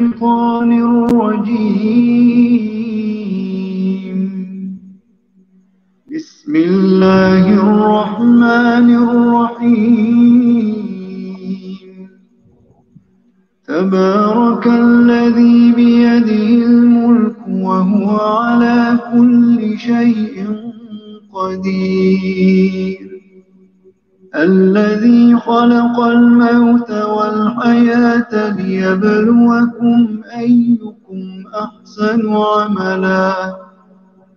الشيطان الرجيم بسم الله الرحمن الرحيم تبارك الذي بيده الملك وهو على كل شيء قدير الذي خلق الموت والحياة ليبلوكم أيكم أحسن عملا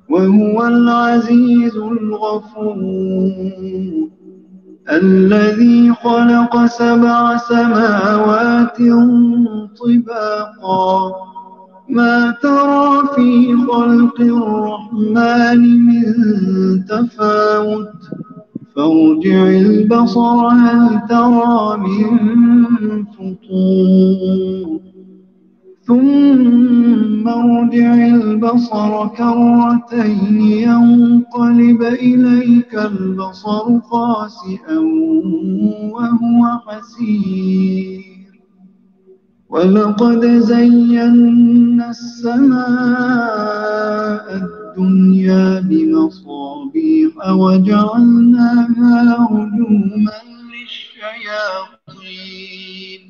وهو العزيز الغفور الذي خلق سبع سماوات طباقا ما ترى في خلق الرحمن من تفاوت فارجع البصر هل ترى من فطور ثم ارجع البصر كرتين ينقلب إليك البصر خاسئا وهو حسير ولقد زينا السماء الدنيا الدنيا بمصابيح وجعلناها رجوما للشياطين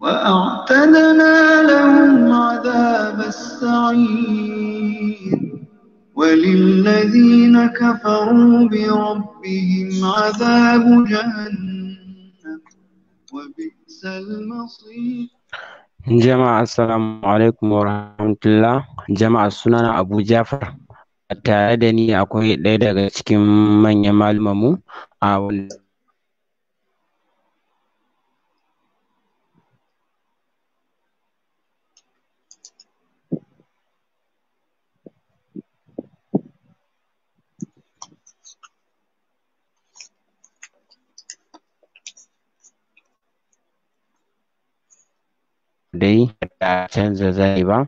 وأعتدنا لهم عذاب السعير وللذين كفروا بربهم عذاب جهنم وبئس المصير Jama'a assalamu alaikum wa rahmatullah. Jama'a sunana Abu Jafar. Tare da ni akwai ɗaya daga cikin manyan malumanmu a wanda dai da canza zai ba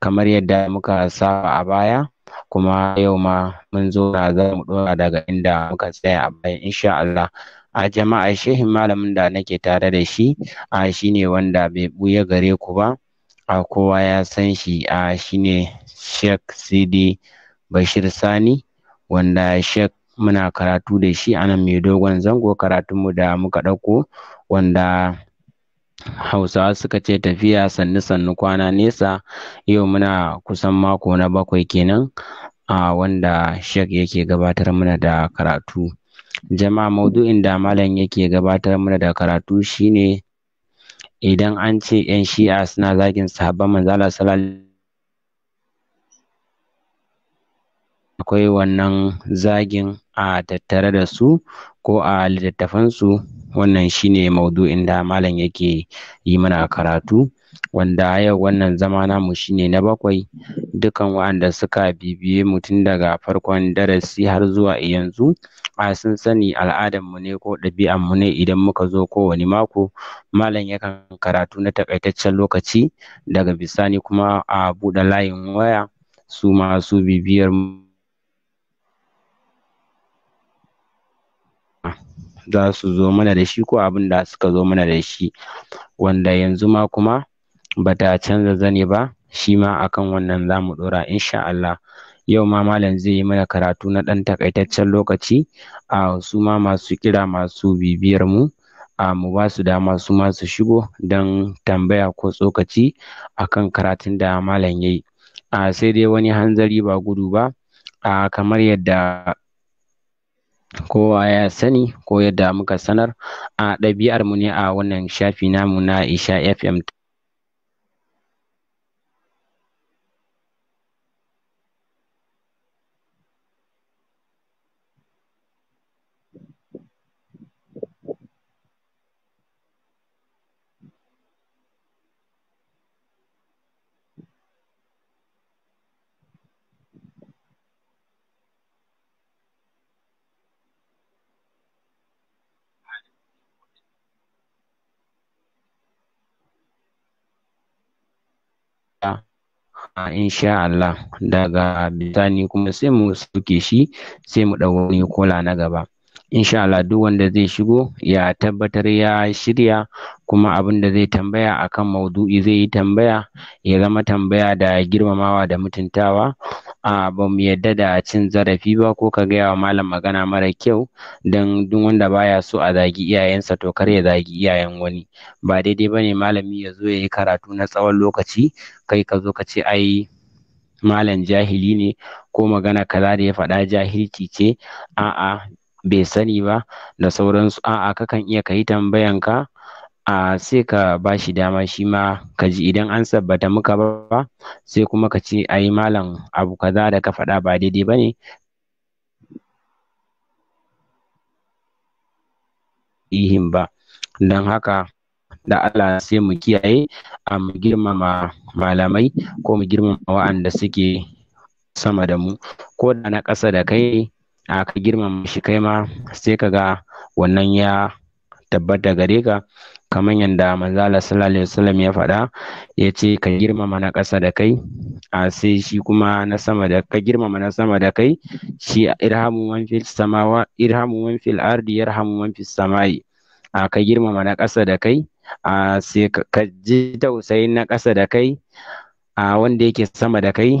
kamar yadda muka saba a baya kuma yau ma mun zo na za mu dora daga inda muka tsaya a baya insha Allah a jama'a shehin malamin da nake tare da shi a shine wanda bai buya gare ku ba a kowa ya san shi a shine Sheikh Sidi Bashir Sani wanda Sheikh muna karatu da shi a mai dogon zango karatunmu da muka ɗauko wanda Hausawa suka ce tafiya sannu sannu kwana nesa yau muna kusan mako na bakwai kenan a wanda shek yake gabatar mana da karatu. Jama'a maudu'in da malam yake gabatar mana da karatu shine idan an ce 'yan shi'a suna zagin sahabban manzala salal akwai wannan zagin a tattare da su ko a littattafansu wannan shine maudu'in da malam yake yi mana karatu wanda yau wannan zama namu shine na bakwai dukan waɗanda suka bibiye mu tun daga farkon darasi har zuwa yanzu a sun sani al'adan mu ne ko ɗabi'an mu ne idan muka zo kowane mako malam yakan karatu na takaitaccen lokaci daga bisani kuma a buɗe layin waya su masu bibiyar mu za su zo mana da shi ko abin da suka zo mana da shi wanda yanzu ma kuma ba ta canza zane ba shi ma akan wannan za mu ɗora insha Allah yau ma malam zai yi mana karatu na ɗan takaitaccen lokaci a su ma masu kira masu bibiyar mu a mu ba su dama su ma su shigo don tambaya ko tsokaci akan karatun da malam ya yi a sai dai wani hanzari ba gudu ba a kamar yadda kowa ya sani ko yadda muka sanar a ɗabi'ar mu ne a wannan shafi namu na Isha FM insha Allah daga bisani kuma sai mu sauke shi sai mu ɗau wani kola na gaba insha Allah duk wanda zai shigo ya tabbatar ya shirya kuma abin da zai tambaya akan maudu'i zai yi tambaya ya zama tambaya da girmamawa da mutuntawa a ba mu yadda da cin zarafi ba ko ka gaya wa malam magana mara kyau don duk wanda baya so a zagi iyayensa to kar ya zagi iyayen wani ba daidai ba ne malami ya zo ya yi karatu na tsawon lokaci kai ka zo ka ce ai malam jahili ne ko magana kaza da ya faɗa jahilci ce a'a bai sani ba da sauransu a'a kakan iya ka yi tambayan ka a sai ka ba shi dama shi ma ka ji idan an sabbata muka ba sai kuma ka ce a yi malam abu kaza da ka faɗa ba daidai ba ne ihin ba don haka da Allah sai mu kiyaye a mu girmama malamai ko mu girmama wa'anda suke sama da mu ko da na ƙasa da kai a ka girmama shi kai ma sai ka ga wannan ya tabbata gare ka kamar yadda manzala sallallahu alaihi wasallam ya faɗa ya ce ka girmama na ƙasa da kai a sai shi kuma na sama da ka girmama na sama da kai shi irhamu man fil samawa irhamu man fil ardi yarhamu man fis samai a ka girmama na ƙasa da kai a sai ka ji tausayin na ƙasa da kai a wanda yake sama da kai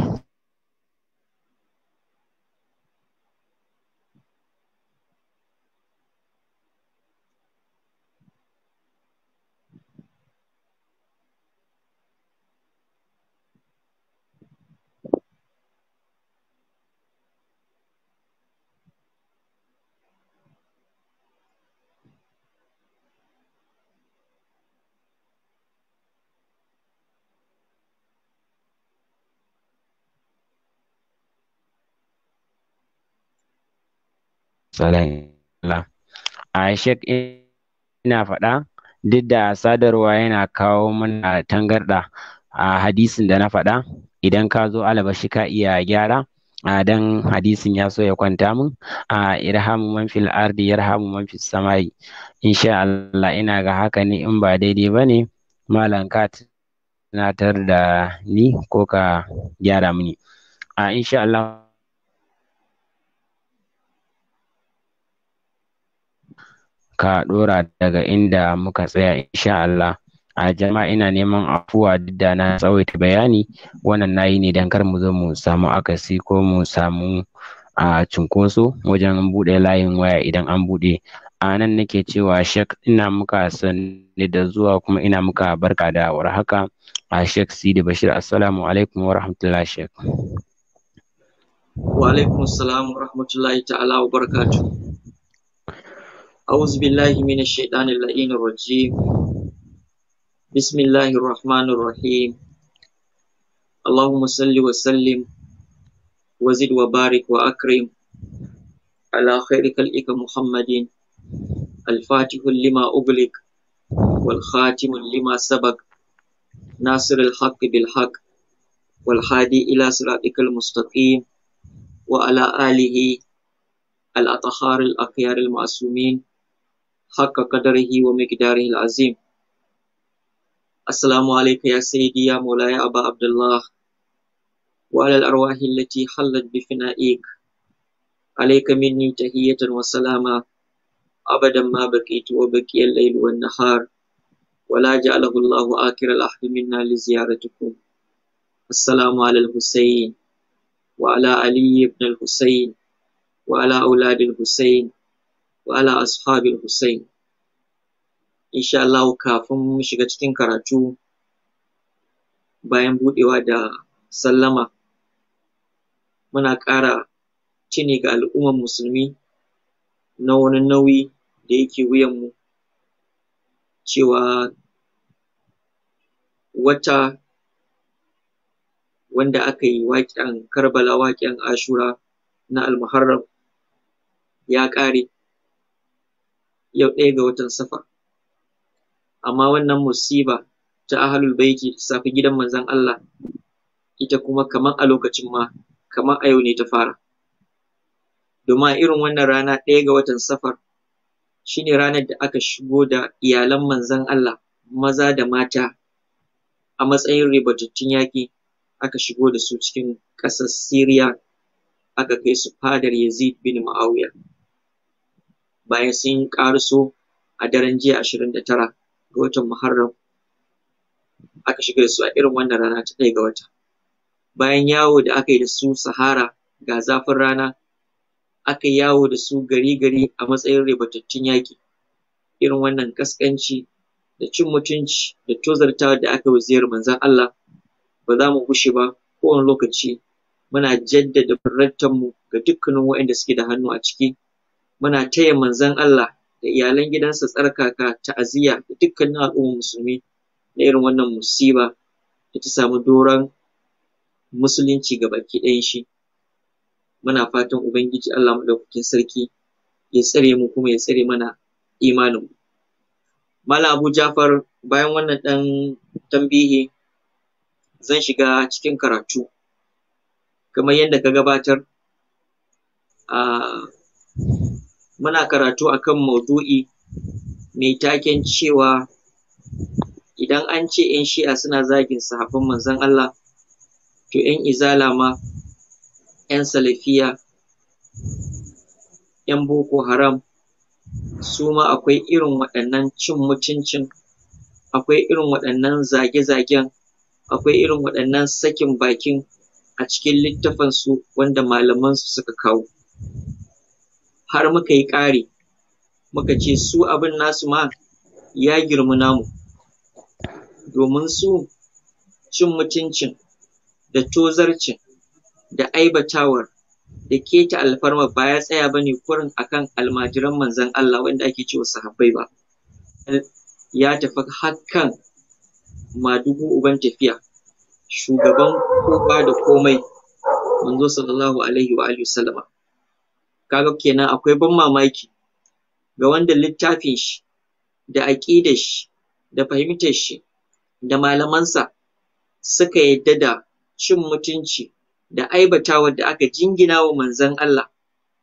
salam a shek ina faɗa duk da sadarwa yana kawo mana tangarɗa a hadisin da na faɗa idan ka zo alabashi ka iya gyara a dan hadisin ya so ya kwanta min a irhamu man fil ardi yarhamu man fis samai insha Allah ina ga haka ne in ba daidai bane malam ka tunatar da ni ko ka gyara mini a insha Allah ka ɗora daga inda muka tsaya insha Allah. A jama'a ina neman afuwa duk da na tsawaita bayani wannan nayi ne don kar mu zo mu samu akasi ko mu samu a cunkoso wajen buɗe layin waya idan an buɗe. A nan nake cewa shek ina muka sanni da zuwa kuma ina muka barka da warhaka a shek Sidi Bashir assalamu alaikum wa rahmatullahi shek. Wa alaikum salam wa rahmatullahi ta'ala wa barakatuh. أعوذ بالله من الشيطان اللعين الرجيم بسم الله الرحمن الرحيم اللهم صل وسلم وزد وبارك وأكرم على خير خلقك محمد الفاتح لما أغلق والخاتم لما سبق ناصر الحق بالحق والحادي إلى صراطك المستقيم وعلى آله الأطهار الأخيار المعصومين ka qadarihi wa miqdarihi al-azim. Assalamu alayka ya Sayyidi ya Mawlaya Aba Abdullah wa ala al-arwahi allati hallat bi fina'ik. Alayka minni tahiyatan wa salama abadan ma baqitu wa baqiyal layl wa nahar wa la ja'alahu Allah akhir al-ahdi minna li ziyaratikum. Assalamu ala al-Husayn wa ala Ali ibn al-Husayn wa ala wa ala ashabil Hussein. Insha Allah kafin mu shiga cikin karatu bayan buɗewa da sallama muna ƙara cini ga al'umman musulmi na wani nauyi da yake mu. cewa wata wanda aka yi waƙen Karbala waƙen Ashura na Almuharram ya ƙare yau ɗaya ga watan safar amma wannan musiba ta ahalul baiti ta safi gidan manzon Allah ita kuma kamar a lokacin ma kamar a yau ne ta fara domin a irin wannan rana ɗaya ga watan safar shine ranar da aka shigo da iyalan manzan Allah maza da mata a matsayin ribatattun yaƙi aka shigo da su cikin ƙasar Siriya aka kai su fadar Yazid bin Muawiya bayan sun ƙaraso a daren jiya ashirin da tara ga watan Muharram aka shiga da su a irin wannan rana ta ɗaya ga wata bayan yawo da aka yi da su Sahara ga zafin rana aka yi yawo da su gari-gari a matsayin ribatattun yaƙi irin wannan ƙasƙanci da cin mutunci da tozartawa da aka yi ziyar manzon Allah ba za mu gushe ba kowane lokaci muna jaddada mu ga dukkanin waɗanda suke da hannu a ciki muna taya manzon Allah da iyalan gidansa tsarkaka ta'aziyya da dukkanin al'ummar musulmi na irin wannan musiba da ta samu doron musulunci baki ɗayan shi muna fatan ubangiji Allah maɗaukakin sarki ya tsare mu kuma ya tsare mana imanin mu Malam Abu Jafar bayan wannan ɗan tambihi zan shiga cikin karatu kamar yadda ka gabatar a ah, muna karatu akan maudu'i mai taken cewa idan an ce ‘yan shi'a suna zagin sahabban manzon Allah to ‘yan izala ma ‘yan salafiya ‘yan boko haram su ma akwai irin waɗannan cin mutuncin akwai irin waɗannan zage-zagen akwai irin waɗannan sakin bakin a cikin littafansu wanda malamansu suka kawo har muka yi ƙari muka ce su abin nasu ma ya girmi namu domin su cin mutuncin da tozarcin da aibatawar da keta alfarma ba ya tsaya ba ne kurin akan almajiran manzan Allah wanda ake wa sahabbai ba ya tafi hakan madugu uban tafiya shugaban kowa da komai manzo sallallahu alaihi wa alihi sallama kaga kenan akwai ban mamaki ga wanda littafin shi da aƙidar shi da fahimtar shi da malamansa suka yadda da cin mutunci da aibatawa da aka jingina wa manzon Allah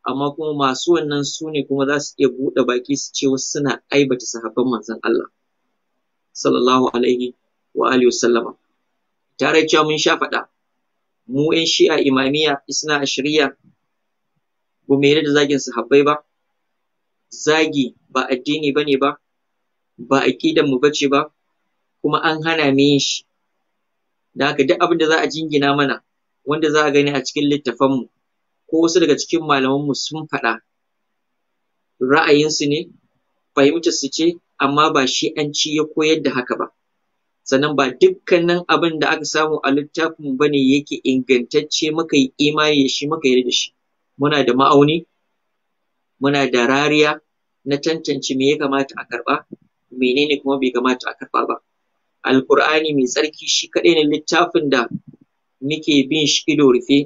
amma kuma masu wannan su ne kuma za su iya buɗe baki su ce wasu suna aibata sahabban manzon Allah sallallahu alaihi wa alihi wasallama tare cewa mun sha faɗa mu 'yan shi'a imamiya isna ashiriya ba mu yarda da zagin sahabbai ba zagi ba addini bane ba ba aqidan mu bace ba kuma an hana mu yin shi da haka duk abin da za a jingina mana wanda za a gani a cikin littafan mu ko wasu daga cikin malaman mu sun faɗa ra'ayinsu ne fahimtar su ce amma ba shi an ci ya koyar da haka ba sannan ba dukkanin abin da aka samu a littafin bane yake ingantacce muka yi imani da shi muka yarda da shi muna da ma'auni muna da rariya na tantance me ya kamata a karɓa menene kuma bai kamata a karɓa ba alƙur'ani mai tsarki shi kaɗai ne littafin da muke bin shi ido rufe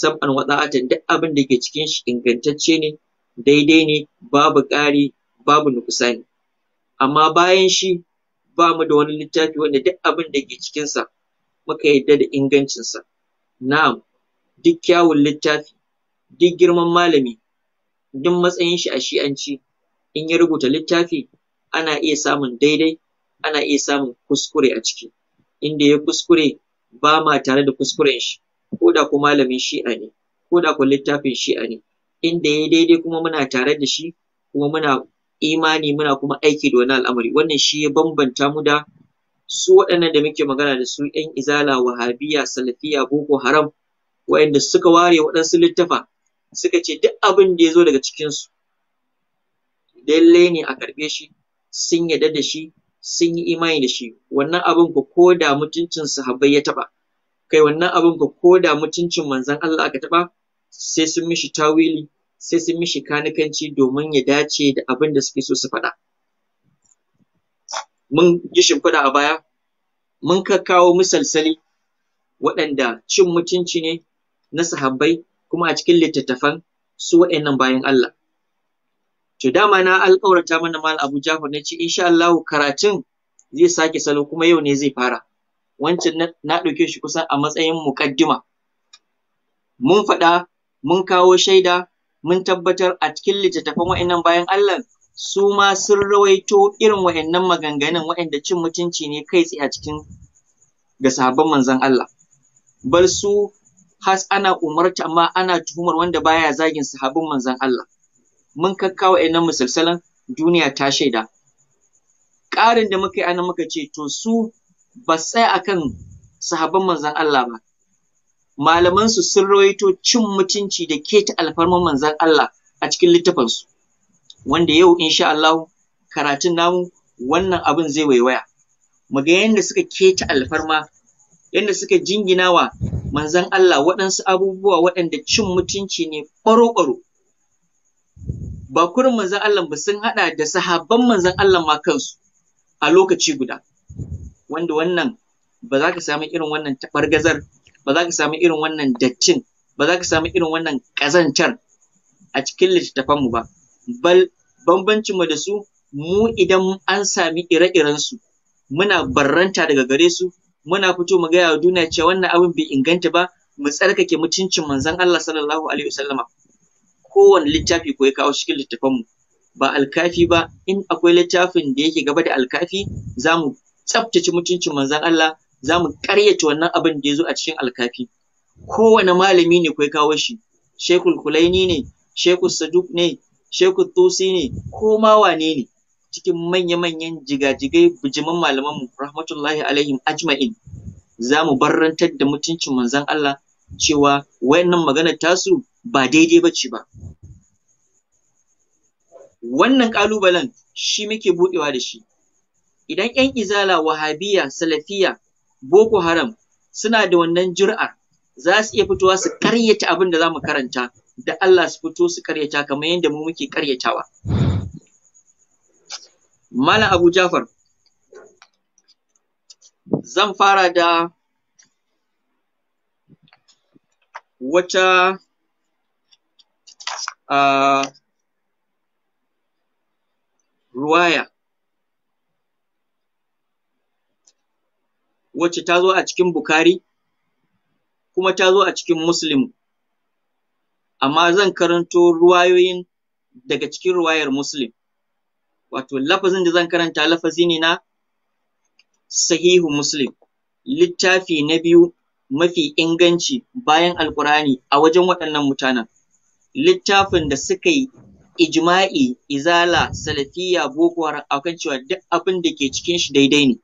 sab'an wada'atan duk abin da ke cikin shi ingantacce ne daidai ne babu ƙari babu nukusani amma bayan shi ba mu da wani littafi wanda duk abin da ke cikinsa muka yadda da ingancinsa na'am duk kyawun littafi duk girman malami, duk matsayin shi a shi'anci, in ya rubuta littafi ana iya samun daidai, ana iya samun kuskure a ciki. Inda ya kuskure ba ma tare da kuskuren shi, ko da ku malamin shi'a ne, ko da ku littafin shi'a ne. Inda ya daidai kuma muna tare da shi, kuma muna imani muna kuma aiki da wani al'amari. Wannan shi ya bambanta mu da su waɗannan da muke magana da su ‘yan izala, wahabiya, salafiya, boko haram, waɗanda suka ware waɗansu littafa suka ce duk abin da ya zo daga cikinsu lallai ne a karɓe shi sun yarda da shi sun yi imani da shi wannan abin ku ko da mutuncin sahabbai ya taɓa kai wannan abin ku ko da mutuncin manzon Allah aka taɓa sai sun mishi tawili sai sun mishi kanikanci domin ya dace da abin da suke so su faɗa mun yi shimfiɗa a baya mun kakkawo misalsali waɗanda cin mutunci ne na sahabbai kuma a cikin littattafan su waɗannan bayan Allah. To dama na alƙawarta mana mal Abu Jafar na ce insha Allah karatun zai sake salo kuma yau ne zai fara. Wancan na ɗauke shi kusan a matsayin muƙaddima. Mun faɗa, mun kawo shaida, mun tabbatar a cikin littattafan waɗannan bayan Allah su ma sun rawaito irin waɗannan maganganun waɗanda cin mutunci ne kai tsaye a cikin ga sahabban manzon Allah. Bal su has ana umarta amma ana tuhumar wanda baya zagin sahabin manzon Allah mun kakkawa ina musalsalan duniya ta shaida ƙarin da muka yi ana muka ce to su ba sai akan sahabban manzan Allah ba malaman su sun rawaito cin mutunci da keta alfarman manzon Allah a cikin littafansu wanda yau insha Allah karatun namu wannan abin zai waiwaya mu ga yadda suka keta alfarma yadda suka jingina wa manzon Allah waɗansu abubuwa waɗanda cin mutunci ne ɓaro-ɓaro ba kurin manzon Allah ba sun haɗa da sahabban manzon Allah ma kansu a lokaci guda wanda wannan ba za ka samu irin wannan taɓargazar ba za ka samu irin wannan dattin ba za ka samu irin wannan ƙazantar a cikin littattafanmu ba bal bambancinmu da su mu idan an sami ire-irensu muna barranta daga gare su muna fito mu gaya wa duniya cewa wannan abin bai inganta ba mu tsarkake mutuncin manzon Allah sallallahu alaihi wasallama kowane littafi ko ya kawo cikin littafanmu ba alkafi ba in akwai littafin da yake gaba da alkafi za mu tsaftace mutuncin manzon Allah za mu ƙaryata wannan abin da ya zo a cikin alkafi kowane malami ne kai kawo shi shekul kulaini ne shekul saduk ne shekul tusi ne ko ma wane ne cikin manya-manyan jigajigai bijiman malamanmu rahmatullahi alaihim ajma'in za mu barrantar da mutuncin manzon Allah cewa wayannan maganar tasu ba daidai bace ba wannan ƙalubalen shi muke budewa da shi idan yan izala wahabiya salafiya boko haram suna da wannan jur'a za su iya fitowa su karyata abin da za mu karanta da Allah su fito su karyata kamar yadda mu muke karyatawa Malam Abu Jafar, zan fara da wata ruwaya wacce ta zo a cikin Bukhari kuma ta zo a cikin Muslim, amma zan karanto ruwayoyin daga cikin ruwayar Muslim. wato lafazin da zan karanta lafazi ne na sahihu muslim littafi na biyu mafi inganci bayan Alƙurani a wajen waɗannan mutanen littafin da suka yi ijma'i izala salafiya boko haram akan cewa duk abin da ke cikin shi daidai ne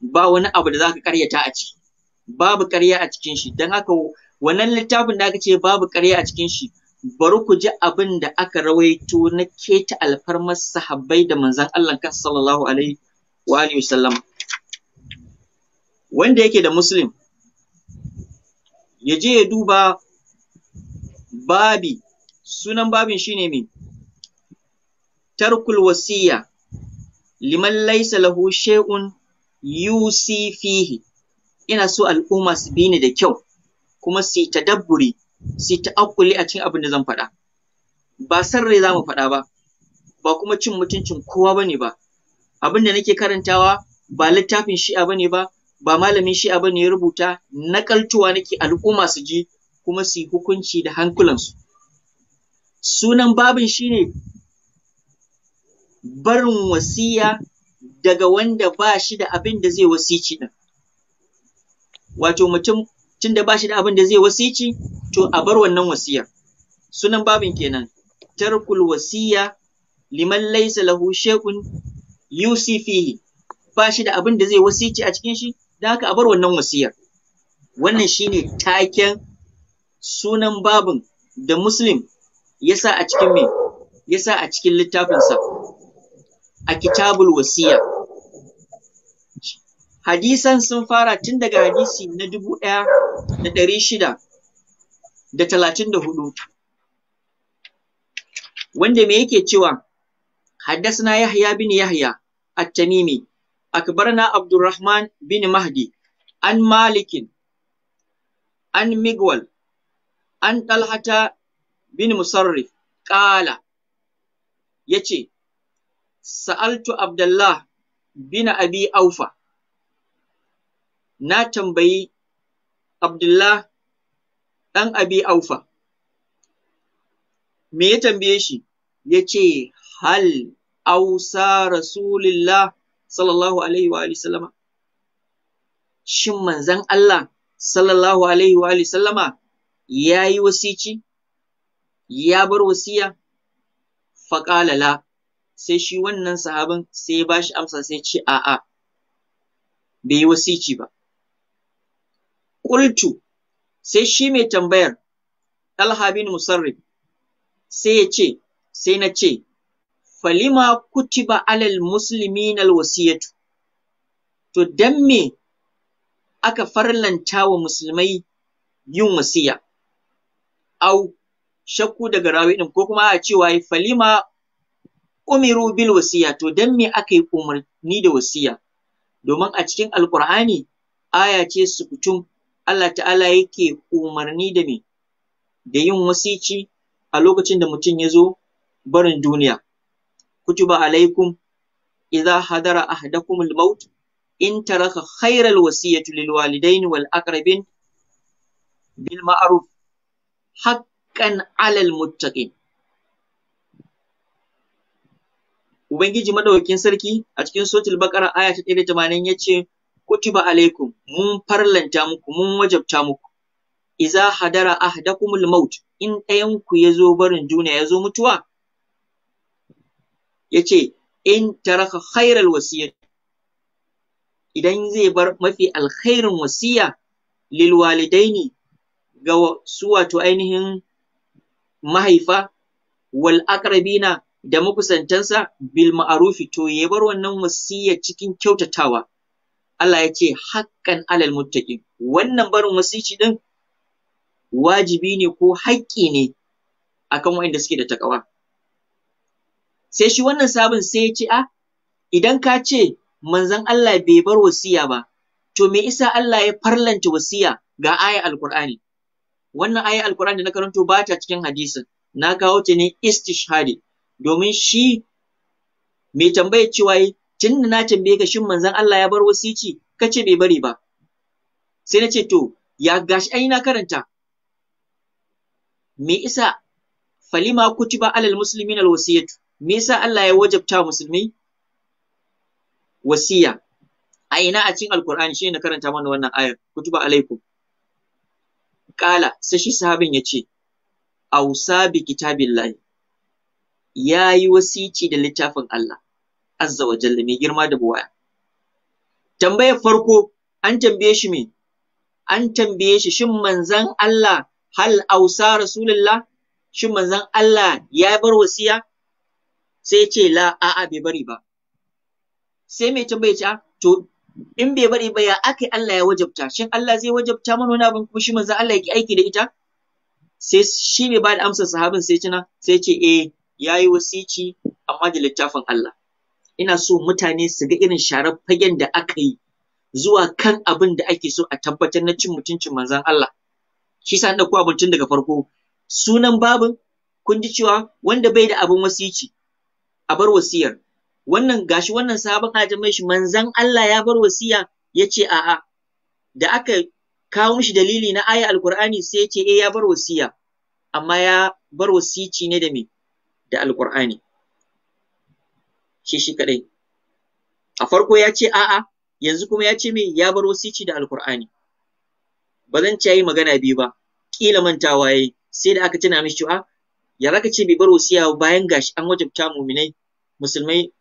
ba wani abu da zaka karyata a ciki babu karya a cikin shi don haka wannan littafin da aka ce babu karya a cikin shi bari ku ji abin da aka rawaito na keta alfarmar sahabbai da manzan Allah kan sallallahu alaihi wa sallam wanda yake da muslim ya je ya duba babi sunan babin shine me tarkul wasiya liman laysa lahu shay'un yusi fihi ina so al'umma su bi ni da kyau kuma su yi tadabburi su yi ta'akkuli a cikin abin da zan faɗa ba san rai za mu faɗa ba ba kuma cin mutuncin kowa ba ne ba abin da nake karantawa ba littafin shi'a bane ba ba malamin shi'a bane ya rubuta nakaltuwa nake al'umma su ji kuma su yi hukunci da hankulansu sunan babin shi ne barin wasiya daga wanda ba shi da abin da zai wasici din wato mutum tunda ba shi da abin da zai wasici to a bar wannan wasiyar sunan babin kenan tarkul wasiya liman laysa lahu shay'un yusi fihi ba shi da abin da zai wasici a cikin shi da haka a bar wannan wasiyar wannan shine taken sunan babin da muslim yasa a cikin me yasa a cikin littafinsa a kitabul wasiya hadisan sun fara tun daga hadisi na dubu ɗaya da ɗari shida da talatin da hudu wanda me yake cewa haddasna yahya bin yahya at-tamimi akbarna abdurrahman bin mahdi an malikin an migwal an talhata bin musarrif ƙala ya ce sa'altu abdullah bin abi aufa na tambayi Abdullah ɗan Abi Aufa, me ya tambaye shi, ya ce, Hal ausa Rasulillah sallallahu Alaihi wa sallama, shin manzan Allah sallallahu Alaihi wa sallama ya yi wasici, ya bar wasiya, faƙalala, sai shi wannan sahabin sai ya ba shi amsa sai ce, A'a, bai yi wasici ba. kultu sai shi mai tambayar, Talha bin Musarrif, sai ya ce, sai na ce, falima kutiba alal muslimin alwasiyatu. To, don me aka farlanta wa musulmai yin wasiya? Au, shakku daga rawi din ko kuma a cewa yi falima umiru bil wasiya to dan me aka yi umarni da wasiya domin a cikin alkur'ani aya ce sukutum Allah ta'ala yake umarni da me da yin wasici a lokacin da mutum ya zo barin duniya kutuba alaikum idza hadara ahadakum al-maut in taraka khairal wasiyatu lil walidain wal aqrabin bil ma'ruf haqqan 'alal muttaqin Ubangiji madaukakin sarki a cikin suratul baqara aya ta 180 yace kutiba alaikum mun farlanta muku mun wajabta muku iza hadara ahdakumul maut in ɗayan ku yazo barin duniya yazo mutuwa yace in taraka khairal wasiyya idan zai bar mafi alkhairin wasiya lil walidaini ga su wato ainihin mahaifa wal aqrabina da makusantansa bil ma'arufi to ya bar wannan wasiya cikin kyautatawa Allah ya ce haƙƙan alal muttaqin wannan barin wasici din wajibi ne ko haƙƙi ne akan waɗanda suke da takawa sai shi wannan sabon sai ya ce a ah, idan ka ce manzon Allah bai bar wasiya ba to me isa Allah ya farlanta wasiya ga ayar alkur'ani wannan ayar alkur'ani da na karanto ba ta cikin hadisin na kawo ta ne istishhadi domin shi mai tambaya cewa tun da na tambaye ka shin manzon Allah ya bar wasici ka ce bai bari ba sai na ce to ya gashi ai na karanta me isa falima kutiba alal muslimin alwasiyatu me isa Allah ya wajabta musulmi wasiya a ina a cikin alqur'ani shi na karanta mana wannan ayar kutuba alaikum kala sai shi sahabin ya ce ausa bi kitabillahi ya yi wasici da littafin Allah azza wa jalla mai girma da buwaya tambayar farko an tambaye shi me an tambaye shi shin manzon Allah hal ausa rasulullah shin manzon Allah ya bar wasiya sai ce la a'a bai bari ba sai mai tambaye ta ah, to in bai bari ba ya aka Allah ya wajabta shin Allah zai wajabta mana wani abin kuma shi manzon Allah ya ƙi aiki da ita sai shi mai ba da amsar sahabin sai na sai ce eh yayi wasici amma da littafin Allah ina so mutane su ga irin sharar fagen da aka yi zuwa kan abin da ake so a tabbatar na cin mutuncin manzon Allah shi sa na ku abincin daga farko sunan babin kun ji cewa wanda bai da abin wasici a bar wasiyar wannan gashi wannan sabon ana shi manzon Allah ya bar wasiya yace a'a da aka kawo mishi dalili na aya alqur'ani sai yace eh ya bar wasiya amma ya bar wasici ne da me da alqur'ani shi shi kadai a farko ya ce a'a yanzu kuma ya ce me ya bar wasici da Alƙur'ani. ba zan ci magana biyu ba kila mantawa yayi sai da aka tuna mishi cewa ya raka ce bai bar wasiya bayan gashi an wajabta muminai musulmai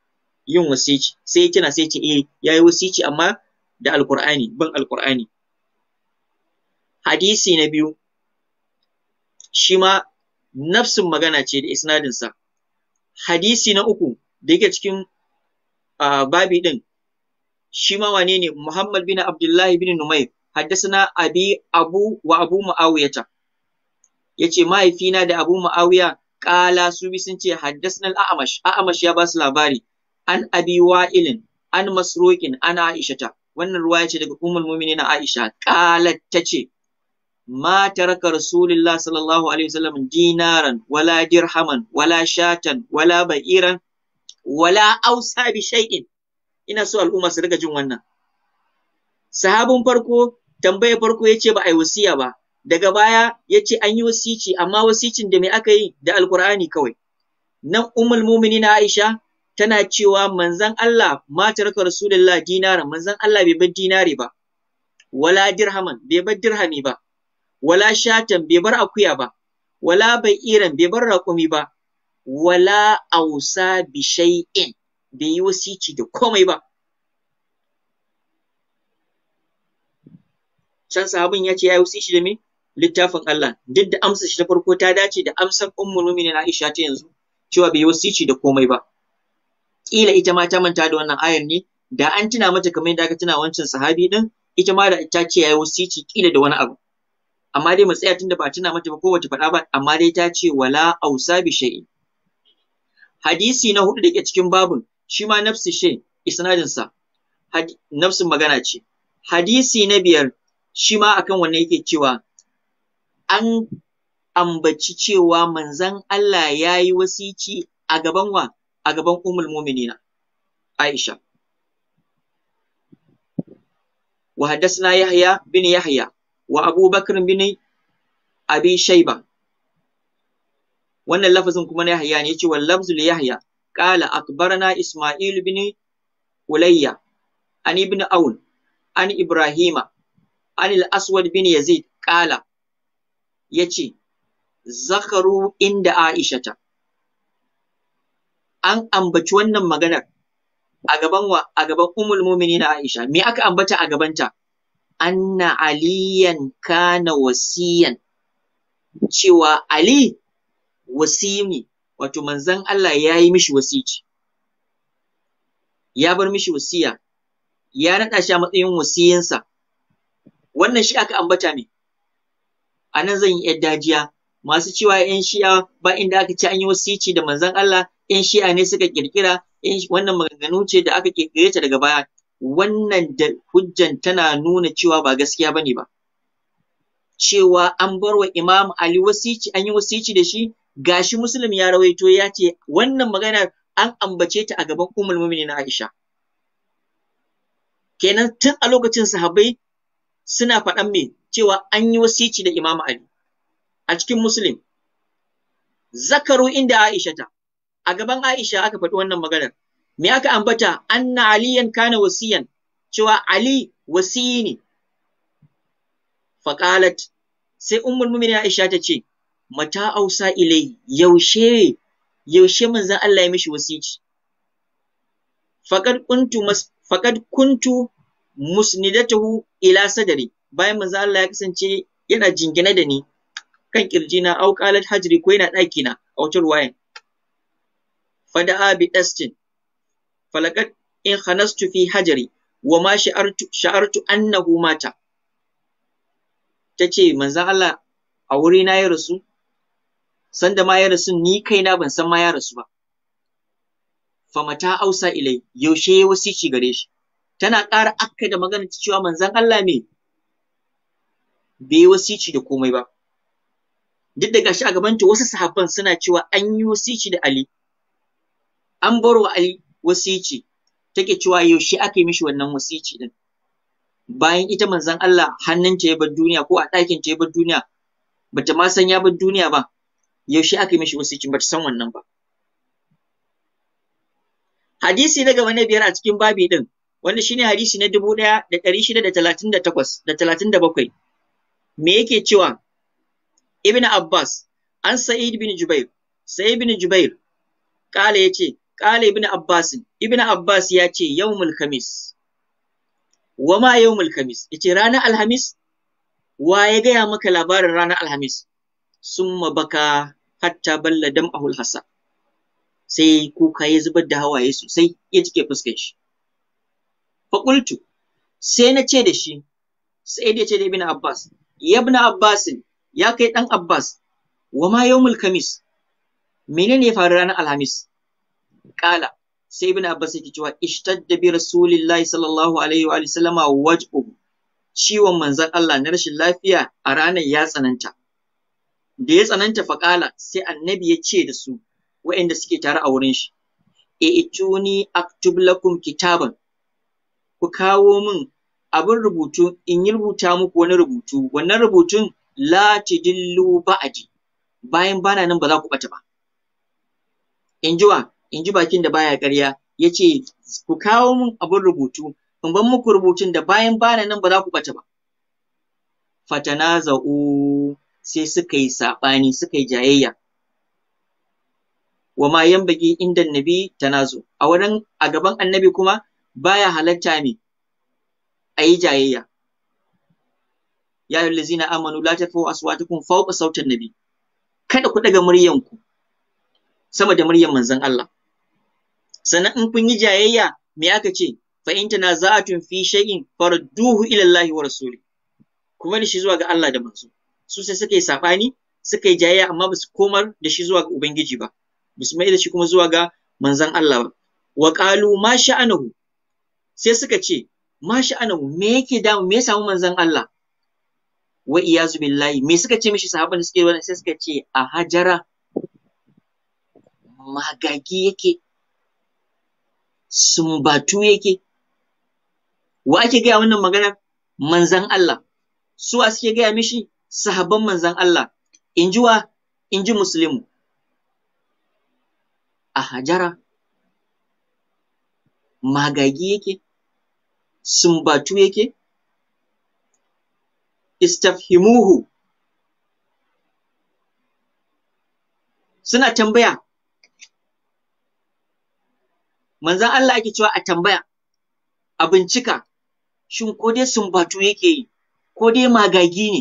yin wasici sai ya tuna sai ya ce eh yayi wasici amma da Alƙur'ani. bin alkur'ani hadisi na biyu shi ma nafsin magana ce da isnadinsa hadisi na uku da yake cikin babi din shi ma wane ne Muhammad bin Abdullahi bin Numayr haddasana abi abu wa abu ta yace mahaifina da abu muawiya kala su bi sun ce haddasna al-a'mash a'mash ya ba su labari an abi wa'ilin an masrokin an ta. wannan ruwa ce daga ummul mu'minin aisha kala tace ma taraka rasulullah sallallahu alaihi wasallam dinaran wala dirhaman wala shatan wala ba'iran wala ausa bi shay'in ina so al'umma su riga jin wannan Sahabun farko tambayar farko yace ba ai wasiya ba daga baya yace an yi wasici amma wasicin da me aka yi da alqur'ani kawai nan ummul mu'minina Aisha tana cewa manzon Allah ma taraka rasulullah dinara manzon Allah bai bar dinari ba wala dirhaman bai bar dirhami ba wala shatan bai bar akuya ba wala bai iran bai bar raƙumi ba wala ausa bi shay'in bai yi wasici da komai ba can sahabin ya ce ya yi wasici da me littafin Allah duk da amsa shi ta farko ta dace da amsar ummu mu'minin Aisha ta yanzu cewa bai yi wasici da komai ba kila ita ma ta manta da wannan ayar ne da an tuna mata kamar yadda aka tuna wancan sahabi din ita ma da ta ce ya yi wasici kila da wani abu amma dai mu tsaya tunda ba tuna mata ba ko bata faɗa ba amma dai ta ce wala ausa bi shay'in hadisi na hudu da ke cikin babun shi ma nafsi she isnadinsa nafsin magana ce hadisi na biyar shi ma akan wannan yake cewa an ambaci cewa manzan Allah ya yi wasici a gaban wa a gaban umul muminina Aisha wa haddathna Yahya bin Yahya wa Abu Bakr bin Abi wannan lafazin kuma na Yahya ne yace wal lafzu li Yahya qala akbarana Isma'il bin Ulayya an ibn Aun an Ibrahima an al-Aswad bin Yazid qala yace zakaru inda ta. an ambaci wannan maganar a gaban wa a gaban ummul mu'minin Aisha me aka ambata a gabanta anna aliyan kana wasiyan cewa ali wasimi wato manzan Allah ya yi mishi wasici ya bar mishi wasiya ya naɗa shi a matsayin wasiyinsa wannan shi aka ambata ne a nan zan yi ‘yar dajiya masu cewa ‘yan shi'a ba inda aka ci an yi wasici da manzan Allah ‘yan shi'a ne suka ƙirƙira wannan maganganu ce da aka ƙirƙire ta daga baya wannan da hujjan tana nuna cewa ba gaskiya bane ba cewa an bar wa Imam Ali wasici an yi wasici da shi gashi Muslim ya rawaito ya ce wannan magana an ambace ta a gaban Ummul Mu'minin Aisha kenan tun a lokacin sahabbai suna faɗan me cewa an yi wasici da Imam Ali a cikin Muslim zakaru inda Aisha ta a gaban Aisha aka faɗi wannan maganar me aka ambata anna aliyan kana wasiyan cewa Ali wasiyi ne Faƙalat sai ummul mu'minin Aisha ta ce mata ausa ilai yaushe yaushe manzon Allah ya mishi wasici faqad kuntu mas faqad kuntu musnidatahu ila sadari bayan manzon Allah ya kasance yana jingine da ni kan kirjina au qalat hajri ko yana daki na a wata ruwayan fada'a bi dastin falakat in khanastu fi hajri wa ma sha'artu sha'artu annahu mata tace manzon Allah a wuri ya rasu sanda ma ya rasu ni kaina ban san ma ya rasu ba famata ausa ilai yaushe ya wasici gare shi tana ƙara akka da magana cewa manzon Allah ne bai wasici da komai ba duk da gashi a gaban ta wasu sahabban suna cewa an yi wasici da Ali an bar wa Ali wasici take cewa yaushe aka yi mishi wannan wasici din bayan ita manzon Allah hannunta ya bar duniya ko a ɗakin ta ya bar duniya bata ma san ya bar duniya ba yaushe aka yi mishi wasiki ba ta san wannan ba hadisi na gaba na biyar a cikin babi din wanda shine hadisi na dubu ɗaya da ɗari shida da talatin da takwas da talatin da bakwai me yake cewa ibn abbas an sa'id bin jubair sai ibn jubair kala ce, kala ibn abbas ibn abbas ya ce yawmul khamis wa ma yawmul khamis ce ranar alhamis wa ya gaya maka labarin ranar alhamis summa baka hatta balla dam ahul hasa sai kuka ya zubar da hawaye sosai ya jike fuskar shi faƙultu sai na ce da shi sai da ce da ibn abbas ibn abbas ya kai dan abbas wa ma yawmul khamis menene ya faru ranar alhamis kala sai ibn abbas yake cewa ishtadda bi rasulillahi sallallahu alaihi wa sallama waj'u ciwon manzon Allah na rashin lafiya a ranar ya tsananta da ya tsananta faƙala sai annabi ya ce da su wa'inda suke tare a wurin shi e i'tuni aktub lakum kitaban ku kawo min abin rubutu in yi rubuta muku wani rubutu wannan rubutun la tidillu ba'di bayan bana nan ba za ku bata ba in ji wa in ji bakin da baya ƙarya ya ce ku kawo min abin rubutu in ban muku rubutun da bayan bana nan ba za ku bata ba fatanaza'u sai suka yi saɓani suka yi jayayya wa ma bagi inda nabi tanazu a wurin a gaban annabi kuma baya halatta ne a yi jayayya ya ayyuhal ladzina amanu la tarfa'u aswatakum fawqa sautan nabi kada ku daga muryanku sama da muryan manzon Allah sannan in kun yi jayayya me aka ce fa in tanaza'atun fi shay'in farduhu ila Allah wa rasuli kuma da shi zuwa ga Allah da manzo su sai suka yi safani suka yi jayayya amma ba su komar da shi zuwa ga ubangiji ba ba su mai da shi kuma zuwa ga manzon Allah ba wa qalu ma sha'anahu sai suka ce ma sha'anahu me yake da me ya samu manzon Allah wa iyazu billahi me suka ce mishi sahaban suke wannan sai suka ce a hajara magagi yake sumbatu yake wa ake gaya wannan magana manzan Allah su a suke gaya mishi sahabban manzan Allah in ji wa in ji musulmi a hajara magagi yake sumbatu yake istafhimuhu suna tambaya manzan Allah ake cewa a tambaya a bincika shin ko dai sumbatu yake yi ko dai magagi ne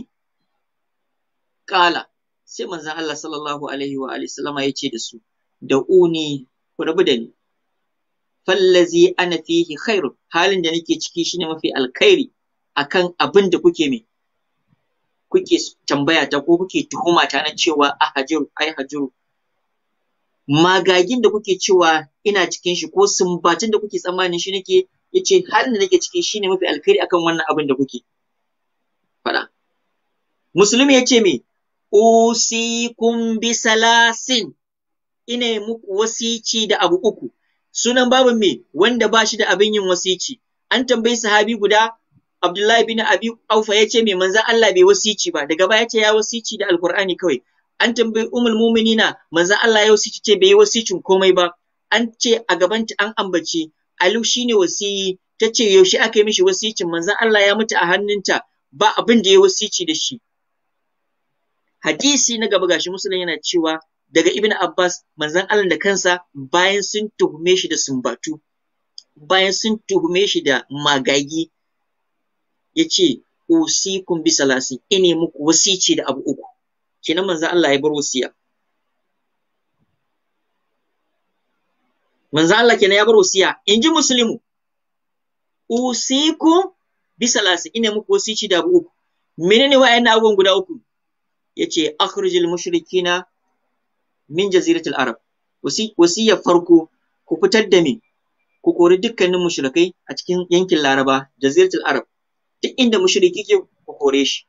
Kala, sai manzon Allah sallallahu Alaihi wa sallama ya ce da su, da uni ku rabu da ni. Fallazi ana fihi khairu halin da nake ciki shine mafi alkhairi akan abin da kuke me kuke tambaya ta ko kuke tuhuma ta na cewa a ah, hajiru ai hajiru magagin da kuke cewa ina cikin shi ko sumbatin da kuke tsammanin shi nake yace halin da nake ciki shine mafi alkhairi akan wannan abin da kuke faɗa musulmi yace me usikum bi salasin ina muku wasici da abu uku sunan babin me wanda ba shi da abin yin wasici an tambayi sahabi guda Abdullahi bin Abi Aufa ya ce mai manzan Allah bai wasici ba daga baya ce ya wasici da Alkur'ani kawai an tambayi umul Muminina manzan Allah ya wasici ce bai wasicin komai ba an ce a gabanta an ambaci Ali shine wasiyi ta ce yaushe aka yi mishi wasicin manzan Allah ya mutu a hannunta ba abin da ya wasici da shi hadisi na gaba gashi musulun yana cewa daga ibn abbas manzon allah da kansa bayan sun tuhume shi da sumbatu bayan sun tuhume shi da magagi ya ce usikum bi salasi ine muku wasici da abu uku kenan manzon allah ya bar wasiya manzon allah kenan ya bar wasiya in ji muslimu usikum bi salasi ine muku wasici da abu uku menene wa'annan abubuwan guda uku yace akhrijil mushrikina min jaziratil arab wasiya farko ku fitar da ni ku kori dukkanin mushrikai a cikin yankin laraba jaziratul arab duk inda mushriki ke ku kore shi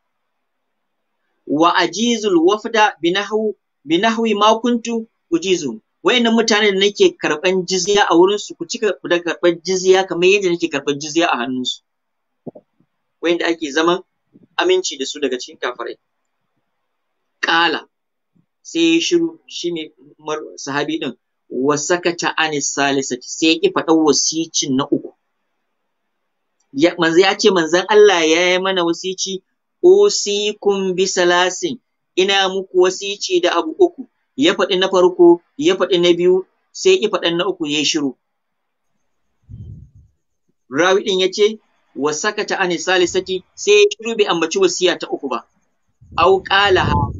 wa ajizul wafda binahwi binahwi ma kuntu ujizu wayannan mutanen da nake karban jizya a wurin su ku cika da karban jizya kamar yadda nake karban jizya a hannunsu wayanda ake zaman aminci da su daga cikin kafirai Ƙala sai ya shiru shi ne sahabi ɗin wasakata anis salisati sai ya ƙi faɗa wasicin na uku. Ya, manzo ya ce manzon Allah ya yi mana wasici usikum bi salasin ina muku wasici da abu uku ya faɗi na farko ya faɗi na biyu sai ya ƙi faɗan na uku ya shiru. Rawi ɗin ya ce wasakata anis salisati sai ya shiru bai ambaci wasiya ta uku ba. Au ƙalaha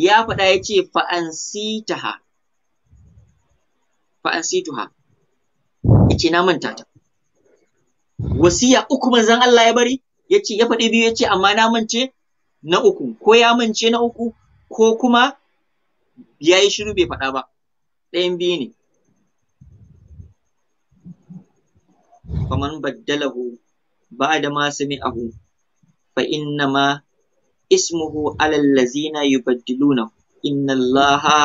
ya faɗa ya ce fa'ansitaha Ya yace na manta ta wasiya uku zan Allah ya bari Ya ce ya faɗi biyu ya ce amma na mance na uku ko ya mance na uku ko kuma ya yi shiru bai faɗa ba ɗayan biyu ne faman baddalahu ba da ma abu fa’in na ma ismuhu alal lazina yubaddilunahu inna allaha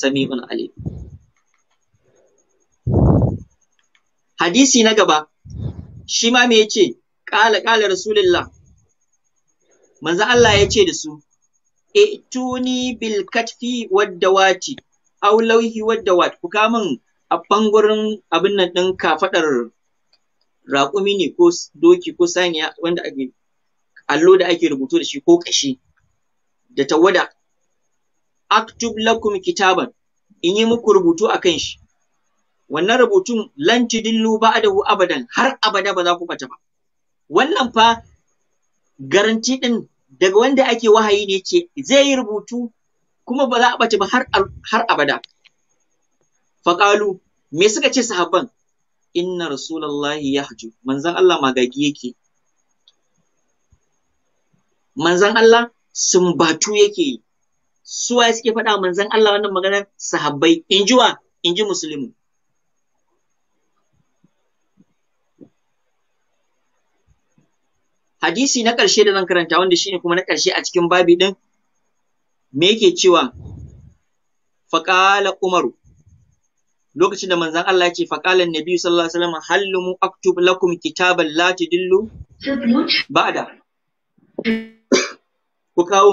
sami'un alim hadisi na gaba shi ma me yace qala qala rasulullah manzo Allah yace da su ituni bil katfi dawati aw lawhi dawat ku kamun a bangurin abin nan din kafadar raƙumi ne ko doki ko saniya wanda ake allo da ake rubutu da shi ko ƙashi da tawada aktub lakum kitaban in yi muku rubutu a kan shi wannan rubutun lan tudillu ba'dahu abadan har abada ba za ku bata ba wannan fa garanti din daga wanda ake wahayi ne ce zai yi rubutu kuma ba za a bata ba har har abada faqalu me suka ce sahabban inna rasulullahi yahju manzon Allah magagi yake manzon Allah sumbatu yake yi su waye suke faɗa manzon Allah wannan maganar sahabbai in ji musulmi hadisi na ƙarshe da zan karanta wanda shine kuma na ƙarshe a cikin babi ɗin me yake cewa faqala umaru lokacin da manzon Allah ya ce faqala Nabi sallallahu alaihi wasallam hallumu aktub lakum kitaban la tudillu ba'da ku kawo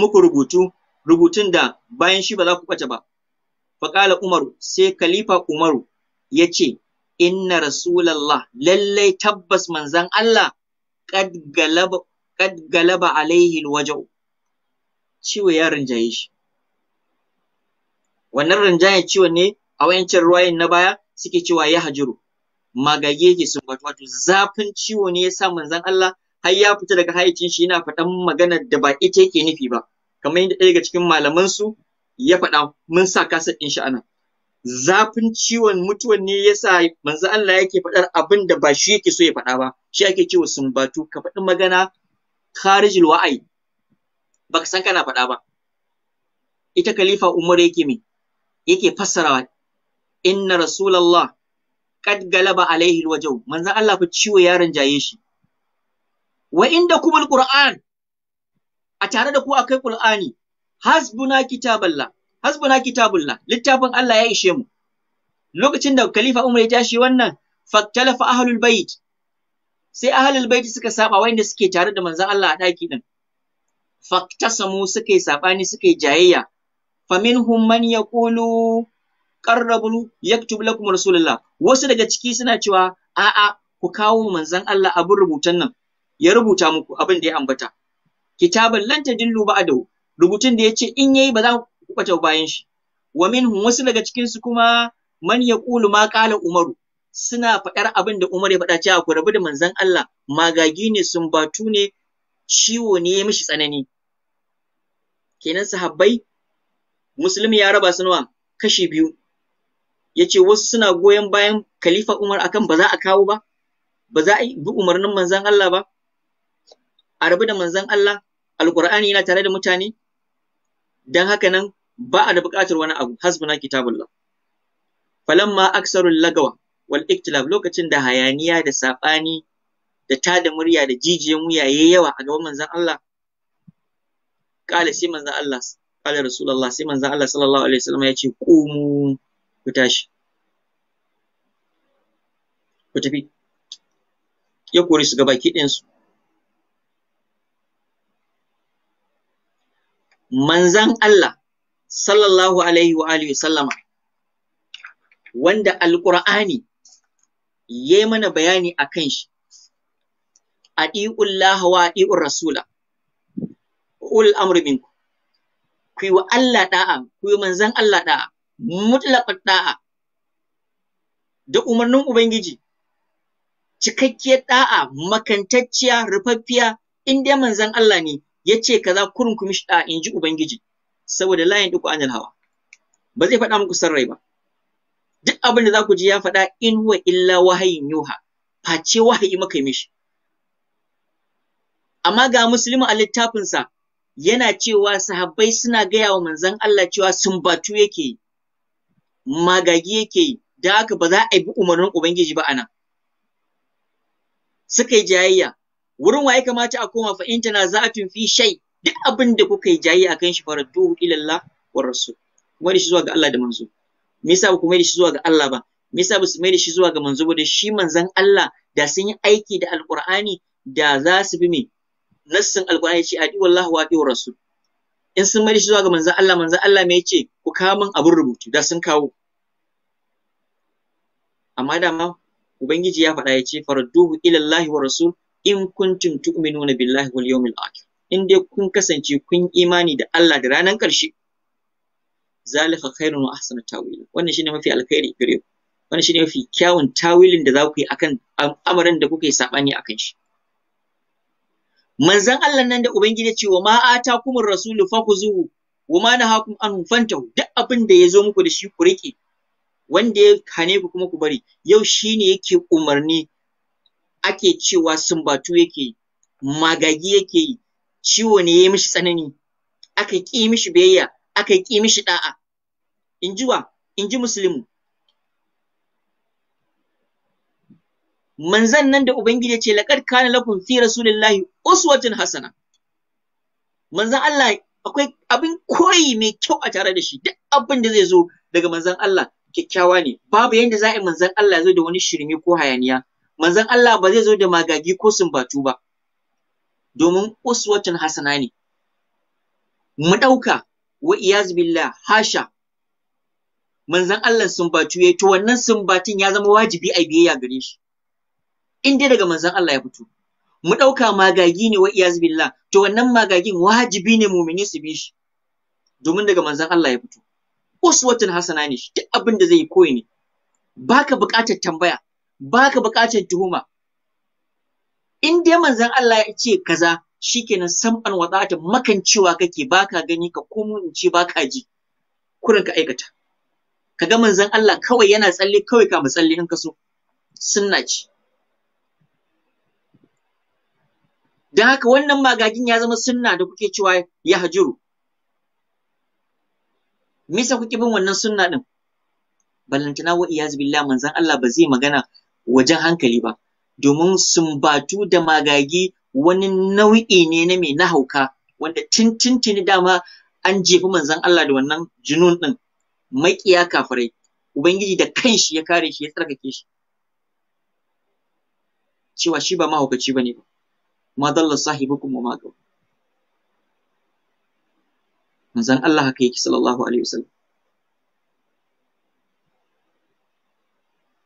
muku rubutu rubutun da bayan shi ba za ku ɓace ba faƙala umaru sai khalifa umaru ya ce inna rasulallah lallai tabbas manzan Allah kad galaba kad galaba alaihi alwaja'u ciwo ya rinjaye shi wannan rinjayen ciwon ne a wayancin ruwayin na baya suke cewa ya hajiru magage yake sun wato zafin ciwo ne ya sa manzan Allah har ya fita daga hayyacin shi yana faɗan magana da ba ita yake nufi ba kamar yadda ɗaya daga cikin malaman su ya faɗa mun sa kasar ɗin sha'ana. zafin ciwon mutuwan ne yasa manzo Allah yake faɗar abin da ba shi yake so ya faɗa ba shi ake cewa batu ka faɗi magana kharijul wa'ai baka san kana faɗa ba ita khalifa Umar yake me yake fassarawa inna rasulullah kad galaba alaihi alwajau manzo Allah fa ciwo yaron jaye shi wa inda kuma qur'an a tare da ku akai qur'ani hasbuna kitaballah hasbuna kitabullah littafin Allah ya ishe mu lokacin da khalifa Umar ya tashi wannan faktalafa ahlul bait sai ahlul bait suka saba wanda suke tare da manzon Allah a daki din faktasamu suka yi sabani suka yi jayayya faminhum man yaqulu qarrabu yaktub lakum rasulullah wasu daga ciki suna cewa a'a ku kawo manzon Allah abin rubutan nan ya rubuta muku abin da ya ambata kitaban lan tadillu dau. rubutun da ya ce in yayi ba za ku kwata bayan shi wa minhum wasu daga cikin su kuma man Kulu ma qala umaru suna faɗar abin da Umar ya faɗa cewa ku rabu da manzon Allah magagi ne batu ne ciwo ne ya mishi tsanani kenan sahabbai musulmi ya raba su nawa kashi biyu yace wasu suna goyon bayan khalifa Umar akan ba za a kawo ba ba za a bi umarnin manzon Allah ba a rabu da manzon Allah alqur'ani yana tare da mutane dan haka nan ba a da buƙatar wani abu hasbuna kitabullah falamma aksarul lagawa wal iktilaf lokacin da hayaniya da sabani da tada murya da jijiyan muya yayi yawa a gaban manzon Allah kala sai manzon Allah qala rasulullah sai manzon Allah sallallahu alaihi wasallam ya ce qumu ku tashi ku tafi ya kore su gabaki ɗinsu. manzan Allah sallallahu alaihi wa alihi sallama wanda alqur'ani yayi mana bayani akan shi adi'ullaha wa adi'ur rasula ul amri minku ku yi wa Allah da'a ku yi manzan Allah da'a mutlaqat da'a da umarnin ubangiji cikakkiyar da'a makantacciya rufaffiya in dai manzan Allah ne yace kaza kurun ku mishi da inji ubangiji saboda layin duku anil hawa ba zai faɗa muku sarrai ba duk abin da za ku ji ya faɗa in wa illa wahayin yuha face wahayi maka mishi amma ga musulmi a littafinsa yana cewa sahabbai suna gaya wa manzon Allah cewa batu yake yi magagi yake yi da haka ba za a bi umarnin ubangiji ba anan suka yi jayayya wurin wa ya kamata a koma fa in na zafin fi shay duk abin da kuka yi jayi kan shi faraddu ila Allah wa rasul kuma da shi zuwa ga Allah da manzo me yasa ba ku da shi zuwa ga Allah ba me yasa ba su mai da shi zuwa ga manzo ba da shi manzon Allah da sun yi aiki da alqur'ani da za su bi me nassin alqur'ani ce adi wallahi wa wa rasul in sun mai da shi zuwa ga manzon Allah manzon Allah me yace ku kawo min abin rubutu da sun kawo amma dama ubangiji ya faɗa ya ce faradduhu ila Allah wa rasul in kuntum tu'minuna billahi wal yawmil akhir in dai kun kasance kun imani da Allah da ranar karshe zalika khairun wa ahsanu tawila wannan shine mafi alkhairi gare ku wannan shine mafi kyawun tawilin da za ku yi akan amaran da kuke sabani akan shi manzon Allah nan da ubangiji ce cewa ma atakumur rasulu fakuzuhu wa ma nahakum an fantahu duk abin da ya zo muku da shi ku rike wanda ya hane ku kuma ku bari yau shine yake umarni ake cewa sumbatu yake yi magagi yake yi ciwo ne ya mishi tsanani aka ƙi mishi biyayya aka ƙi mishi da'a in ji wa in ji musulmi manzan nan da ubangiji ce laqad kana lakum fi rasulillahi uswatun hasana manzan Allah akwai abin koyi mai kyau a tare da shi duk abin da zai zo daga manzan Allah kyakkyawa ne babu yanda za a yi manzan Allah ya zo da wani shirme ko hayaniya manzon Allah ba zai zo da magagi ko sumbatu ba domin uswatun hasana ne mu ɗauka wa iyaz billah hasha manzon Allah sumbatu yayi to wannan sumbatin ya zama wajibi a biyayya gare shi in dai daga manzon Allah ya fito mu ɗauka magagi ne wa iyaz billah to wannan magagin wajibi ne mumini su bi shi domin daga manzon Allah ya fito uswatun hasana ne duk abin da zai koyi ne baka buƙatar tambaya baka buƙatar tuhuma in dai manzon Allah ya ce kaza shikenan sam'an wadata makancewa kake baka gani ka komo in ce baka ji kurin ka aikata kaga manzon Allah kawai yana tsalle kawai ka tsalle in ka so sunna ce don haka wannan magagin ya zama sunna da kuke cewa ya hajiru Misa kuke bin wannan sunna din ballantana wa iyaz billah manzon Allah ba zai magana wajen hankali ba domin sumbatu da magagi wani nau'i ne na mai na hauka wanda tintintini dama an jefi manzon Allah da wannan junun din maƙiya kafirai ubangiji da kanshi ya kare shi ya tsarkake shi cewa shi ba mahaukaci bane ba ma dalla sahibukum wa ma gawa manzon Allah haka yake sallallahu alaihi wasallam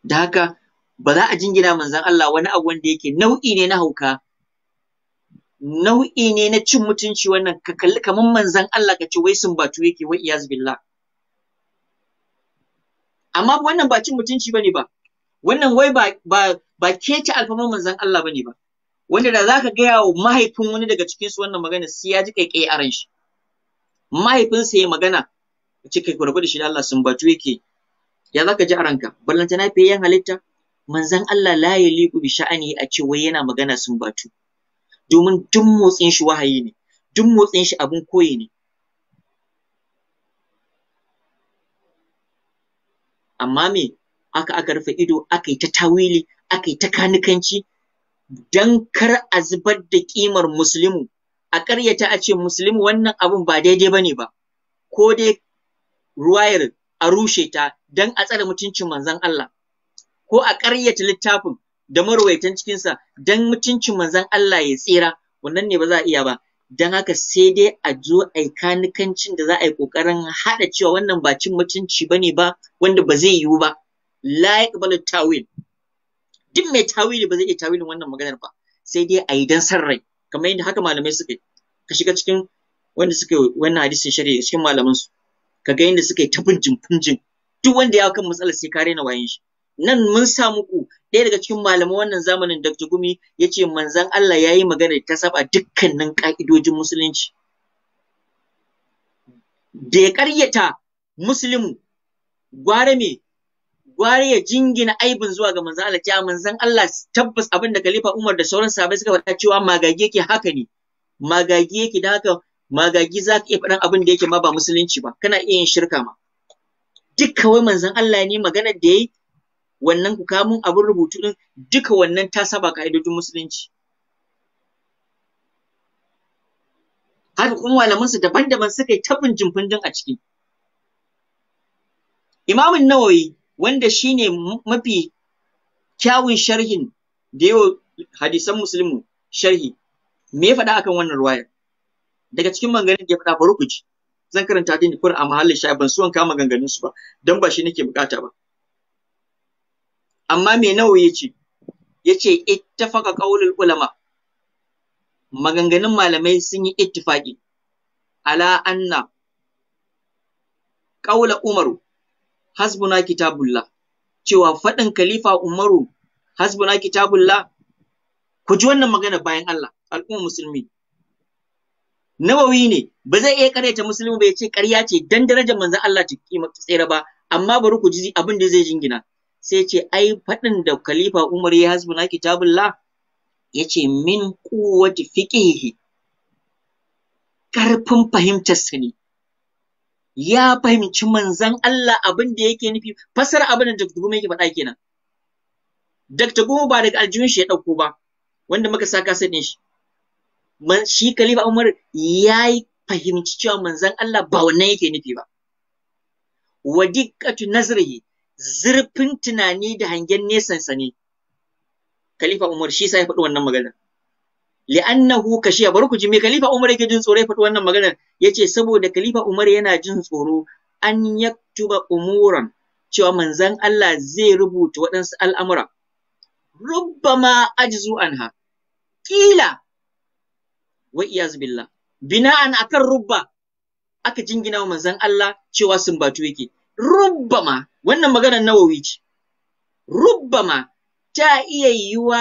da haka ba za a jingina manzon Allah wani abu wanda yake nau'i ne na hauka nau'i ne na cin mutunci wannan ka kalli kamar manzon Allah ka ce wai sun batu yake wai iyaz billah amma wannan ba cin mutunci bane ba wannan wai ba ba ba kece alfaman manzon Allah bane ba wanda da zaka gaya wa mahaifin wani daga cikin su wannan magana sai ya ji kaikai a ran shi mahaifinsa ya magana Ya ce kai ku shi da Allah sun batu yake ya zaka ji a ranka ballanta na fiye yan halitta manzon Allah la yaliqu bi sha'ani a ce wai yana magana sun batu domin duk motsin shi wahayi ne duk motsin shi abun koyi ne amma me aka aka rufe ido aka yi ta tawili aka yi ta kanikanci dan kar a zubar da kimar muslimu a ƙaryata a ce musulmi wannan abun ba daidai bane ba ko dai ruwayar a rushe ta dan a tsare mutuncin manzon Allah ko a ƙaryata littafin da marwaitan cikinsa don mutuncin manzon Allah ya tsira wannan ne ba za a iya ba don haka sai dai a zo a yi kanikancin da za a yi ƙoƙarin haɗa cewa wannan ba cin mutunci ba ne ba wanda ba zai yiwu ba la yaqbalu tawil duk mai tawili ba zai iya tawilin wannan maganar ba sai dai a yi don san rai kamar yadda haka malamai suka yi ka shiga cikin wanda suka yi wannan hadisin shari'a cikin malaman su ka ga yadda suka yi ta bunjin bunjin duk wanda ya kan matsalar sai ka raina wayan shi nan mun sa muku ɗaya daga cikin malaman wannan zamanin Dr. Gumi ya ce manzan Allah ya yi magana ta saba dukkanin ƙa'idojin musulunci. Da ya ƙaryata musulmi gware me gware ya jingina aibin zuwa ga manzan Allah cewa manzan Allah tabbas abin da Khalifa Umar da sauran sahabbai suka faɗa cewa magagi yake haka ne magagi yake da haka magagi za ka iya faɗan abin da yake ma ba musulunci ba kana iya yin shirka ma duk kawai manzan Allah ne maganar da ya yi. wannan ku kawo mun abin rubutu din duka wannan ta saba ka'idojin musulunci haka kuma malaman su daban-daban suka yi tabin jimfindin a ciki imamun nawawi wanda shine mafi kyawun sharhin da yau hadisan musulmu sharhi me ya faɗa akan wannan ruwayar daga cikin maganganun da ya faɗa bari ku ji zan karanta ta ne kur a mahallin sha'i ban so in kama maganganun su ba don ba shi nake bukata ba amma me nawa yace yace ittafaqa qaulul ulama maganganun malamai sun yi ittifaqi ala anna qaula umaru hasbuna kitabullah cewa faɗin khalifa umaru hasbuna kitabullah ku ji wannan magana bayan Allah al'umma musulmi nawawi ne ba zai iya karyata musulmi ba ya ce ƙarya ce dan darajar manzon Allah ta kima tsere ba amma bari ku ji abin da zai jingina sai ce ai faɗin da khalifa umar ya hasbuna kitabullah ya ce min kuwati fiqihi ƙarfin fahimtar sa ne ya fahimci manzan Allah abin da yake nufi fasar abin da Dr. Gumi yake faɗa kenan Dr. Gumi ba daga aljihun shi ya ɗauko ba wanda muka saka sai shi shi Khalifa Umar ya fahimci cewa manzan Allah ba wannan yake nufi ba wa nazrihi zurfin tunani da hangen nesa-sani. khalifa umar shi sa ya faɗi wannan magana. li'annahu kashiya bari ku ji me khalifa umar yake jin tsoro ya faɗi wannan Ya yace saboda khalifa umar yana jin tsoro an yaktuba umuran cewa manzon Allah zai rubuta waɗansu al'amura rubbama ajzu anha kila wa iyaz billah bina'an akan rubba aka jingina wa manzon Allah cewa batu yake rubbama wannan maganar nawawi ce rubbama ta iya yiwuwa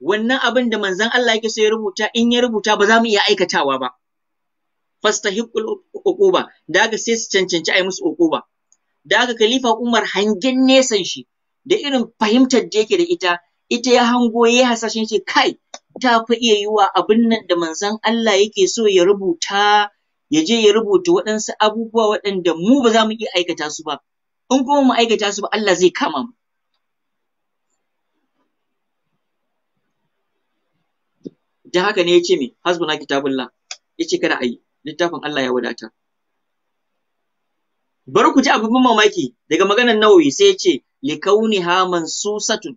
wannan abin da manzon Allah yake so ya rubuta in ya rubuta ba za mu iya aikatawa ba fastahiqul uquba da haka sai su cancanci ai musu uquba da haka khalifa Umar hangen nesan shi da irin fahimtar da yake da ita ita ya hango ya hasashen shi kai ta fi iya yiwuwa abin nan da manzon Allah yake so ya rubuta ya je ya rubuta waɗansu abubuwa waɗanda mu ba za mu iya aikata su ba in kuma mu aikata su ba Allah zai kama mu dan haka ne yace me hasbuna kitabullah yace kada yi, littafin Allah ya wadata bari ku ji abubuwan mamaki daga maganar Nawawi sai yace su mansusatun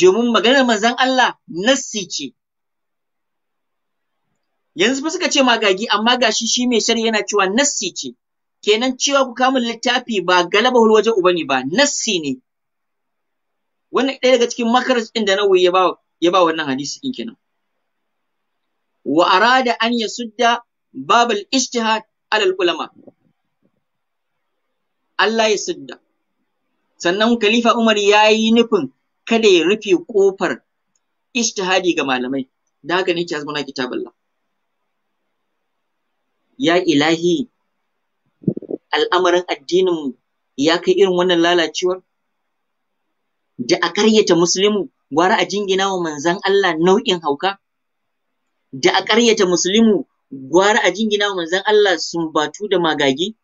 domin maganar manzon Allah nassi ce yanzu fa suka ce magagi amma gashi shi mai shari yana cewa nassi ce kenan cewa ku kamun littafi ba galaba wajen uba ne ba nassi ne wannan ɗaya daga cikin makaras ɗin da nawawi ya ba ya ba wannan hadisi ɗin kenan wa arada an yasudda babal ijtihad alal ulama Allah ya sudda sannan khalifa Umar ya yi nufin kada ya rufe kofar ijtihadi ga malamai da haka ne ke azmuna kitabullah ya ilahi al'amarin addininmu ya kai irin wannan lalacewar? Da a ƙaryata musulmi gwara a jingina wa manzan Allah nau'in hauka? Da a ƙaryata musulmi gwara a jingina wa manzan Allah sumbatu da magagi?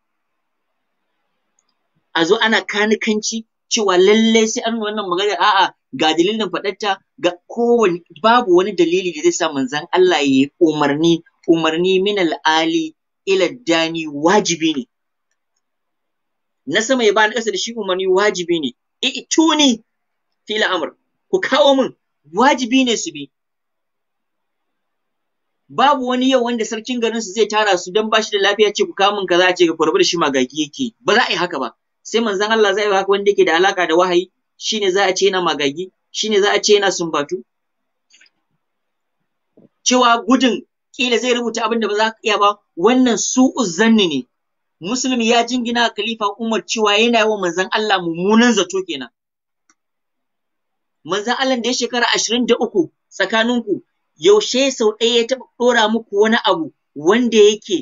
A zo ana kanikanci cewa lallai sai an wannan magana a'a ga dalilin faɗarta ga kowane babu wani dalili da zai sa manzan Allah ya yi umarni umarni min al'ali ila dani wajibi ne na sama ya bani ƙasa da shi umarni wajibi ne i'tuni fil amr ku kawo min wajibi ne su bi babu wani yau wanda sarkin garin su zai tara su dan bashi da lafiya ce ku kawo min kaza a ce ka kwarbi da shi magagi yake ba za a yi haka ba sai manzon Allah zai yi haka wanda yake da alaka da wahayi shine za a ce yana magagi shine za a ce yana sumbatu cewa gudun kila zai rubuta abin da ba za ka iya ba wannan su'u zanni ne Musulmi ya jingina khalifa umar cewa yana yawan manzan Allah mummunan zato kenan Manzan Allah da ya shekara 23 ku yaushe sau ɗaya ya taɓa ɗora muku wani abu wanda yake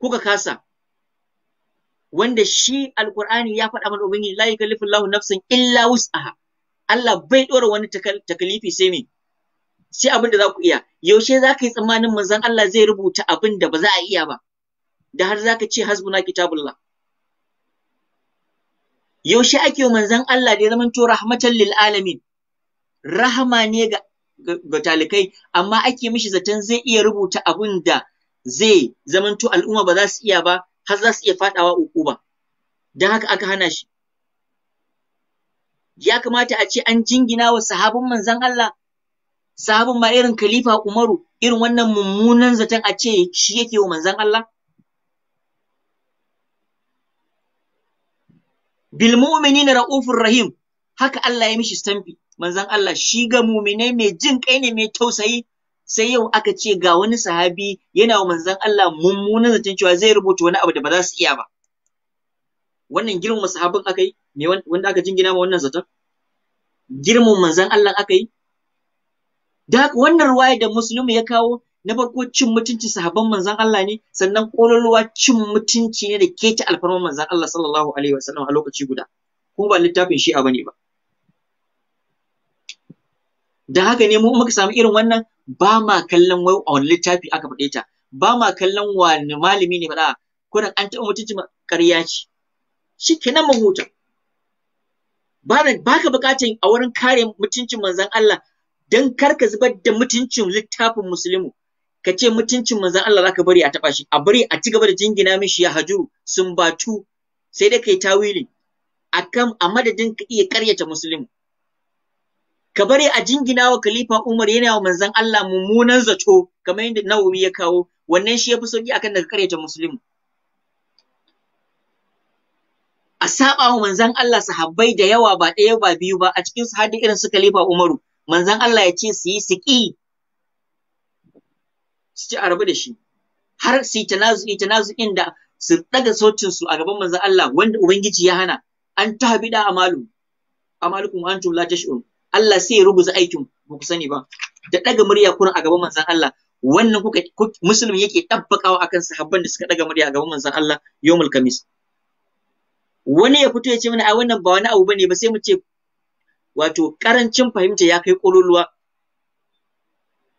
kuka kasa wanda shi alkur'ani ya faɗa mana ubangiji la yukallifu Allahu nafsan illa wus'aha Allah bai ɗora wani takalifi sai me sai abin da za ku iya yaushe za ka yi tsammanin manzan Allah zai rubuta abin da ba za a iya ba da har za ka ce hasbuna kitabullah yaushe ake yi manzon Allah da ya zamanto rahmatan lil alamin rahama ne ga ga talikai amma ake mishi zaton zai iya rubuta abin da zai zamanto al'umma ba za su iya ba har za su iya fadawa uku ba don haka aka hana shi ya kamata a ce an jingina wa sahabin manzon Allah sahabin ma irin khalifa Umaru irin wannan mummunan zaton a ce shi yake wa manzon Allah bil mu'minina ra'ufur rahim haka Allah ya mishi stamfi manzon Allah shi ga mu'minai mai jin kai ne mai tausayi sai yau aka ce ga wani sahabi yana wa manzon Allah mummunan zaton cewa zai rubuta wani abu da ba za su iya ba wannan girmama sahabin aka yi me wanda aka jingina ma wannan zaton girman manzon Allah aka yi Da wannan ruwaya da Musulmi ya kawo na farko cin mutunci sahabban manzon Allah ne sannan kololuwa cin mutunci ne da keta alfarman manzon Allah sallallahu alaihi wasallam a lokaci guda kuma ba littafin shi'a bane ba da haka ne mu muka samu irin wannan ba ma kallon wai a wani littafi aka faɗe ta ba ma kallon wani malami ne faɗa kurin an taɓa mutunci ƙarya ce shi kenan mu huta ba ka buƙatar a wurin kare mutuncin manzon Allah don kar ka zubar da mutuncin littafin musulmi ka ce mutuncin manzon Allah zaka bari a taba shi a bari a ci gaba da jingina mishi ya haju sun batu sai da kai tawili akan a madadin ka iya karyata musulmi ka bari a jingina wa khalifa Umar yana wa manzon Allah mummunan zato kamar yadda Nawawi ya kawo wannan shi yafi sauki akan ka karyata musulmi a saba wa manzon Allah sahabbai da yawa ba ɗaya ba biyu ba a cikin su hadda irin su khalifa Umaru manzan Allah ya ce su yi siki su ci arabu da shi har su yi yi tanazu da su daga sautinsu su a gaban manzan Allah wanda ubangiji ya hana an tahbida amalu amalukum antum la tash'un Allah sai ya rubuta aikin ba ku sani ba da daga murya kun a gaban manzan Allah wannan kuka musulmi yake tabbakawa akan sahabban da suka daga murya a gaban manzan Allah yawmul kamis wani ya fito ya ce mana a wannan ba wani abu bane ba sai mu ce wato ƙarancin fahimta ya kai ƙololuwa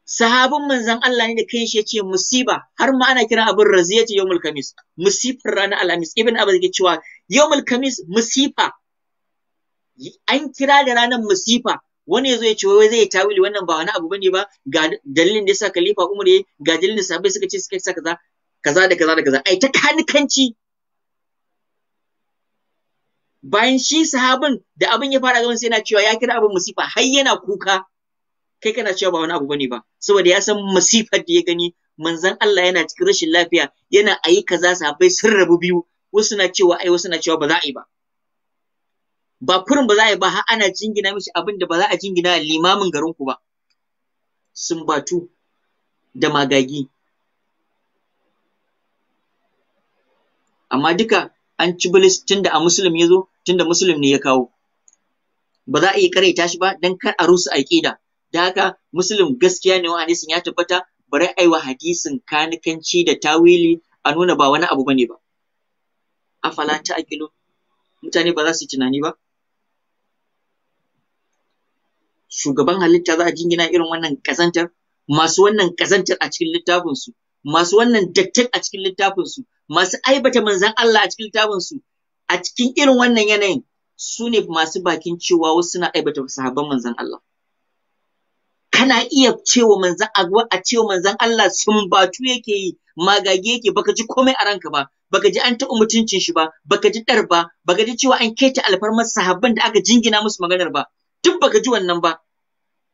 sahabin manzon Allah ne da shi yace musiba har ma ana kira abin raziyati yawmul kamis musifar ranar alhamis ibn abbas yake cewa yawmul kamis musifa an kira da ranar musifa wani yazo ya ce wai zai tawili wannan ba wani abu bane ba ga dalilin da yasa khalifa umar ga dalilin sahabbai suka ce suka kaza kaza da kaza da kaza ai ta kanikanci bayan shi sahabin da abin ya fara gaban sai yana cewa ya kira abin masifa har yana kuka kai kana cewa ba wani abu bane ba saboda ya san masifar da ya gani manzon Allah yana cikin rashin lafiya yana ayi kaza sabai sun rabu biyu wasu na cewa ai wasu na cewa ba za a yi ba ba kurin ba za a yi ba har ana jingina mishi abin da ba za a jingina limamin garin ku ba sun da magagi amma duka an ci bilis tunda a musulmi ya zo tunda musulmi ne ya kawo ba za a iya karaita shi ba dan kar a rusu aqida da haka musulmi gaskiya ne wa hadisin ya tabbata bari ai wa hadisin kanikanci da tawili a nuna ba wani abu bane ba afala ta aqilu mutane ba za su yi tunani ba shugaban halitta za a jingina irin wannan kazantar masu wannan kazantar a cikin littafinsu masu wannan dattin a cikin littafinsu masu aibata manzan Allah a cikin littafin su a cikin irin wannan yanayin su ne masu bakin cewa wasu suna aibata sahabban manzan Allah kana iya cewa manzan Allah a cewa manzan Allah sun batu yake yi magage yake baka ji komai a ranka ba baka ji an taɓa mutuncin shi ba baka ji dar ba baka ji cewa an keta alfarmar sahabban da aka jingina musu maganar ba duk baka ji wannan ba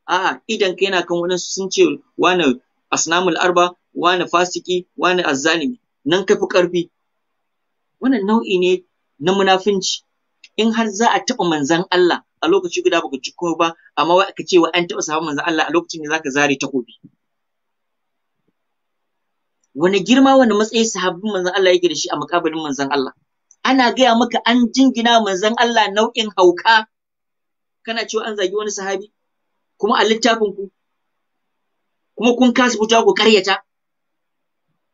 a'a idan ka yana kan wani sun ce wani asnamul arba wani fasiki wani azzalimi nan kafi fi ƙarfi wannan nau'i ne na munafunci in har za a taɓa manzan Allah a lokaci guda baka ci kuma ba amma wai aka ce wa an taɓa sahabban manzan Allah a lokacin ne zaka zare takobi wani girma wani matsayi sahabban manzan Allah yake da shi a muƙabalin manzan Allah ana gaya maka an jingina manzan Allah nau'in hauka kana cewa an zagi wani sahabi kuma a littafin ku kuma kun kasa fitowa ku karyata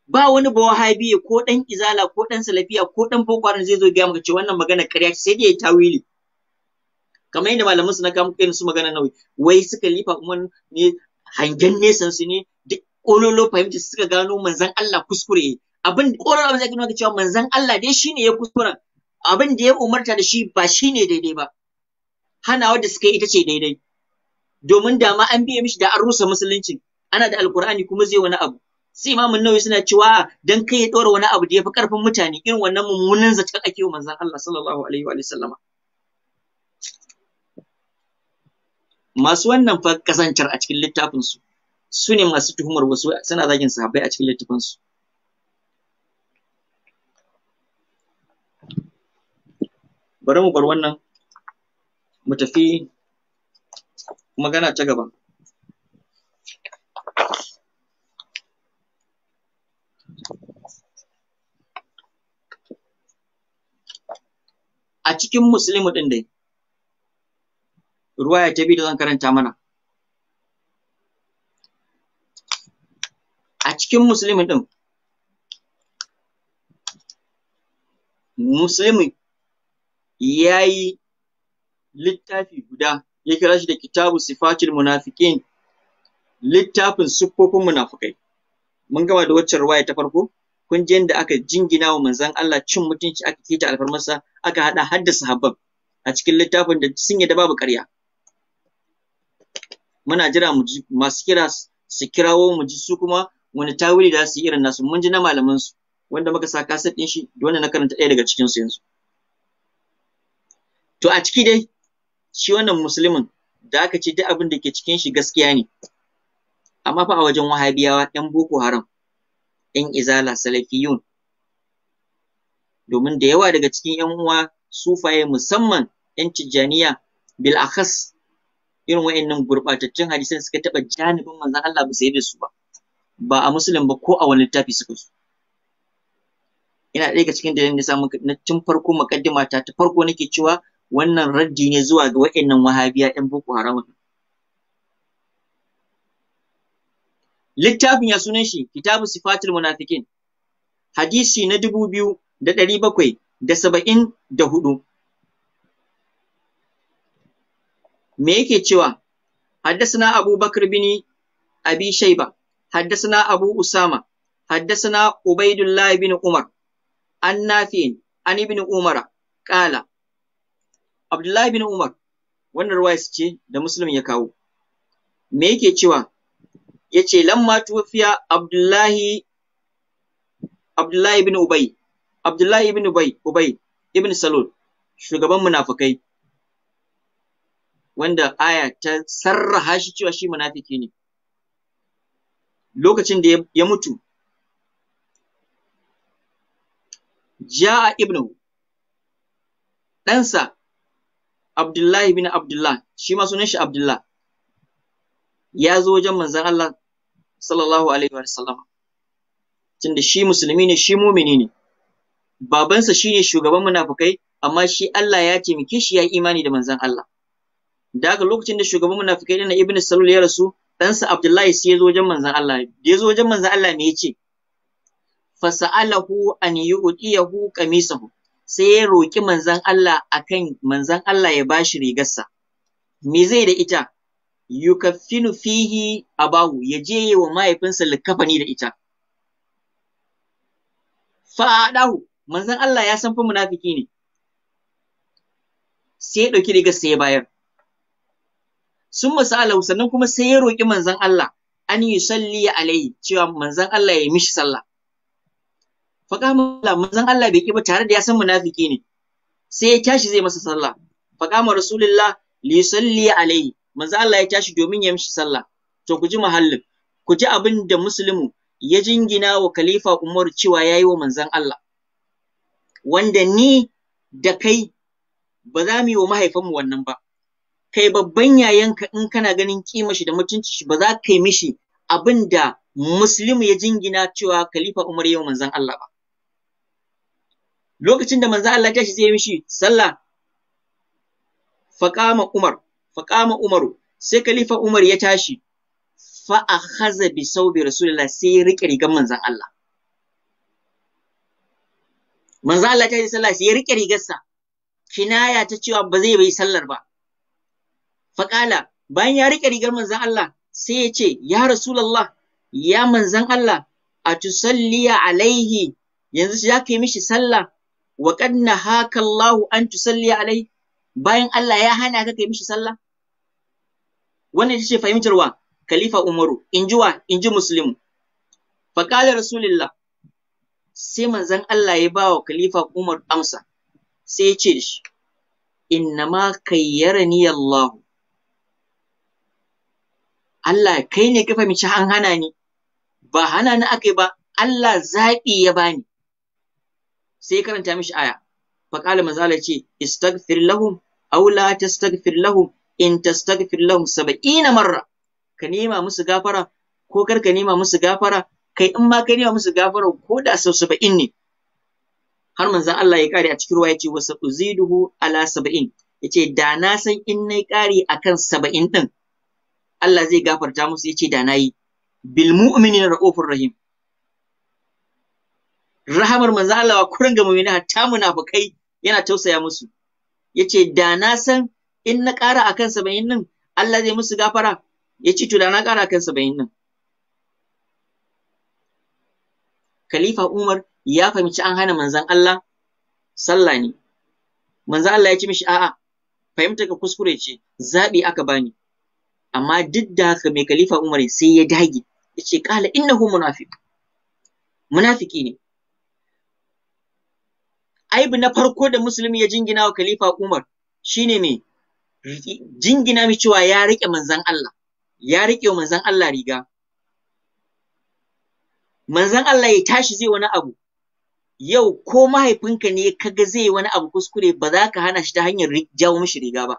ba wani bawahabiye ko dan izala ko dan salafiya ko dan boko haram zai zo gaya maka ce wannan magana ƙarya ce sai dai ya tawili kamar yadda malaman su na kawo muku su magana nauyi wai suka lifa kuma ne hangen nesan su ne duk ƙololo fahimci suka gano manzan Allah kuskure abin ƙololo abin zai gano cewa manzan Allah dai shine ya kuskuren abin da ya umarta da shi ba shine daidai ba hanawa da suka yi ita ce daidai domin da ma an biye mishi da an rusa musulunci ana da alkur'ani kuma zai wani abu sai imamun nawawi suna cewa dan kai ya dora wani abu da yafi karfin mutane irin wannan mummunan zaton ake wa manzon Allah sallallahu alaihi wa sallama masu wannan fa kasancar a cikin littafin su su ne masu tuhumar wasu suna zagin sahabbai a cikin littafin su bari mu bar wannan mu tafi magana ta gaba a cikin musulmi ɗin dai ruwaya ta biyu da zan karanta mana a cikin musulmi ɗin musulmi ya yi littafi guda ya kira shi da kitabu sifatul munafiqin littafin siffofin munafikai mun gama da waccan ruwaya ta farko kun ji yadda aka jingina wa manzon Allah cin mutunci aka keta alfarmarsa aka hada haddasa habban a cikin littafin da sun yadda babu ƙarya muna jira mu ji masu kira su kirawo mu ji su kuma wani tawili da su irin nasu mun ji na malaman su wanda muka sa kaset din shi da wanda na karanta ɗaya daga cikin su yanzu to a ciki dai shi wannan musulmin da aka ce duk abin da ke cikin shi gaskiya ne amma fa a wajen wahabiyawa 'yan boko haram ‘yan izala salafiyun. Domin da yawa daga cikin ‘yan uwa sufaye musamman ‘yan tijjaniya bil akhas irin wayannan gurbatattun hadisan suka taɓa janibin manzon Allah ba sai da su ba ba a musulun ba ko a wani littafi suka su ina daga cikin da da samu na tun farko mukaddima ta ta farko nake cewa wannan raddi ne zuwa ga wayannan wahabiya yan boko haram littafin ya sunan shi kitabu sifatul munafikin hadisi na dubu biyu da ɗari bakwai da saba'in da hudu me yake cewa haddasa abu bakar bini abi shaiba haddasana abu usama haddasana ubaidullah bin umar an nafi'in an ibn umara kala abdullahi bin umar wannan ruwaya ce da muslim ya kawo me yake cewa ya ce lamma tufiya Abdullahi Abdullahi ibn Ubay Abdullahi ibn Ubay Ubay ibn Salul shugaban munafikai wanda aya ta sarraha shi cewa shi munafiki ne lokacin da ya mutu ja'a ibnu ɗansa Abdullahi bin Abdullah shi ma sunan shi Abdullah ya zo wajen manzan Allah sallallahu alaihi wa sallam tunda shi musulmi ne shi mumini ne babansa shine shugaban munafukai amma shi Allah ya taimake shi ya yi imani da manzan Allah da haka lokacin da shugaban munafukai dana ibnu Salul ya rasu ɗansa Abdullahi sai ya zo wajen manzan Allah da ya zo wajen manzan Allah me yace an yu'tiyahu qamisahu sai ya roki manzan Allah akan manzan Allah ya bashi rigarsa me zai da ita yukaffinu fihi abahu ya je wa mahaifinsa likafani da ita fa'adahu manzon Allah ya san fa munafiki ne sai ya dauki rigar sai ya bayar sun masalahu sannan kuma sai ya roki manzon Allah an yi salli alaihi cewa manzon Allah ya yi mishi sallah faƙama Allah manzon Allah bai ki ba tare da ya san munafiki ne sai ya tashi zai masa sallah faƙama rasulullah li salli alaihi manzo Allah ya tashi domin ya mishi sallah to ku ji mahallin ku ji abin da muslimu ya jingina wa khalifa Umar cewa yayi wa manzon Allah wanda ni da kai ba za mu yi wa mahaifinmu wannan ba kai babban yayanka in kana ganin kima shi da mutunci shi ba za ka yi mishi abin da muslimu ya jingina cewa khalifa Umar yayi wa manzon Allah ba lokacin da manzon Allah ya tashi zai yi mishi sallah fakama Umar faqama umaru sai kalifa umar ya tashi fa'a haza bi saubi rasulullah sai ya rike rigar manzan Allah Manzan Allah ta yi sallah sai ya rike rigarsa kinaya ta cewa ba zai bai sallar ba faƙala bayan ya rike rigar manzan Allah sai ya ce ya rasulullah ya manzan Allah a tusalliya alaihi yanzu za ka yi mishi sallah wa qad nahaka Allahu an tusalliya alaihi bayan Allah ya hana ka kai mishi sallah wannan ita ce fahimtar wa khalifa umaru in ji wa in ji muslimu kala rasulillah sai manzon Allah ya ba wa khalifa umar amsa sai ya ce da shi ma kayyarani Allah Allah kai ne ka fahimci an hana ni ba hana ni akai ba Allah zaɓi ya bani sai karanta mishi aya faƙala manzala ce istaghfir lahum aw la tastaghfir lahum in tastaghfir lahum 70 marra ka nema musu gafara ko kar ka nema musu gafara kai in ma ka nema musu gafara ko da sau 70 ne har manzon Allah ya kare a cikin ruwa yace wasa uziduhu ala 70 yace da na san in nayi kare akan 70 din Allah zai gafarta musu yace da nayi bil mu'minin raufur rahim rahamar manzo Allah wa kurin ga mu'mini hatta munafikai yana tausaya musu yace da na san in na ƙara a kan saba'in nan, Allah zai musu gafara ya ce to da na ƙara a kan saba'in nan. Khalifa Umar ya fahimci an hana manzan Allah sallah ne Manzan Allah ya ce mishi a'a fahimta ka kuskure ce zaɓi aka bani amma duk da haka mai Khalifa Umar sai ya dage ya ce kala innahu munafiq munafiki ne aibu na farko da musulmi ya jingina wa Khalifa Umar shine mai. jingina mi cewa ya rike manzan Allah ya rike manzan Allah riga manzan Allah ya tashi zai wani abu yau ko mahaifinka ne kaga zai wani abu kuskure ba za ka hana shi ta hanyar jawo mishi riga ba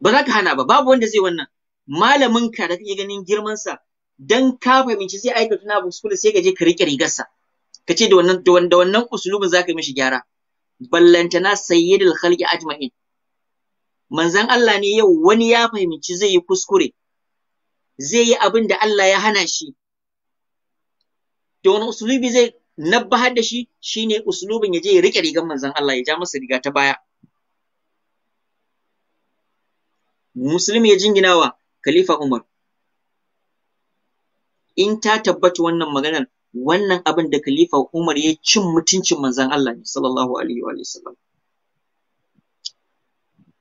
ba za ka hana ba babu wanda zai wannan malaminka da kake ganin girmansa dan ka fahimci sai aikata na abu kuskure sai ka je ka rike rigarsa ka ce da wannan da wannan usulubin za ka yi mishi gyara ballantana sayyidul khalqi ajma'in manzon Allah ne yau wani ya fahimci zai yi kuskure zai yi abin da Allah ya hana shi da wani usulubi zai nabbahar da shi shine usulubin ya je ya rike rigar manzon Allah ya ja masa riga ta baya musulmi ya jinginawa khalifa Umar in ta tabbata wannan maganar wannan abin da khalifa Umar ya cin mutuncin manzon Allah ne sallallahu alaihi wa sallam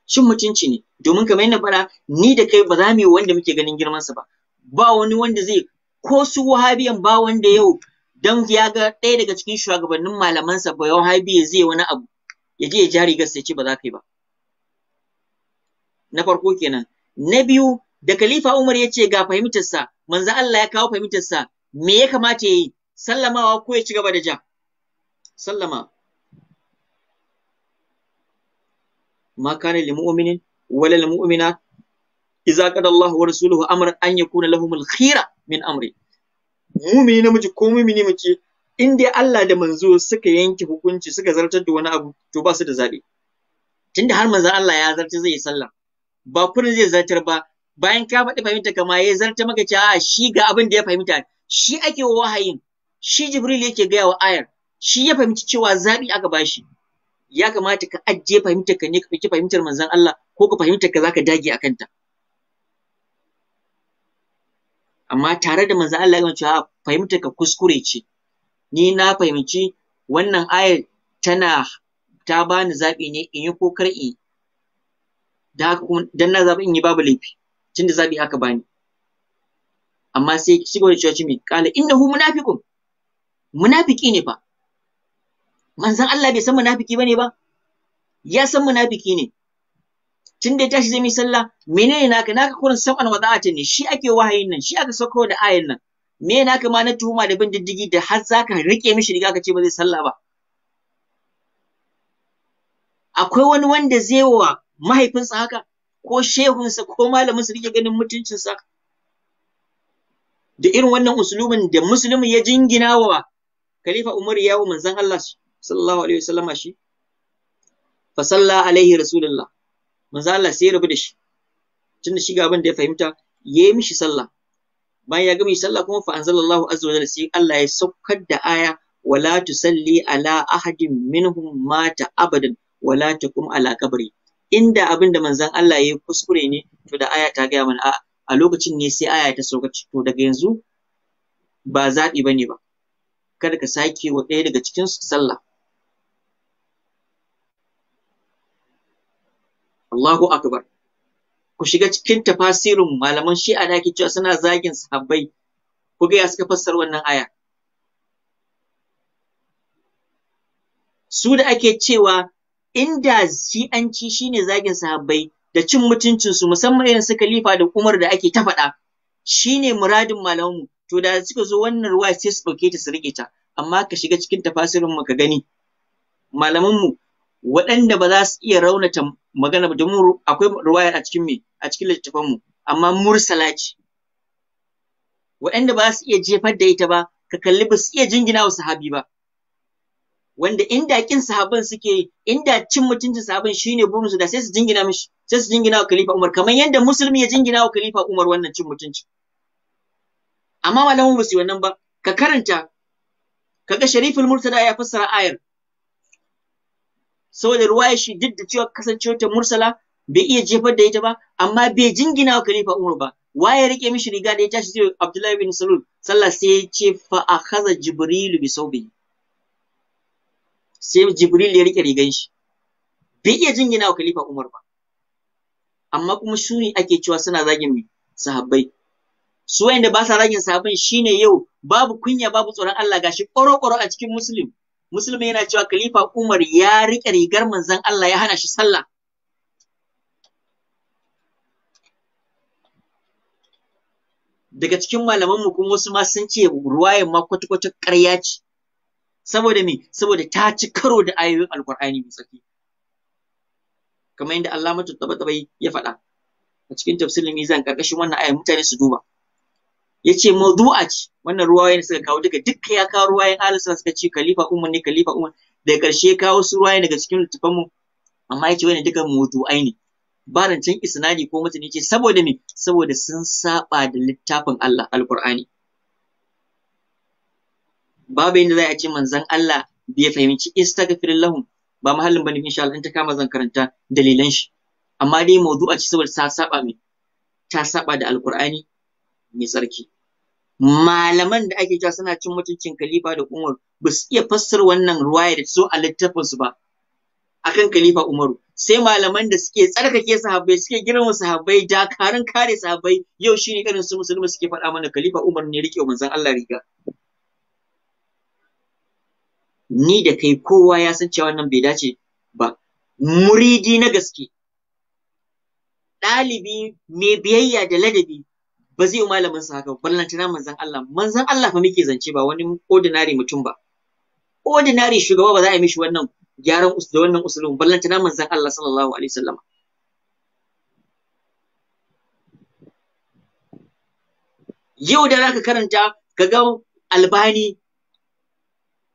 cin mutunci ne domin kamar yadda fara ni da kai ba za mu yi wanda muke ganin girman sa ba ba wani wanda zai ko su wahabiyan ba wanda yau dan ya ga ɗaya daga cikin shugabannin malaman sa ba wahabiya zai wani abu ya je ya jari gas ya ce ba za ka yi ba na farko kenan na biyu da khalifa Umar ya ce ga fahimtar sa manzo Allah ya kawo fahimtar sa me ya kamata ya yi sallamawa ko ya ci gaba da ja sallama ma kana lil mu'minin wala lil mu'minat idza qada Allah wa rasuluhu amran an yakuna lahumul khira min amri mu'mini namiji ko mu'mini mace in dai Allah da manzo suka yanke hukunci suka zartar da wani abu to ba su da zaɓi tunda har manzon Allah ya zartar zai yi sallah ba kurin zai zartar ba bayan ka faɗi fahimta kama ya zartar maka cewa shi ga abin da ya fahimta shi ake wahayin shi Jibril yake gaya wa ayar shi ya fahimci cewa zaɓi aka bashi ya kamata ka ajiye fahimtar ka ne ka ɗauki fahimtar manzon Allah ko ka fahimtar ka zaka dage a kanta amma tare da manzon Allah ya cewa fahimtar ka kuskure ce ni na fahimci wannan ayar tana ta bani zaɓi ne in yi ko kar in da dan na zaɓi in yi babu laifi tunda zaɓi aka bani amma sai shi gwada cewa shi mai kala innahu munafiqun munafiki ne fa manzon Allah bai san munafiki bane ba ya san munafiki ne tun da ya tashi zai yi sallah menene naka naka kurin sab'an wada'atin ne shi ake wahayin nan shi aka sako da ayin nan me naka ma na tuhuma da bin diddigi da har zaka rike mishi riga ka ce ba zai sallah ba akwai wani wanda zai wa mahaifinsa haka ko shehunsa ko malaminsa rike ganin mutuncinsa da irin wannan usulumin da musulmin ya jingina wa khalifa umar yawo manzon Allah sallallahu alaihi wasallama shi fa salla alaihi rasulullah manzon Allah sai ya rabu da shi tunda shi ga abin da ya fahimta yayi mishi sallah bayan ya gama sallah kuma fa anzalallahu azza wa jalla sai Allah ya saukar da aya wala tusalli ala ahadin minhum mata abadan wala taqum ala qabri inda abin da manzon Allah yayi kuskure ne to da aya ta gaya mana a a lokacin ne sai aya ta sauka to daga yanzu ba zaɓi bane ba kada ka sake wa ɗaya daga cikin su sallah Allahu akbar ku shiga cikin tafasirin malaman shi'a da ake cewa suna zagin sahabbai ku ga ya suka fassara wannan aya su da ake cewa inda shi'anci shine zagin sahabbai da cin mutuncinsu musamman irin su khalifa da umar da ake ta faɗa shine muradin malamu to da suka zo wannan ruwa sai su ɗauke ta su riƙe ta amma ka shiga cikin tafasirin mu ka gani malaman mu waɗanda ba za su iya raunata magana ba domin akwai ruwaya a cikin me a cikin littattafan mu amma mursala ce waɗanda ba su iya jefar da ita ba ka kalli ba su iya jingina wa sahabi ba wanda inda kin sahabban suke inda cin mutuncin sahabban shine burin su da sai su jingina mishi sai su jingina wa khalifa Umar kamar yadda musulmi ya jingina wa khalifa Umar wannan cin mutunci amma malamu ba su yi wannan ba ka karanta kaga sharifin murtala ya fassara ayar saboda ya shi duk da cewa kasance ta mursala bai iya jefar da ita ba amma bai jingina wa khalifa umar ba waye rike mishi riga da ya tashi sai abdullahi bin salul sallah sai ya ce fa akhadha jibrilu bi saubi sai jibril ya rike rigan shi bai iya jingina wa khalifa umar ba amma kuma shuni ake cewa suna zagin sahabbai su wayanda ba sa ragin shi shine yau babu kunya babu tsoron Allah gashi ƙoro-ƙoro a cikin muslim musulmi yana cewa khalifa Umar ya riƙe rigar manzon Allah ya hana shi sallah daga cikin malaman mu kuma wasu ma sun ce ruwayan ma kwata-kwata ƙarya ce saboda me saboda ta ci karo da ayoyin alkur'ani mai tsaki kamar yadda Allah mutu taba ya faɗa a cikin tafsirin mizan karkashin wannan ayar mutane su duba ce, mawdu'a ce wannan ruwayoyin suka kawo duka dukka ya kawo ruwayoyin ahlus suka ce khalifa umar ne khalifa umar daga karshe kawo su ruwaye daga cikin littafan mu amma ce, wani duka mawdu'ai ne ba rancen isnadi ko mutane ce saboda me saboda sun saba da littafin Allah alqur'ani babu yadda za a ce manzon Allah bai fahimci istaghfir lahum ba mahallin bane insha Allah in ta kama zan karanta dalilan shi amma dai mawdu'a ce saboda ta saba me ta saba da alqur'ani mai tsarki malaman da ake cewa suna cin mutuncin Khalifa da Umar ba su iya fassar wannan ruwaya da so a littafinsu ba akan Khalifa Umaru sai malaman da suke tsarkake sahabbai suke girma sahabbai dakarun kare sahabbai yau shine irin su musulmi suke faɗa mana Khalifa Umar ne rike manzon Allah riga ni da kai kowa ya san cewa wannan bai dace ba muridi na gaske ɗalibi mai biyayya da ladabi ba zai yi malamin sa haka ballanta na manzon Allah manzon Allah fa muke zance ba wani ordinary mutum ba ordinary shugaba ba za a yi mishi wannan gyaran da wannan usulun na manzon Allah sallallahu alaihi wasallam yau da zaka karanta kaga albani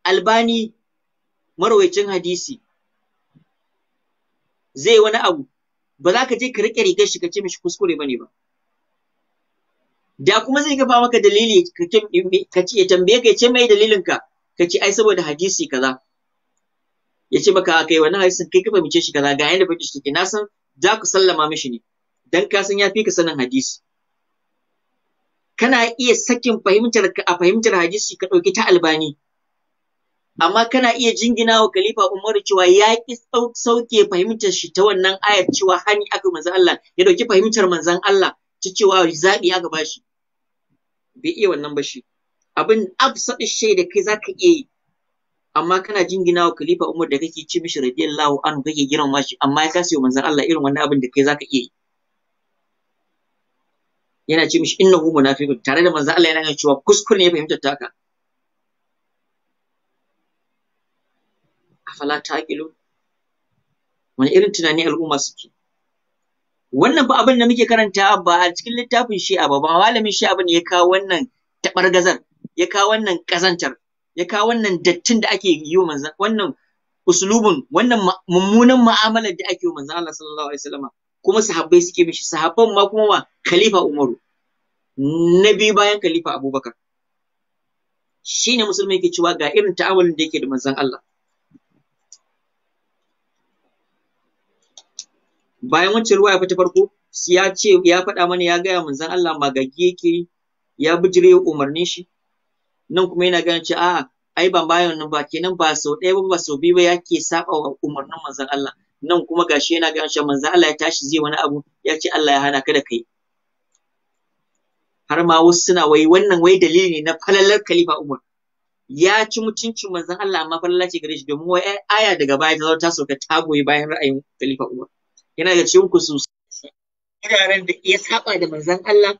albani marwayacin hadisi zai wani abu ba za ka je ka riƙe rigar shi ka ce mishi kuskure bane ba da kuma zai kafa maka dalili ka ce ya tambaye ka ce mai dalilin ka ka ce ai saboda hadisi kaza ya ce maka kai wannan hadisin kai ka fahimce shi kaza ga yanda faɗi shi ke na san za ku sallama mishi ne dan ka san ya fi ka sanin hadisi kana iya sakin fahimtar ka a fahimtar hadisi ka ɗauki ta albani amma kana iya jingina wa kalifa Umar cewa ya ki sauke fahimtar shi ta wannan ayar cewa hani aka manzan Allah ya ɗauki fahimtar manzan Allah ta cewa zaɓi aka bashi bai iya wannan ba shi abin absaɗi shai da kai zaka iya yi amma kana jingina wa khalifa Umar da kake ci mishi radiyallahu anhu kake girmama shi amma ya kasa yi manzon Allah irin wannan abin da kai zaka iya yi yana ci mishi innahu munafiqun tare da manzon Allah yana cewa kuskure ya fahimtar taka afala taqilu wani irin tunani al'umma suke wannan ba abin da muke karanta ba a cikin littafin shi'a ba ba malamin shi'a abin ya kawo wannan tabargazar ya kawo wannan kazantar ya kawo wannan dattin da ake yi wa manzon wannan uslubun wannan mummunan mu'amalar da ake yi wa manzon Allah sallallahu alaihi wasallam kuma sahabbai suke mishi sahabban ma kuma wa khalifa Umaru na biyu bayan khalifa Abubakar shine musulmi yake cewa ga irin ta'awulin da yake da manzon Allah bayan wancan ruwa ya ta farko ya ce ya faɗa mana ya gaya manzon Allah magagi yake ya bijire umarnin shi nan kuma yana ganin cewa a'a ai ban bayan nan ba kenan ba sau ɗaya ba ba sau biyu ba yake saba wa umarnin manzon Allah nan kuma gashi yana ganin cewa manzon Allah ya tashi zai wani abu ya ce Allah ya hana ka da kai har ma wasu suna wai wannan wai dalili ne na falalar khalifa Umar ya ci mutuncin manzon Allah amma falala ce gare shi domin wai aya daga baya ta zo ta sauka ta goyi bayan ra'ayin khalifa Umar yana da cikin kusus wuraren da ya saba da manzon Allah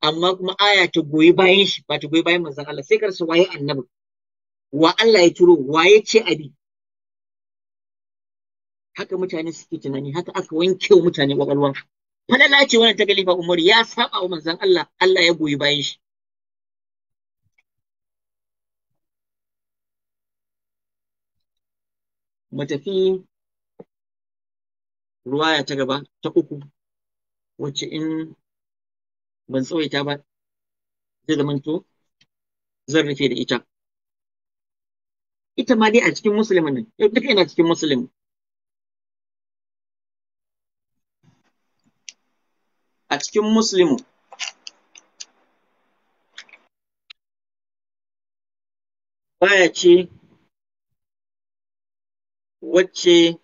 amma kuma aya ta goyi bayan shi ba ta goyi bayan manzon Allah sai karsa waye annabi wa Allah ya turo waye ce abi haka mutane suke tunani haka aka wanke mutane kwakwalwan falala ce wannan ta galifa umar ya saba wa manzon Allah Allah ya goyi bayan shi mutafi ruwaya ta gaba ta uku wacce in ban tsawaita ba zai zamanto zan rufe da ita ita ma dai a cikin musulmin ne yau duka yana cikin musulmin a cikin musulmi baya ce wacce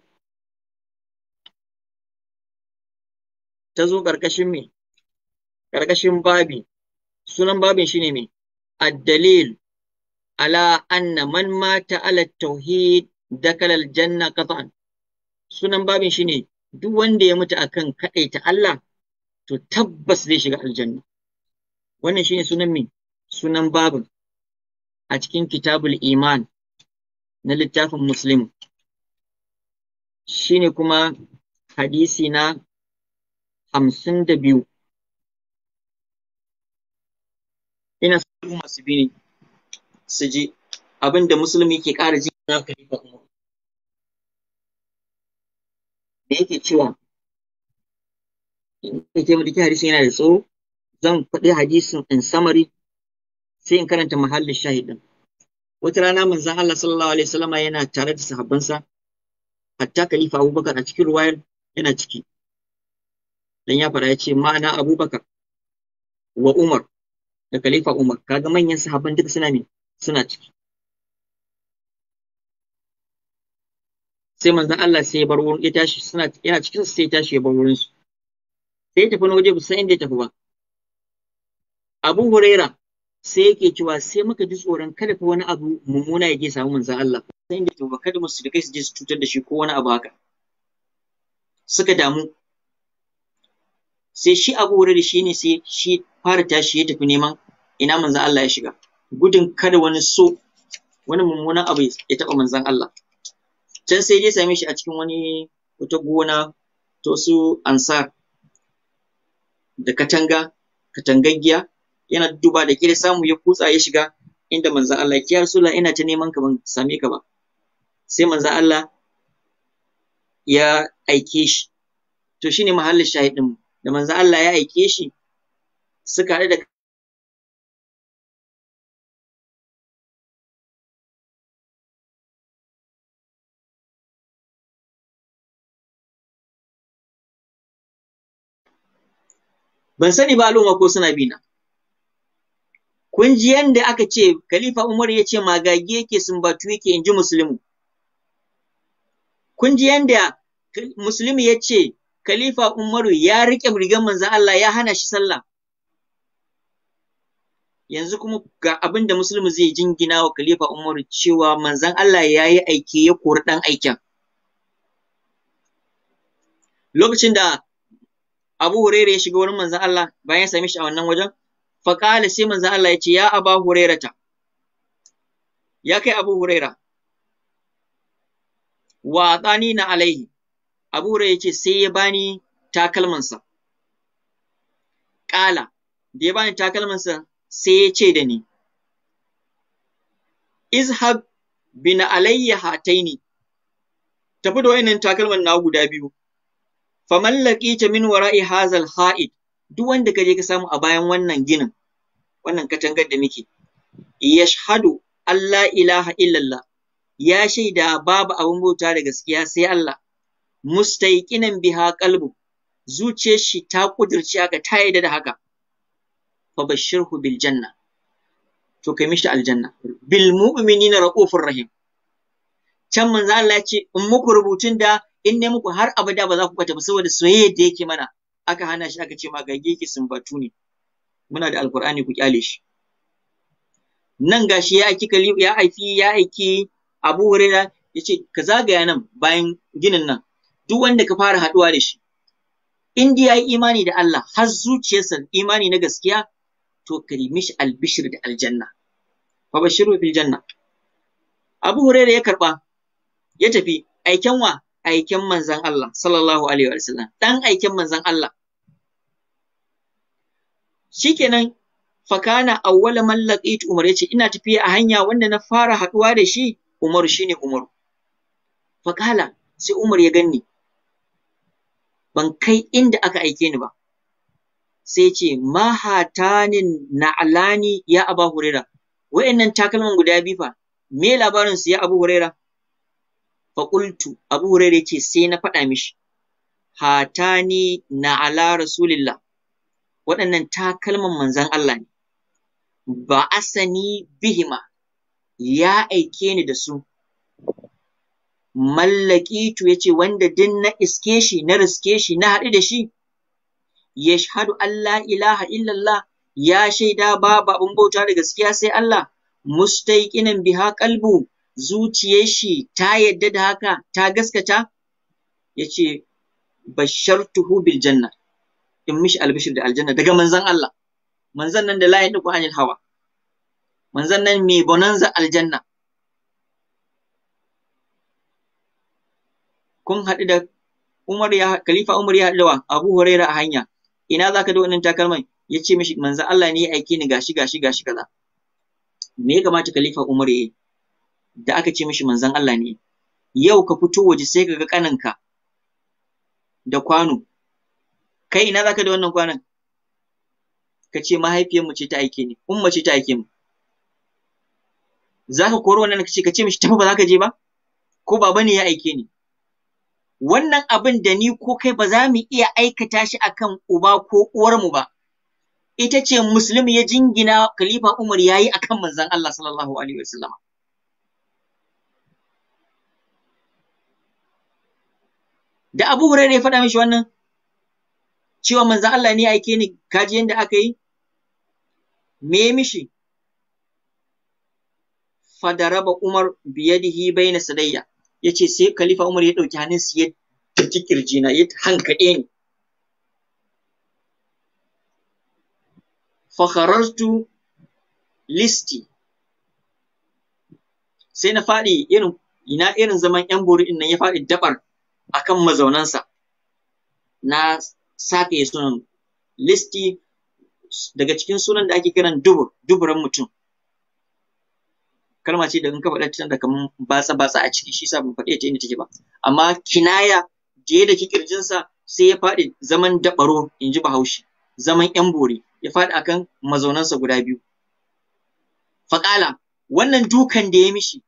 ta zo ƙarƙashin me ƙarƙashin babi sunan babin shi ne me ad-dalil ala anna man mata ala tauhid dakala aljanna qat'an sunan babin shi ne duk wanda ya mutu akan kaɗaita Allah to tabbas zai shiga aljanna wannan shine sunan me sunan babin a cikin kitabul iman na littafin muslim shine kuma hadisi na hamsin da biyu ina su masu ne. su ji abinda musulmi ke ƙara ji na kalifa kuma da yake cewa in ka ce mulki hadisi yana da tsoro zan faɗi hadisin in samari sai in karanta mahallin shahidin wata rana manzon Allah sallallahu alaihi wasallama yana tare da sahabbansa hatta kalifa Abubakar a cikin ruwayar yana ciki dan ya faɗa ya ce ma'ana abubakar wa umar da khalifa umar kaga manyan sahabban duka suna ne suna ciki sai manzon Allah sai ya bar wurin ya tashi suna yana cikin sai ya tashi ya bar wurin su sai ya tafi na waje san inda ya tafi ba Abu Huraira sai yake cewa sai muka ji tsoron kada fa wani abu mummuna ya je samu manzon Allah sai inda ya tafi ba kada musu da kai su je su cutar da shi ko wani abu haka suka damu sai shi Abu wuri da shi ne sai shi fara tashi ya tafi neman ina manzan Allah ya shiga gudun kada wani so wani mummunan abu ya taɓa manzan Allah can sai dai same shi a cikin wani wata gona to su ansar da katanga katangaggiya yana duba da kira samu ya kutsa ya shiga inda manzan Allah ya sula, ina ta neman ka ban same ka ba sai manzan Allah ya aike shi to shine mahallin shahidin mu da manzo Allah ya aike shi suka haɗu da ban sani ba al'umma ko suna bina kun ji yanda aka ce khalifa umar ya ce magage yake sumbatu yake ji musulmi. kun ji yanda Musulmi ya ce Khalifa Umaru ya riƙe rigar manzon Allah ya hana shi sallah. Yanzu kuma ga abin da Musulmi zai jingina wa Khalifa Umaru cewa manzon Allah ya yi aiki ya kori ɗan aikin. Lokacin da Abu Huraira ya shiga wurin manzon Allah bayan ya same shi a wannan wajen, faƙala sai manzon Allah ya ce ya Aba Hurairata. Ya kai Abu Huraira. Wa na alaihi Abu Hurairah yace sai ya bani takalmansa. Ƙala, da ya bani takalmansa sai ya ce da ni, Izhab bin alayya hataini, tafi da wayannan takalman na guda biyu, faman ta min wara'i hazal ha'id, duk wanda kaje ka samu a bayan wannan ginin, wannan katangar da muke, yashhadu Allah ilaha illallah, ya shaida babu abin bauta da gaskiya sai Allah. mustaiqinan biha qalbu zuciyar shi ta kudirci haka ta yadda da haka fa bashirhu bil janna to kai mishi aljanna bil mu'minina raufur rahim can manzo Allah ya ce in muku rubutun da in ne muku har abada ba za ku kwata ba saboda soyayya da yake mana aka hana shi aka ce ma gage ki sun batu ne muna da alqur'ani ku kyale shi nan gashi ya aiki ya aiki ya aiki Abu Hurairah yace ka zagaya nan bayan ginin nan duk wanda ka fara haɗuwa da shi in dai yayi imani da Allah har zuciyarsa imani na gaskiya to ka albishir da aljanna fa bashiru fil janna Abu Hurairah ya karba ya tafi aiken wa aiken manzon Allah sallallahu alaihi wa dan aiken manzon Allah shikenan fakana awwala man laqit Umar yace ina tafiya a hanya wanda na fara haɗuwa da shi Umar shine Umar fakala sai Umar ya ganni ban kai inda aka aike ni ba sai ce mahatanin naalani ya abu huraira wa'annan takalman guda biyu fa me labarin su ya abu huraira fa qultu abu huraira yace sai na faɗa mishi hatani na'ala rasulillah waɗannan takalman manzon Allah ne ba asani bihima ya aike ni da su mallakitu yace wanda din na iske shi na riske shi na haɗu da shi yashhadu Allah ilaha illallah ya shaida babu abin bauta da gaskiya sai Allah mustaiqinan biha qalbu zuciyar shi ta yadda da haka ta gaskata yace bashartuhu bil janna in mishi albishir da aljanna daga manzon Allah manzon nan da layin duku anil hawa manzon nan mai bonanza aljanna kun haɗu da Umar ya Khalifa Umar ya haɗu da wa Abu Huraira a hanya ina zaka da wannan takalman ya ce mishi manzo Allah ne ya aike ni gashi gashi gashi kaza me ya kamata Khalifa Umar ya da aka ce mishi manzon Allah ne yau ka fito waje sai ka ga kaninka da kwano kai ina zaka da wannan kwanon ka ce mahaifiyarmu ce ta aike ni umma ce ta aike mu za ka koro wannan ka ce ka ce mishi tafi ba za ka je ba ko baba ne ya aike ni wannan abin da ni ko kai ba za mu iya aikata shi akan uba ko uwarmu ba ita ce muslim ya jingina khalifa umar ya yi a kan manzon Allah sallallahu alaihi wasallama da abu hurairah ya faɗa mishi wannan cewa manzon Allah ne aike ni kaji yanda aka yi me mishi fadaraba umar biyadihi baina sadayya yace sai khalifa umar ya ɗauki hannun sa ya daki ƙirji na ya hankaɗe ni fa listi sai na faɗi irin ina irin zaman yan bori ɗin nan ya fadi dabar akan mazaunansa na sake sunan listi daga cikin sunan da ake kiran dubur duburan mutum kalma ce da in ka faɗa ta da kaman batsa batsa a ciki shi yasa ban faɗe ta inda take ba amma kinaya je da kikirjin sa sai ya faɗi zaman dabaro in ji Bahaushe zaman yan bore ya faɗi akan mazaunansa guda biyu faƙala wannan dukan da ya mishi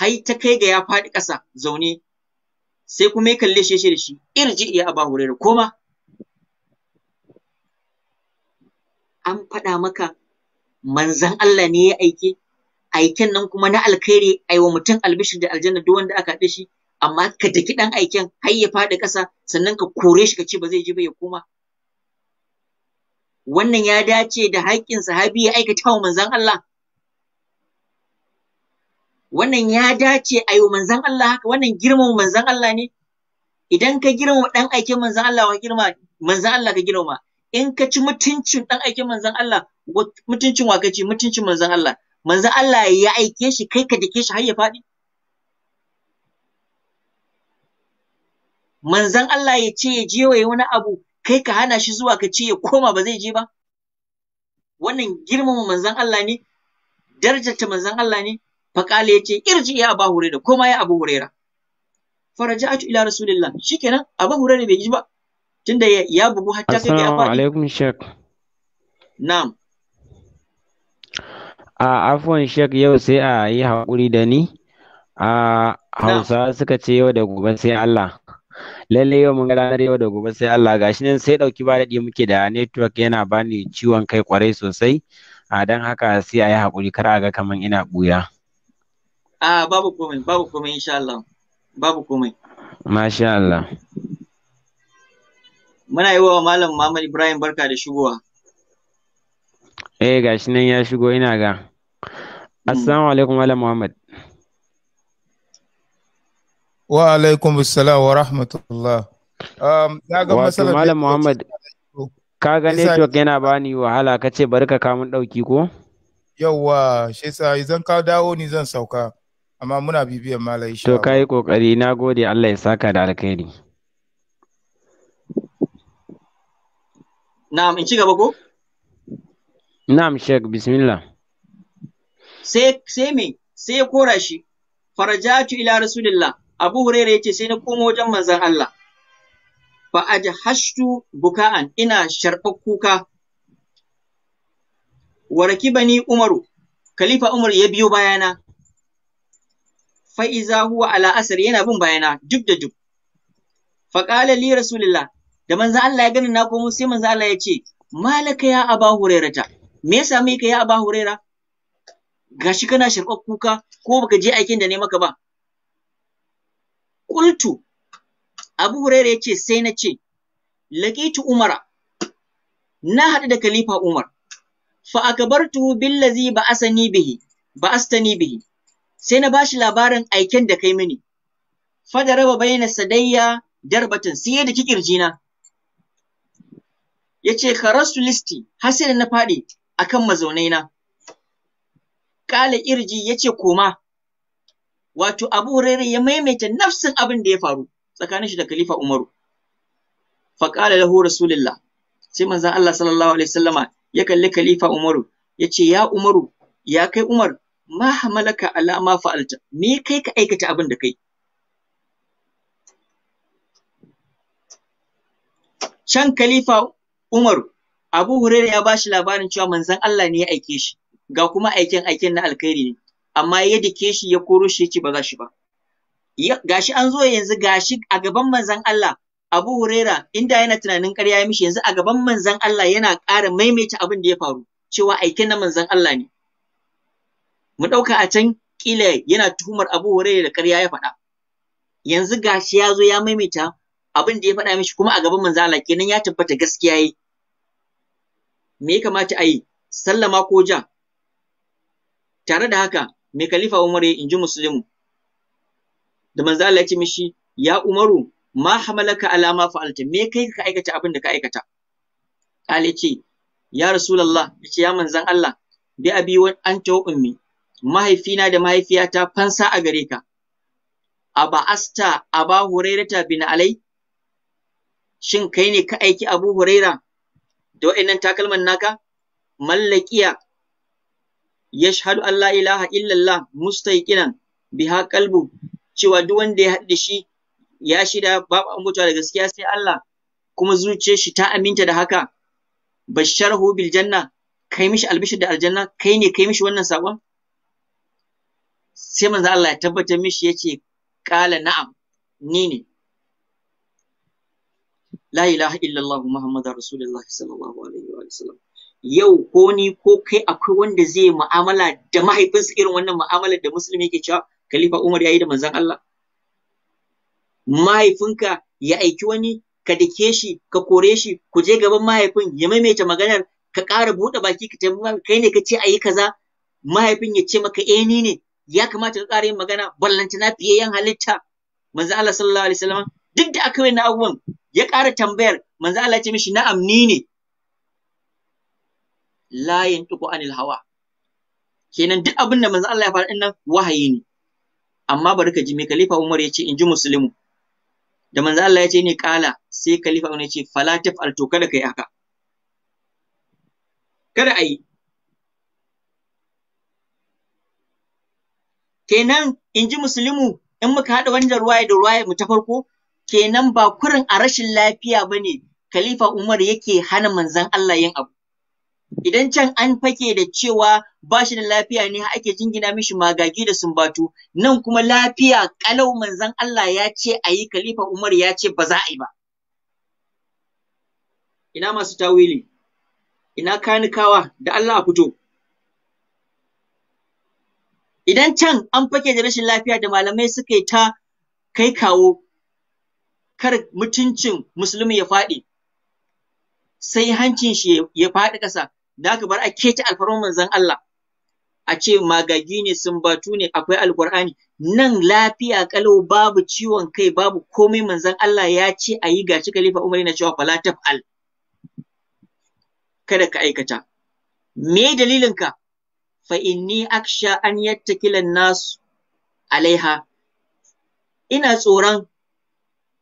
hai ta kai ga ya faɗi ƙasa zaune sai kuma ya kalle shi ce da shi irji ya aba hurairu koma an faɗa maka manzan Allah ne ya aike aiken nan kuma na alkhairi ai wa mutum albishir da aljanna duk wanda aka haɗe shi amma ka daki ɗan aiken har ya faɗi ƙasa sannan ka kore shi ka ce ba zai ji ba ya koma wannan ya dace da haƙƙin sahabi ya aikata wa manzon Allah wannan ya dace a yi manzon Allah haka wannan girman manzon Allah ne idan ka girma ɗan aikin manzon Allah wa girma manzon Allah ka girma in ka ci mutuncin ɗan aikin manzon Allah mutuncin wa ka ci mutuncin manzon Allah manzo Allah ya aike shi kai ka dake shi har ya faɗi manzon Allah ya ce ya je waye wani abu kai ka hana shi zuwa ka ce ya koma ba zai je ba wannan girmama manzon Allah ne darajarta manzon Allah ne faqala ya ce irji ya Abu Hurairah koma ya Abu Hurairah faraja'tu ila rasulillah shikenan Abu Hurairah bai ji ba tunda ya bugu hatta kai ya faɗi assalamu alaikum sheikh na'am a afuwan shek yau sai a yi haƙuri da ni a hausa suka ce yau da gobe sai Allah lalle yau mun ranar yau da gobe sai Allah gashi nan sai dauki ba daɗi muke da network yana bani ciwon kai kwarai sosai a don haka sai a yi haƙuri kar a ga kaman ina ɓuya. a babu komai babu komai insha Allah babu komai masha Allah muna yi wa malam Muhammad Ibrahim barka da shigowa eh gashi nan ya shigo ina ga Assalamu alaikum Malam Muhammad. Wa alaikum assalam wa rahmatullah. Um, Wato Malam Muhammad, ka ga network yana bani wahala ka ce bari ka kamun ɗauki ko? Yawwa, shi sa idan ka dawo ni zan sauka, amma muna bibiyan malai To ka yi ƙoƙari, na gode Allah ya saka da alkhairi. Na'am, in ci gaba ko? Na'am, Sheikh, bismillah. sai sai me sai ya kora shi farajatu ila rasulillah abu hurairah yace sai na komo wajen manzon Allah fa ajhashtu buka'an ina sharbar kuka wa rakibani umaru khalifa umar ya biyo bayana fa iza huwa ala asr yana bin bayana duk da duk fa qala li rasulillah da manzon Allah ya gani na komo sai manzon Allah ya ce malaka ya aba ta, me ya sami ka ya aba huraira gashi kana sharbar kuka ko baka je aikin da ne maka ba qultu abu huraira yace sai nace ce laqitu umara na hadu da khalifa umar fa tuhu billazi ba'asani bihi ba'astani bihi sai na bashi labarin aiken da kai mini fa da raba baina sadayya darbatan sai da kikirji na yace kharastu listi hasira na faɗi akan mazaunai na ƙala irji ya ce koma. Wato Abu Hurairah ya maimaita nafsin abin da ya faru tsakanin shi da Khalifa Umaru. Faƙala lahu Rasulullah sai manzon Allah sallallahu alaihi wasallama ya kalli Khalifa Umaru ya ce ya Umaru ya kai Umar ma hamalaka ala ma fa'alta me kai ka aikata abin da kai. Can Khalifa Umar Abu Hurairah ya bashi labarin cewa manzon Allah ne ya aike shi. ga kuma aiken aiken na alkhairi ne amma ya dike shi ya koro shi ce ba za shi ba gashi an zo yanzu gashi a gaban manzon Allah Abu Huraira da yana tunanin ƙarya ya mishi yanzu a gaban manzon Allah yana ƙara maimaita abin da ya faru cewa aiken na manzon Allah ne mu ɗauka a can kila yana tuhumar Abu Huraira da ƙarya ya faɗa yanzu gashi ya zo ya maimaita abin da ya faɗa mishi kuma a gaban manzon Allah kenan ya tabbata gaskiya yi me ya kamata a yi sallama ko ja tare da haka mai khalifa Umar ya inji Muslimu da manzo Allah ya ce mishi ya Umaru ma hamalaka ala ma fa'alta me kai ka aikata abin da ka aikata Ali ce ya Rasulullah yace ya manzon Allah bi abi wa anta ummi mahaifina da mahaifiyata fansa a gare ka aba asta aba hurairata bin alai shin kai ne ka aiki abu huraira da wa'annan takalman naka mallakiya yashhadu an la ilaha illallah mustaiqinan biha qalbu cewa duk wanda ya haɗe shi ya shida babu an da gaskiya sai Allah kuma zuciyar shi ta aminta da haka basharhu bil janna kai mishi albishir da aljanna kai ne kai mishi wannan sabon? sai manzo Allah ya tabbatar mishi yace qala na'am ni ne la ilaha illallah muhammadar rasulullah sallallahu alaihi wa sallam yau ko ni ko kai akwai wanda zai mu'amala da mahaifinsa irin wannan mu'amalar da musulmi yake cewa khalifa Umar ya yi da manzon Allah mahaifinka ya aiki wani ka dake shi ka kore shi ku je gaban mahaifin ya maimaita maganar ka ƙara buɗe baki ka tambaye kai ne ka ce ayi kaza mahaifin ya ce maka eh ni ne ya kamata ka ƙara yin magana na fiye yan halitta manzo Allah sallallahu alaihi wasallam duk da aka yi na abubuwan ya ƙara tambayar manzo Allah ya ce mishi na'am ni ne layin tuku anil hawa kenan duk abin da manzo Allah ya faɗa dinnan, wahayi ne amma bari ka ji me khalifa Umar ya ce in ji muslimu da manzo Allah ya ce ne kala sai khalifa Umar ya ce fala al to kada kai haka kada ai kenan in ji muslimu in muka haɗa wannan ruwaya da ruwaya mu ta farko kenan ba kurin a rashin lafiya bane khalifa Umar yake hana manzon Allah yin abu Idan can an fake da cewa ba shi da lafiya ne ake jingina mishi magagi da sumbatu, nan kuma lafiya ƙalau manzon Allah ya ce a yi Khalifa Umar ya ce ba za a yi ba. Ina masu tawili, ina kanikawa da Allah a fito. Idan can an fake da rashin lafiya da malamai suka ta kai kawo kar mutuncin musulmi ya faɗi, sai hancin shi ya faɗi ƙasa, da aka bar a keta alfarman manzon Allah a ce magagi ne sumbatu ne akwai alkur'ani nan lafiya kalau babu ciwon kai babu komai manzon Allah ya ce a yi gashi khalifa Umar yana cewa fala taf'al kada ka aikata me dalilin ka fa inni aksha an yattakila nas alaiha ina tsoron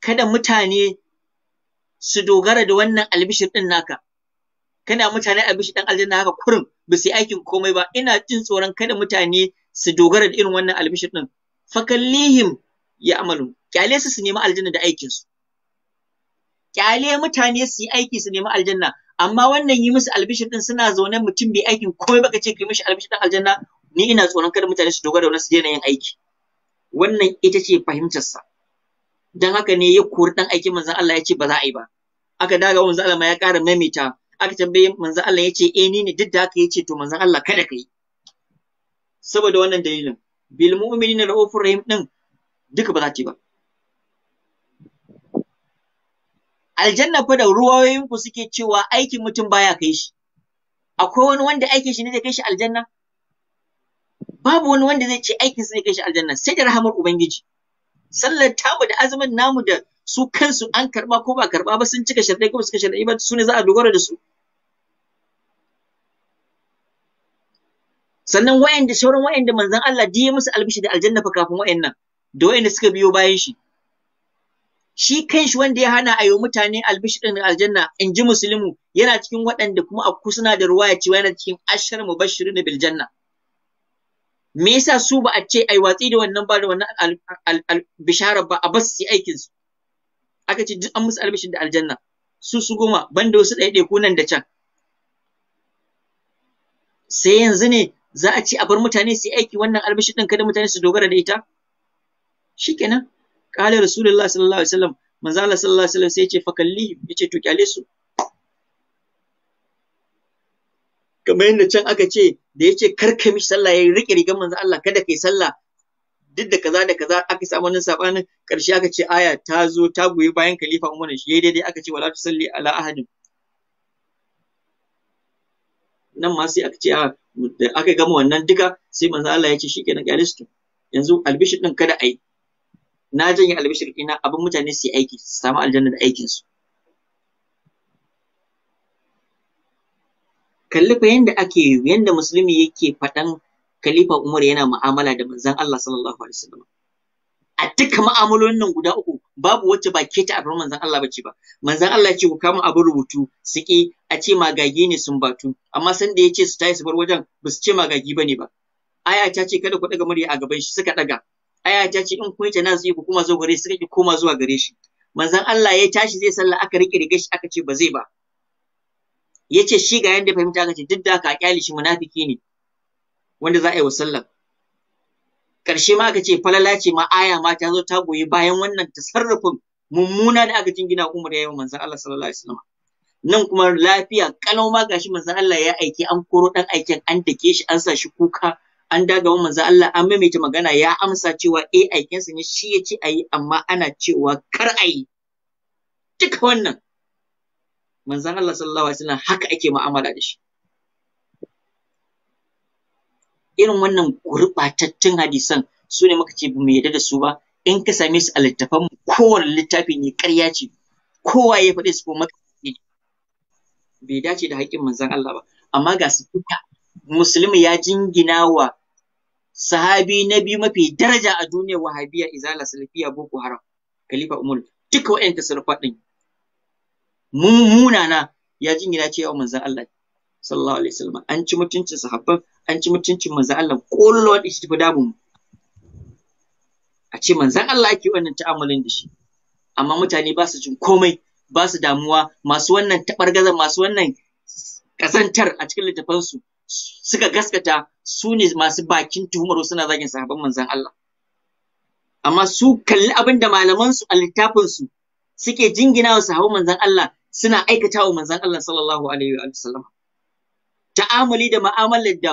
kada mutane su dogara da wannan albishir din naka kana mutane a bishi dan aljanna haka kurin ba su yi aikin komai ba ina jin tsoron kada mutane su dogara da irin wannan albishi din fakallihim ya amalu kyale su su nemi aljanna da aikin su kyale mutane su yi aiki su nemi aljanna amma wannan yi musu albishi din suna zaune mutum bai aikin komai ba. Ka ce kai mishi albishi din aljanna ni ina tsoron kada mutane su dogara da wannan su daina yin aiki wannan ita ce fahimtarsa don haka ne ya kori dan aikin manzon Allah ya ce ba za a yi ba aka daga wannan zalama ya ƙara maimaita aka tambaye manzon Allah ya ce eh ni ne duk da haka yace ce to manzon Allah kada ka yi saboda wannan dalilin bil mu'minina raufur rahim din duka ba za ta yi ba aljanna fa da ruwayoyin ku suke cewa aikin mutum baya kai shi akwai wani wanda aikin shi ne zai kai shi aljanna babu wani wanda zai ce aikin sa zai kai shi aljanna sai da rahamar ubangiji sallar tamu da azumin namu da su kansu an karba ko ba karba ba sun cika sharɗai ko ba su cika sharɗai ba su ne za a dogara da su sannan wa'anda sauran wa'anda manzon Allah ya musu albishi da aljanna fa kafin wa'annan da wa'anda suka biyo bayan shi shi kanshi wanda ya hana ayo mutane albishi din aljanna in ji muslimu yana cikin waɗanda kuma a kusuna da ruwaya cewa yana cikin ashar mubashirin bil janna me yasa su ba a ce ai watsi da wannan ba da wannan bishara ba a bas su aikin su aka ce duk an musu albishi da aljanna su su goma banda wasu ɗaiɗaiku nan da can sai yanzu ne za a ci a bar mutane su yi aiki wannan albashi din kada mutane su dogara da ita shikenan qala rasulullah sallallahu alaihi wasallam manzo Allah sallallahu alaihi wasallam sai ya ce fakalli ya ce to kyale su kamar yadda can aka ce da ya ce karka mishi sallah ya rike rigar manzo Allah kada kai sallah duk da kaza da kaza aka samu wannan sabanin karshe aka ce aya ta zo ta goyi bayan khalifa Umar shi yayi daidai aka ce wala tusalli ala ahadin nan ma sai aka ce a da aka gama wannan duka sai manzo Allah ya ce shikenan kyale su yanzu albishir din kada ai na janye albishir ina abin mutane su yi aiki su samu aljanna da aikin su kalli fa yanda ake yanda musulmi yake faɗan khalifa Umar yana mu'amala da manzon Allah sallallahu alaihi wasallam a duka mu'amalolin nan guda uku babu wacce ba ke ta abin manzon Allah bace ba manzon Allah ce ku kama abin rubutu suke. a ce magagi ne sun batu amma san da yace su tayi su bar wajen ba su ce magagi bane ba aya ta ce kada ku daga murya a gaban shi suka daga aya ta ce in kun yi zai ku kuma zuwa gare shi suka ki koma zuwa gare shi Manzan Allah ya tashi zai sallah aka rike rigar shi aka ce ba zai ba yace shi ga yanda fahimta aka ce duk da aka kyale shi munafiki ne wanda za a yi wa sallah ƙarshe ma aka ce falala ce ma aya ma ta zo ta goyi bayan wannan tasarrufin mummuna da aka jingina Umar wa manzan Allah sallallahu alaihi wasallam nan kuma lafiya kalau ma gashi manzan Allah ya aiki an koro dan aikin an dake shi an sa shi kuka an daga manzan Allah an maimaita magana ya amsa cewa eh aikin sa ne shi ya ce ayi amma ana cewa kar ayi duka wannan manzan Allah sallallahu alaihi wasallam haka ake mu'amala da shi irin wannan gurɓatattun hadisan su ne muka ce ba mu yarda da su ba in ka same su a littafan kowane littafi ne ƙarya ce kowa ya faɗi su kuma bai dace da haƙƙin manzon Allah ba amma ga su duka musulmi ya jingina wa sahabi na biyu mafi daraja a duniya wahabiya izala salafiya boko haram khalifa umar duka wa'yan tasarrufa din munana ya jingina cewa manzon Allah sallallahu alaihi wasallam an ci mutuncin sahabban an ci mutuncin manzon Allah kullu wanda shi tafi damun a ce manzon Allah yake wannan ta'amulin da shi amma mutane ba su jin komai ba su damuwa masu wannan taɓar-gaza, masu wannan kasantar a cikin su suka gaskata su ne masu bakin tuhumar suna zagin sahabban manzon Allah amma su kalli abin da malamansu a littafinsu suke jingina wa sahabban manzon Allah suna aikata wa manzon Allah sallallahu alaihi wa sallam ta'amuli da ma'amalar da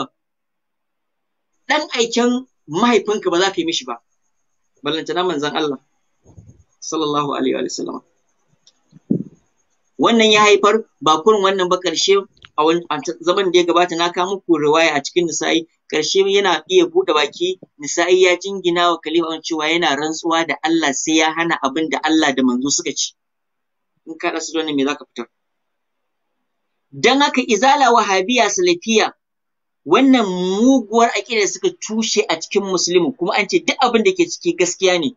ɗan aikin mahaifinka ba za ka yi mishi ba ballantana manzon Allah sallallahu alaihi wa sallam wannan ya haifar ba kurin wannan ba ƙarshe a zaman da ya gabata na kawo muku riwaya a cikin nisa'i ƙarshe yana iya buɗe baki nisa'i ya jingina wa khalifa cewa yana rantsuwa da Allah sai ya hana abin da Allah da manzo suka ci in ka rasu me me ka fitar Don haka izala wahabiya salafiya wannan muguwar aƙida suka tushe a cikin musulmi kuma an ce duk abin da ke ciki gaskiya ne.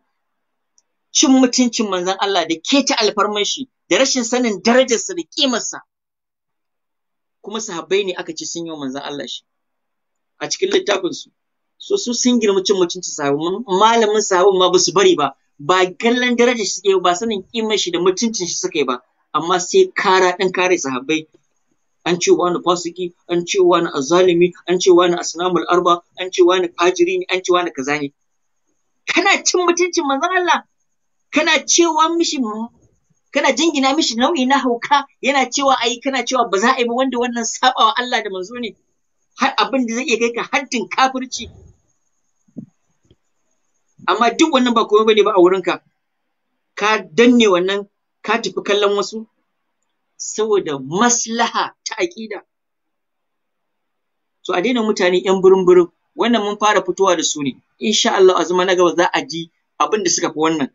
Cin mutuncin manzon Allah da keta alfarman shi da rashin sanin darajarsa da ƙimarsa. Kuma sahabbai ne aka ce sun yi wa manzon Allah shi a cikin su So su sun girma cin mutuncin sahabbai malamin sahabbai ma ba su bari ba. Ba gallan darajar shi suke ba sanin ƙimar shi da mutuncin shi suka yi ba. amma sai kara ɗin kare sahabbai an ce wani fasiki an ce wani azalimi an ce wani asnamul arba an ce wani fajiri ne an ce wani kaza ne kana cin mutuncin manzon Allah kana cewa mishi kana jingina mishi nau'i na hauka yana cewa ai kana cewa ba za a yi ba wanda wannan sabawa Allah da manzo ne har abin da zai iya kai ka haddin kafirci amma duk wannan ba komai bane ba a wurinka ka danne wannan ka tafi kallon wasu saboda maslaha ta aƙida so a daina mutane yan birin-birin, wannan mun fara fitowa da su ne insha Allah a zama na gaba za a ji abin da suka fi wannan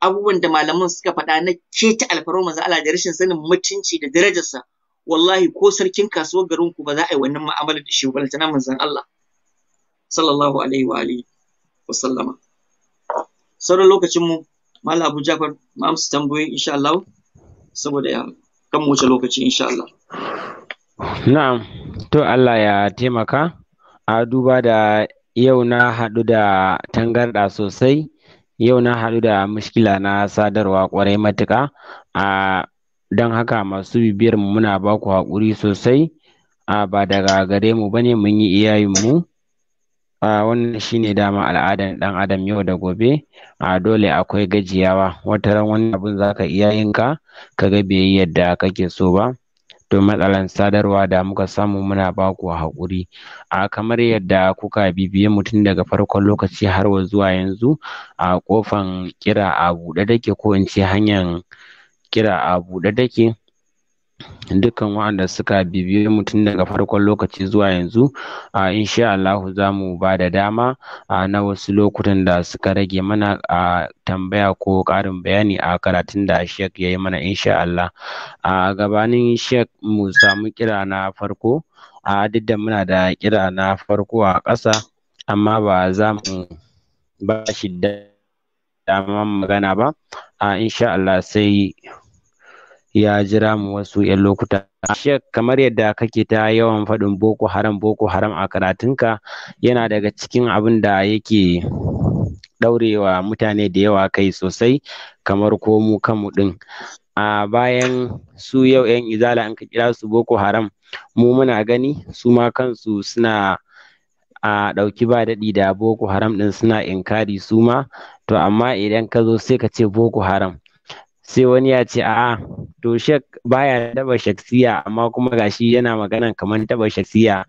abubuwan da malaman suka faɗa na keta alfarma manzo Allah da rashin sanin mutunci da darajarsa wallahi ko sarkin kasuwar garin ku ba za a yi wannan mu'amala da shi ba lantana manzon Allah sallallahu alaihi wa alihi wa sallama sauran lokacin mu Malam Abu Jafar mu amsa tambayoyi insha Allah saboda ya dan mu wuce lokaci insha Allah na'am to Allah ya taimaka a duba da yau na haɗu da tangarɗa sosai yau na haɗu da mushkila na sadarwa ƙwarai matuƙa a don haka masu bibiyar mu muna ba ku haƙuri sosai a ba daga gare mu bane mun yi iyayen mu a wannan shine dama al'adan dan adam yau da gobe a dole akwai gajiyawa wata ran wani abun zaka iya yin ka kaga bai yi yadda kake so ba to matsalan sadarwa da muka samu muna ba ku haƙuri a kamar yadda kuka bibiye mutum daga farkon lokaci har wa zuwa yanzu a kofan kira a buɗe take ko in ce hanyar kira a buɗe take dukkan waɗanda suka bibiyo mutum daga farkon lokaci zuwa yanzu a insha Allahu za mu ba da dama a na wasu lokutan da suka rage mana a tambaya ko ƙarin bayani a karatun da Sheikh ya yi mana insha Allah a gabanin Sheikh mu samu kira na farko a duk da muna da kira na farko a ƙasa amma ba za mu ba shi dama magana ba a insha Allah sai ya jira mu wasu 'yan lokuta. Shek kamar yadda kake ta yawan faɗin Boko Haram Boko Haram a karatunka yana daga cikin abin da yake ɗaurewa mutane da yawa kai sosai kamar ko mu kanmu ɗin. A bayan su yau 'yan izala an ka kira su Boko Haram mu muna gani su ma kansu suna a ɗauki ba daɗi da Boko Haram ɗin suna inkari su ma to amma idan ka zo sai ka ce Boko Haram sai wani ya ce a'a to shek baya taba shaksiya amma kuma gashi yana magana kamar taba shaksiya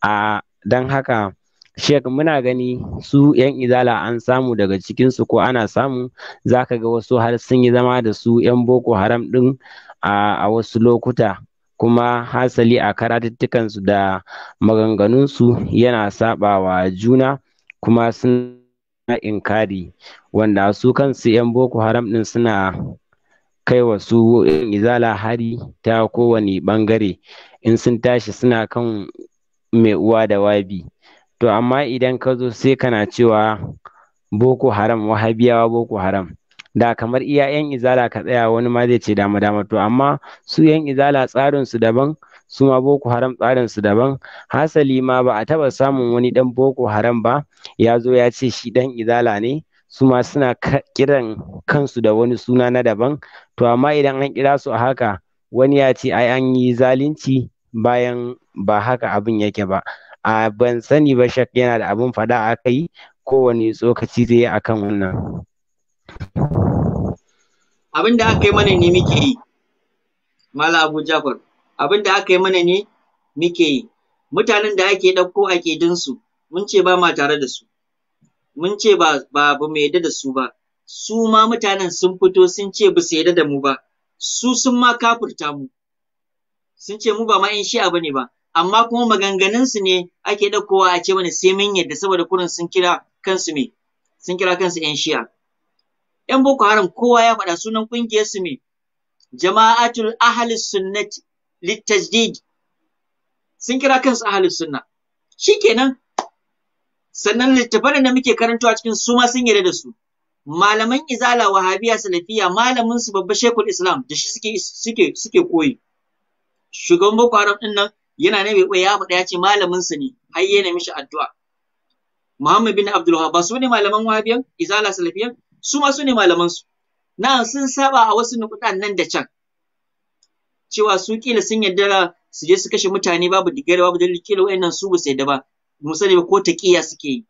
a don haka shek muna gani su yan izala an samu daga cikinsu ko ana samu za ka ga wasu har sun yi zama da su yan boko haram din a wasu lokuta kuma hasali a karatuttukansu da maganganunsu yana sabawa juna kuma suna inkari wanda su kansu 'yan boko haram din suna kaiwa su izala hari ta kowane bangare in sun tashi suna kan mai uwa da wabi to amma idan ka zo sai kana cewa boko haram wahabiyawa boko haram da kamar iya yan izala ka tsaya wani ma zai ce dama dama to amma su yan izala tsarin su daban su ma boko haram tsarin su daban hasali ma ba a taba samun wani dan boko haram ba ya zo ya ce shi dan izala ne su ma suna kiran kansu da wani suna na daban to amma idan an kira su a haka wani ya ce ai an yi zalunci bayan ba haka abin yake ba a ban sani ba shak yana da abin fada a kai kowane tsokaci zai yi a kan wannan abin da aka yi mana ne muke yi mala abu jafar abin da aka yi mana ne muke yi mutanen da ake ɗauko a su mun ce ba ma tare da su mun ce ba ba mu yadda da su ba su ma mutanen sun fito sun ce ba su yadda da mu ba su sun ma kafurta mu sun ce mu ba ma 'yan shi'a bane ba amma kuma maganganunsu ne ake ɗaukowa a ce mana sai mun yadda saboda kurin sun kira kansu me sun kira kansu 'yan shi'a. 'Yan Boko Haram kowa ya faɗa sunan ƙungiyarsu me jama'atul ahalis sunnati litajdid sun kira kansu ahalis sunna shikenan sannan littafan da muke karantawa cikin su ma sun yarda da su malaman izala wahabiya salafiya malamin su babba shekul islam da shi suke suke suke koyi shugaban boko haram din nan yana ne bai ya faɗa ya ce malamin su ne har yana mishi addu'a Muhammad bin Abdul Wahab ba su ne malaman wahabiyan izala salafiyan su ma su ne malaman su na sun saba a wasu nukutan nan da can cewa su kila sun yarda su je su kashe mutane babu digare babu dalili kila wayannan su ba sai da ba mu sani ba ko taqiya suke yi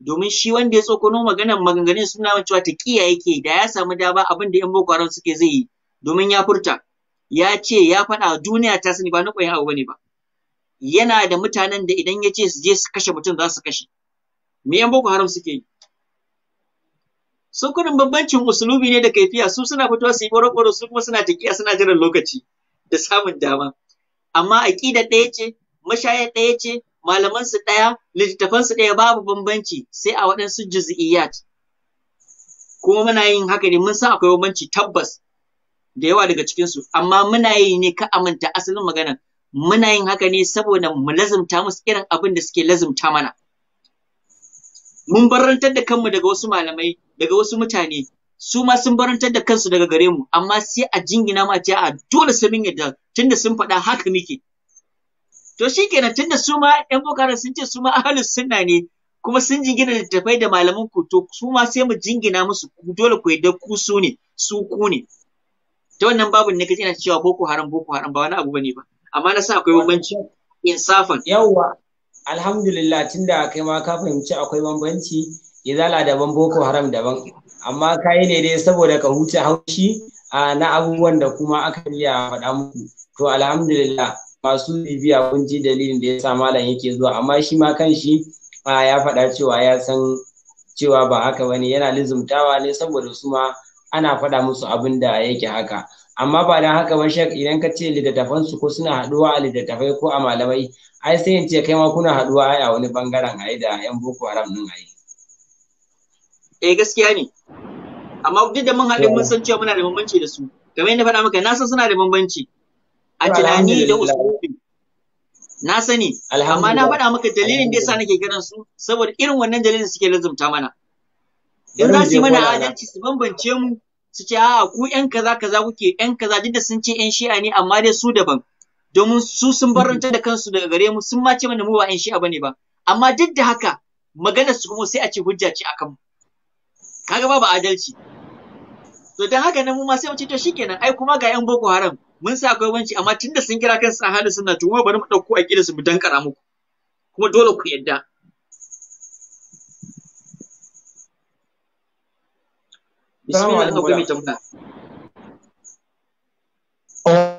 domin shi wanda ya tsokono maganan maganganun suna cewa taqiya yake da ya samu dama abin da yan boko haram suke zai yi domin ya furta ya ce ya faɗa duniya ta sani ba na koyan abu bane ba yana da mutanen da idan ya ce su je su kashe mutum za su kashe me yan boko haram suke yi su kurin bambancin usulubi ne da kaifiya su suna fitowa su yi boro su kuma suna taqiya suna jiran lokaci da samun dama amma aqida ɗaya ce mashaya ɗaya ce Malamansu ɗaya littattafan ɗaya babu bambanci sai a waɗansu juz'iyat kuma muna yin haka ne mun san akwai bambanci tabbas da yawa daga cikinsu, su amma muna yi ne ka aminta asalin magana. muna yin haka ne saboda mu lazumta musu irin abin da suke lazumta mana mun barantar da kanmu daga wasu malamai daga wasu mutane su ma sun barantar da kansu daga gare mu amma sai a jingina ma ce a dole sai yadda tunda sun faɗa haka muke to shi kenan tunda su ma yan boko sun ce su ma ahlus sunna ne kuma sun jingina littattafai da malaman ku to su ma sai mu jingina musu ku dole ku yadda ku su ne su ku ne ta wannan babu ne kace ina cewa boko haram boko haram ba wani abu bane ba amma na sa akwai bambanci insafan yawwa alhamdulillah tunda kai ma ka fahimci akwai bambanci izala daban boko haram daban amma kai ne dai saboda ka huce haushi na abubuwan da kuma aka yi a faɗa muku to alhamdulillah masu bibiya kun ji dalilin da ya sa malam yake zuwa amma shi ma kan shi ya faɗa cewa ya san cewa ba haka ba ne yana lizumtawa ne saboda su ma ana faɗa musu abin da yake haka amma ba dan haka ba shek idan ka ce littattafan su ko suna haɗuwa a littattafai ko a malamai ai sai in ce kai ma kuna haɗuwa ai a wani bangaren ai da yan boko haram din ai eh gaskiya ne amma duk da mun haɗin mun san cewa muna da bambanci da su kamar yadda faɗa maka na san suna da bambanci a tunani da usulofi na sani amma na faɗa maka dalilin da yasa nake kiran su saboda irin wannan dalilin suke lazumta mana in za su yi mana adalci su bambance mu su ce a'a ku yan kaza kaza kuke yan kaza duk da sun ce yan shi'a ne amma dai su daban domin su sun barantar da kansu daga gare mu sun ma ce mana mu ba yan shi'a bane ba amma duk da haka maganar su kuma sai a ce hujja ce akan mu kaga ba adalci to dan haka nan mu ma sai mu ce to shikenan ai kuma ga yan boko haram mun sa akwai wanci, amma tunda sun kira kansu ahalus sunna to mu bari mu dauko aqida su mu dankara muku kuma dole ku yadda bismillah akwai mai tambaya oh.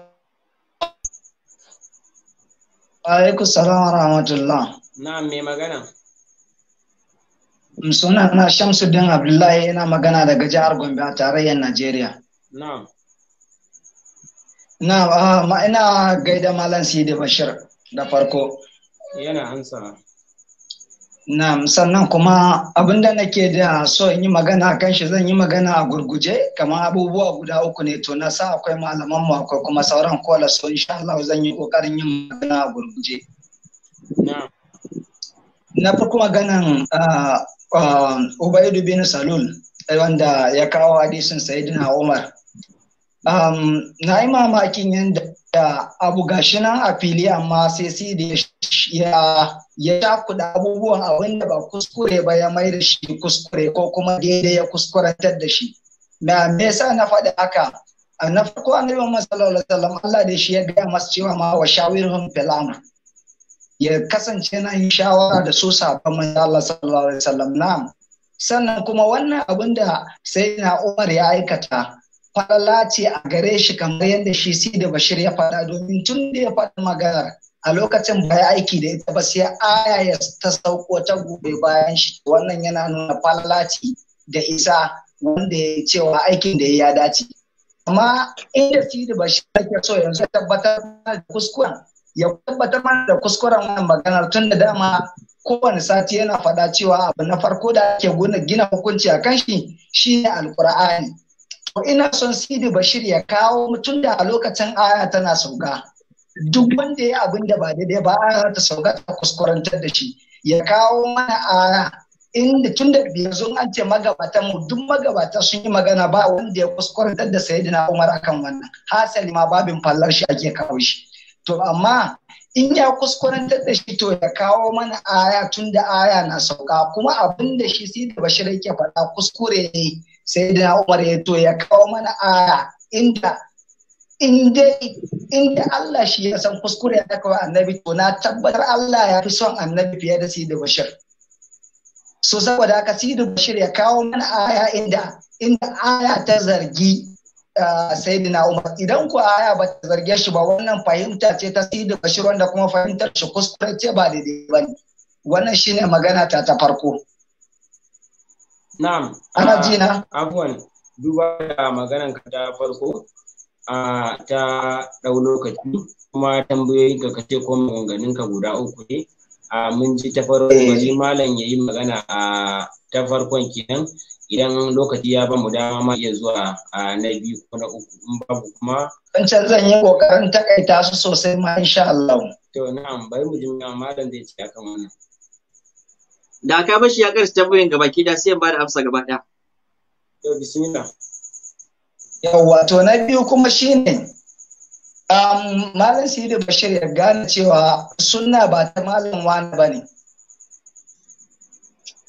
Alaikum salam wa rahmatullah. Na'am me magana? Mm, Suna na Shamsuddin Abdullahi yana magana daga jihar Gombe a tarayyar Najeriya. Na'am. Na, ah, ina gaida Malam Sidi Bashir da farko. Yana hansa. Na, sannan kuma abinda nake da so in yi magana kan shi zan yi magana a gurguje kamar abubuwa guda uku ne to na sa akwai malaman mu akwai kuma sauran kola so insha Allah zan yi kokarin yin magana a gurguje. Na farko maganan ah, ah, Ubaidu bin Salul wanda ya kawo hadisin Sayyidina Umar um, na yi mamakin yadda abu gashi nan a fili amma sai sai da ya ya kuɗa abubuwan abin da ba kuskure ba ya mai da shi kuskure ko kuma daidai ya kuskurantar da shi na me yasa na faɗi haka A na farko an Muhammad masa alaihi Allah da shi ya gaya masu cewa ma wa shawirin fil ya kasance na yin shawara da su sabon manzo Allah sallallahu alaihi wasallam na'am sannan kuma wannan abin da sai na Umar ya aikata falala ce a gare shi kamar yadda shi si da bashir ya faɗa domin tun da ya faɗa magana a lokacin baya aiki da ita ba sai aya ya ta sauko ta gobe bayan shi wannan yana nuna falala ce da isa wanda ya cewa aikin da ya dace amma inda si da bashir ke so yanzu ya tabbatar da kuskuren ya tabbatar mana da kuskuren wannan maganar tun da dama kowane sati yana faɗa cewa abu na farko da ake gina hukunci a kan shi shine alkur'ani ina son sidi bashir ya kawo mutum da a lokacin aya tana sauka duk wanda ya abin da ba daidai ba aya ta sauka ta kuskurantar da shi ya kawo mana aya inda tun da biyar an ce magabatan mu duk magabata sun yi magana ba wanda ya kuskurantar da sayyidina umar akan wannan hasali ma babin fallar shi ake kawo shi to amma in ya kuskurantar da shi to ya kawo mana aya tun da aya na sauka kuma abin da shi Sidi da bashir yake faɗa kuskure ne sai da umar ya to ya kawo mana aya inda inda Allah shi ya san kuskure ya kawo annabi to na tabbatar Allah ya fi son annabi fiye da Sidi Bashir so saboda haka Sidi Bashir ya kawo mana aya inda inda aya ta zargi ah, Sayyidina Umar idan ku aya ba ta zarge shi ba wannan fahimta ce ta Sidi Bashir wanda kuma fahimtar shi kuskure ce ba daidai ba ne wannan shine magana ta ta farko Na'am. Ana ji na? Ah, duba da maganan ka ta farko ah, ta ɗau lokaci kuma tambayoyin ka kace ko maganganun ka guda uku ne. A ah, mun ji ta farko eh. bari malam yayi magana a ta farkon kenan idan lokaci ya bamu dama ma iya zuwa a na biyu ko na uku in babu kuma. Wancan zan yi kokarin takaita su sosai ma insha Allah. To na'am bari mu ji malam zai ce akan wannan. da ka bashi ya karsa tambayoyin gabaki da sai in bada amsa gaba ɗaya. Yawwa to na biyu kuma shine um, Malam Sidi Bashir ya gane cewa sunna ba ta malam wani ba ne.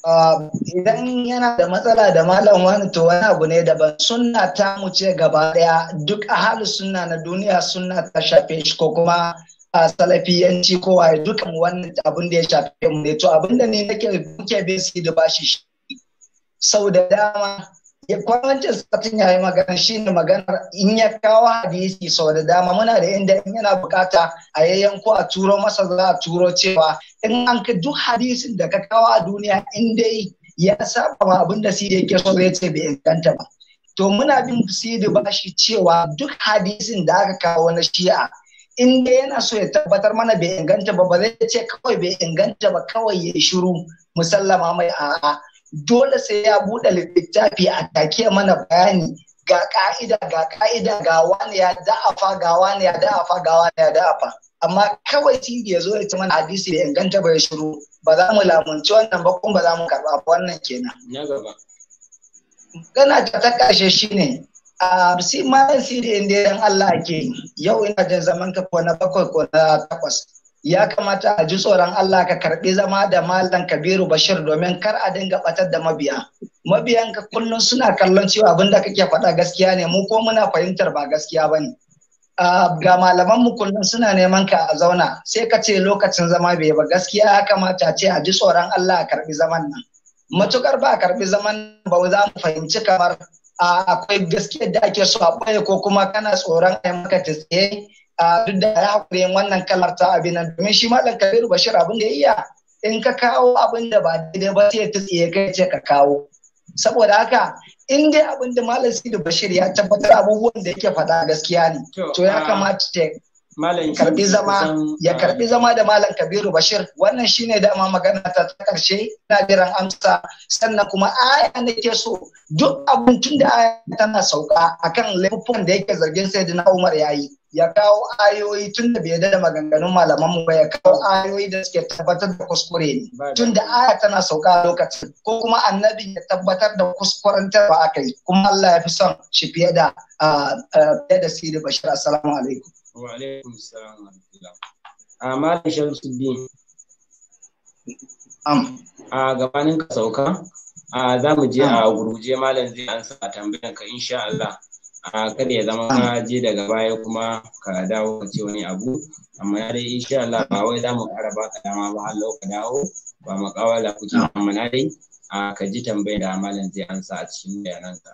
Uh, idan yana da matsala da malam wani to wani abu ne daban sunna ta mu ce gaba daya duk halin sunna na duniya sunna ta shafe shi ko kuma a salafi, yanci ko a dukkan wannan abin da ya shafi mu ne to abin da ne nake kuke su da bashi shi sau da dama ya kwanancin satin ya yi magana shi ne maganar in ya kawo hadisi sau da dama muna da inda in yana bukata a yayyan ko a turo masa za a turo cewa in an ka duk hadisin da ka kawo a duniya in dai ya saba ma abin da sidi yake so zai ce bai inganta ba to muna bin sidi ba shi cewa duk hadisin da aka kawo na shi'a in da yana so ya tabbatar mana bai inganta ba ba zai ce kawai bai inganta ba kawai ya shiru musallama mai a'a dole sai ya buɗe littafi a take mana bayani ga ka'ida ga ka'ida ga wani ya da'afa ga wani ya da'afa ga wani ya da'afa amma kawai tv ya zo ya ci mana hadisi bai inganta ba ya shiru ba za mu lamunci wannan ba kuma ba za mu karɓa wannan kenan. Gana ta ta ƙarshe shine Ah, shi malam siri inda dan Allah ke yau ina jin zaman ka ko na bakwai ko na takwas ya kamata a ji tsoron Allah ka karɓi zama da malam Kabiru Bashir domin kar a dinga batar da mabiya mabiyan ka kullum suna kallon cewa abin da kake faɗa gaskiya ne mu ko muna fahimtar ba gaskiya ba bane ah, ga malaman mu kullum suna neman ka a zauna sai ka ce lokacin zama bai ba gaskiya ya kamata ce a ji tsoron Allah ka karbi zaman nan matukar ba a karbi zaman ba za mu fahimci kamar akwai gaskiya da ake so a ɓoye ko kuma kana tsoron a yi maka ta tsaye duk da ya haƙuri wannan kalar ta abin nan domin shi malam kabiru bashir abin da ya iya in ka kawo abin da ba daidai ba sai ta tsaye kai ce ka kawo saboda haka in dai abin da malam sidi bashir ya tabbatar abubuwan da yake faɗa gaskiya ne to ya kamata ya karbi ah, zama da malam kabiru bashir wannan shine dama magana ta ta karshe na jiran amsa sannan kuma aya nake so duk abun tun da aya tana sauka akan laifukan da yake zargin sai na umar yayi ya kawo ayoyi tun da bai da maganganun malaman mu ba ya kawo ayoyi da suke tabbatar da kuskure ne tun da aya tana sauka lokacin ko kuma annabi ya tabbatar da kuskuren ta ba aka yi kuma Allah ya fi son shi fiye da ah, ah, fiye da sirri bashir assalamu alaikum Wa alaikum salam wa rahmatullah. Amma da Shamsuddin. Am. A gabanin ka sauka, a za mu je a gurguje malam zai ansa a tambayan ka insha Allah. A kada ya zama ka je daga baya kuma ka dawo ka ce wani abu. Amma dai insha Allah ba wai za mu ƙara ba ka dama ba Allah ka dawo ba makawala kuke amma na dai a ka ji tambayar da malam zai ansa a cikin bayananka.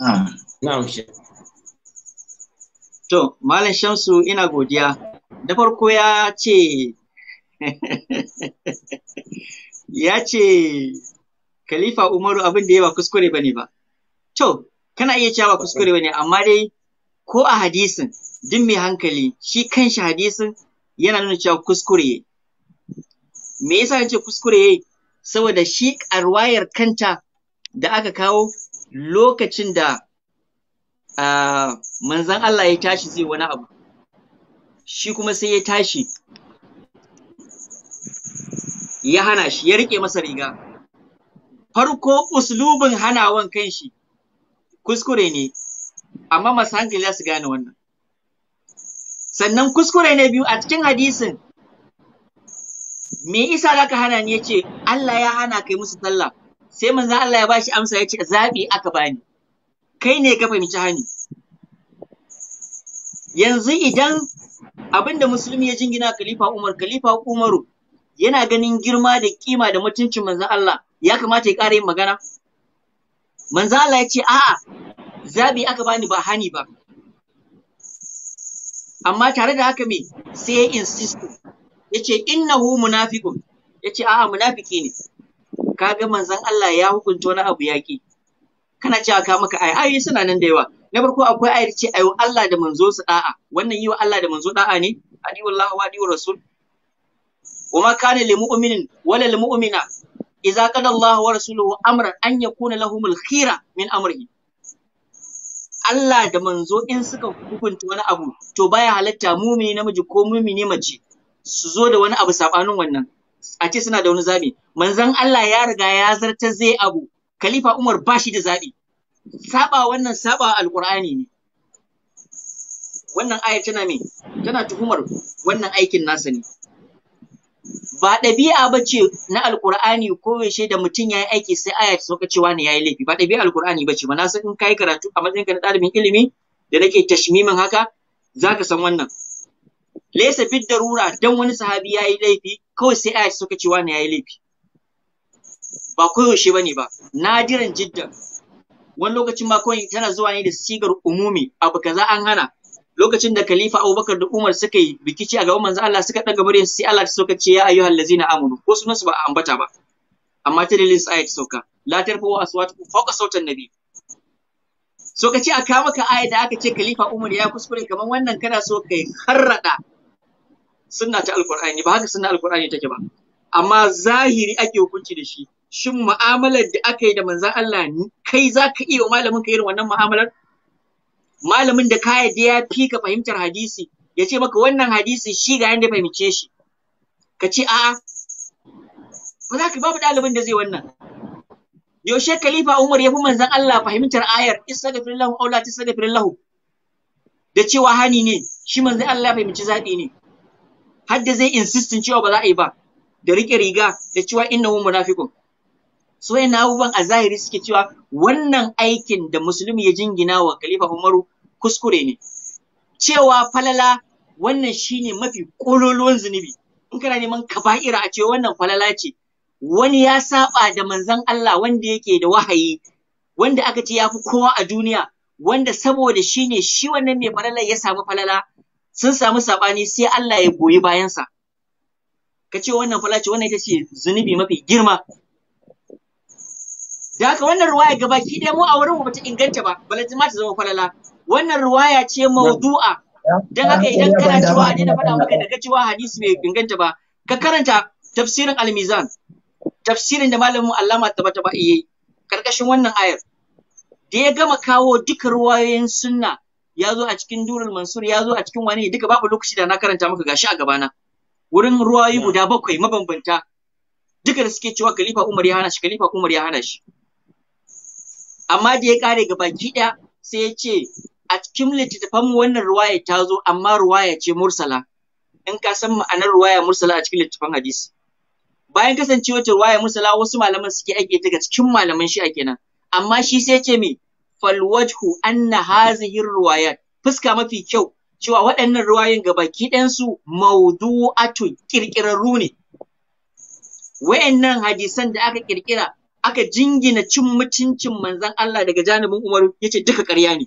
Na'am. Na'am shi. To, Malam Shamsu ina godiya. Da farko ya ce, ya ce, Khalifa Umaru abin da ya ba kuskure ba ne ba. To, kana iya cewa kuskure ba ne, amma dai ko a hadisin, duk mai hankali, shi kan shi hadisin yana nuna cewa kuskure Me yasa ce kuskure Saboda shi a kanta da aka kawo lokacin da manzan Allah ya tashi zai wani abu shi kuma sai ya tashi ya hana shi ya rike masa riga farko uslubin hanawan kan shi kuskure ne amma masu hankali za su gane wannan sannan kuskure ne biyu a cikin hadisin me isa za ka hana ni ya ce Allah ya hana kai musu sallah sai manzan Allah ya bashi amsa ya ce zaɓi aka bani kai ne ka fahimci hani yanzu idan abinda musulmi ya jingina khalifa umar khalifa umaru yana ganin girma da kima da mutuncin manzon Allah ya kamata ya ƙara yin magana manzon Allah ya ce a'a zabi aka bani ba hani ba amma tare da haka me sai ya insist ya ce innahu munafiqun ya ce a'a munafiki ne kaga manzon Allah ya hukunta wani abu yaƙi kana cewa ka maka ai ai suna nan da yawa na farko akwai ayar ce ayo Allah da manzo su da'a wannan yi wa Allah da manzo da'a ne wallahi wa adiwar rasul وما كان لمؤمن ولا لمؤمنة إذا قضى Rasuluhu, ورسوله an أن يكون لهم khira min amrihi Allah da manzo in suka hukunta wani abu to baya halatta mumini namiji ko mumini mace su zo da wani abu sabanin wannan a ce suna da wani zabi manzon Allah ya riga ya zartar zai abu khalifa umar ba shi da zaɓi saba wannan saba Alƙur'ani ne wannan ayar tana me tana tuhumar wannan aikin nasa ne ba ɗabi'a ba ce na alƙur'ani ko yaushe da mutum ya yi aiki sai aya ta sauka cewa ne ya yi laifi ba ɗabi'a alƙur'ani ba ce ba na san in ka yi karatu a matsayin ka na ɗalibin ilimi da nake tashmimin haka za ka san wannan laisa fit darura dan wani sahabi ya yi laifi kawai sai aya ta sauka cewa ne ya yi laifi ba koyaushe ba ne ba nadiran jiddan wani lokacin ma kawai tana zuwa ne da sigar umumi abu kaza an hana lokacin da khalifa abubakar da umar suka yi rikici a gaban manzo Allah suka daga murya sai Allah ta sauka ce ya ayyuhal allazina amanu ko sunan su ba a ambata ba amma ta dalilin ta sauka la tarfu aswatukum fawqa sautin nabi so ka ce a kawo maka aya da aka ce khalifa umar ya kuskure kamar wannan kana so kai harrada sunna ta alqur'ani ba haka sunna alqur'ani take ba amma zahiri ake hukunci da shi shin mu'amalar da aka yi da manzan Allah ni kai za ka iya malamin ka irin wannan mu'amalar malamin da ka yadda ya fi ka fahimtar hadisi ya ce maka wannan hadisi shi ga yadda fahimce shi ka ce a'a ba za ka babu ɗalibin da zai wannan yaushe khalifa Umar ya fi manzan Allah fahimtar ayar istaghfirullahu aw la tastaghfirullahu da cewa hani ne shi manzan Allah ya fahimci zaɓi ne har da zai insistin cewa ba za a yi ba da riƙe riga da cewa innahu munafiqun su wayannan abubuwan a zahiri suke cewa wannan aikin da musulmi ya jingina wa khalifa umaru kuskure ne cewa falala wannan shine mafi kololuwan zunubi in kana neman kaba'ira a ce wannan falala ce wani ya saba da manzon Allah wanda yake da wahayi wanda aka ce ya kowa a duniya wanda saboda shine shi wannan mai falalar ya samu falala sun samu saɓani sai Allah ya goyi bayansa ka ce wannan falala ce wannan ita ce zunubi mafi girma da haka wannan ruwaya ki dai mu a wurin mu bata inganta ba balantana ma ta zama falala wannan ruwaya ce maudu'a dan haka idan kana cewa ne na faɗa maka daga cewa hadisi mai inganta ba ka karanta tafsirin al-mizan tafsirin da malamin allama tabbata bata ba yayi karkashin wannan ayar da ya gama kawo duka ruwayoyin sunna ya zo a cikin durul mansur ya zo a cikin wani duka babu lokaci da na karanta maka gashi a gabana wurin ruwayoyi guda bakwai mabambanta duka da suke cewa khalifa umar ya hana shi khalifa umar ya hana shi amma da ya kare ga baki ɗaya sai ya ce a cikin littattafan mu wannan ruwaya ta zo amma ruwaya ce mursala in ka san ma'anar ruwaya mursala a cikin littattafan hadisi bayan kasancewar ruwaya mursala wasu malaman suke ake daga cikin malaman shi a kenan amma shi sai ya ce me falwajhu anna hazihi ruwayat fuska mafi kyau cewa waɗannan ruwayoyin gabaki su maudu'atu kirkirarru ne wayannan hadisan da aka kirkira aka jingina cin mutuncin manzon Allah daga janibin Umar, yace duka ƙarya ne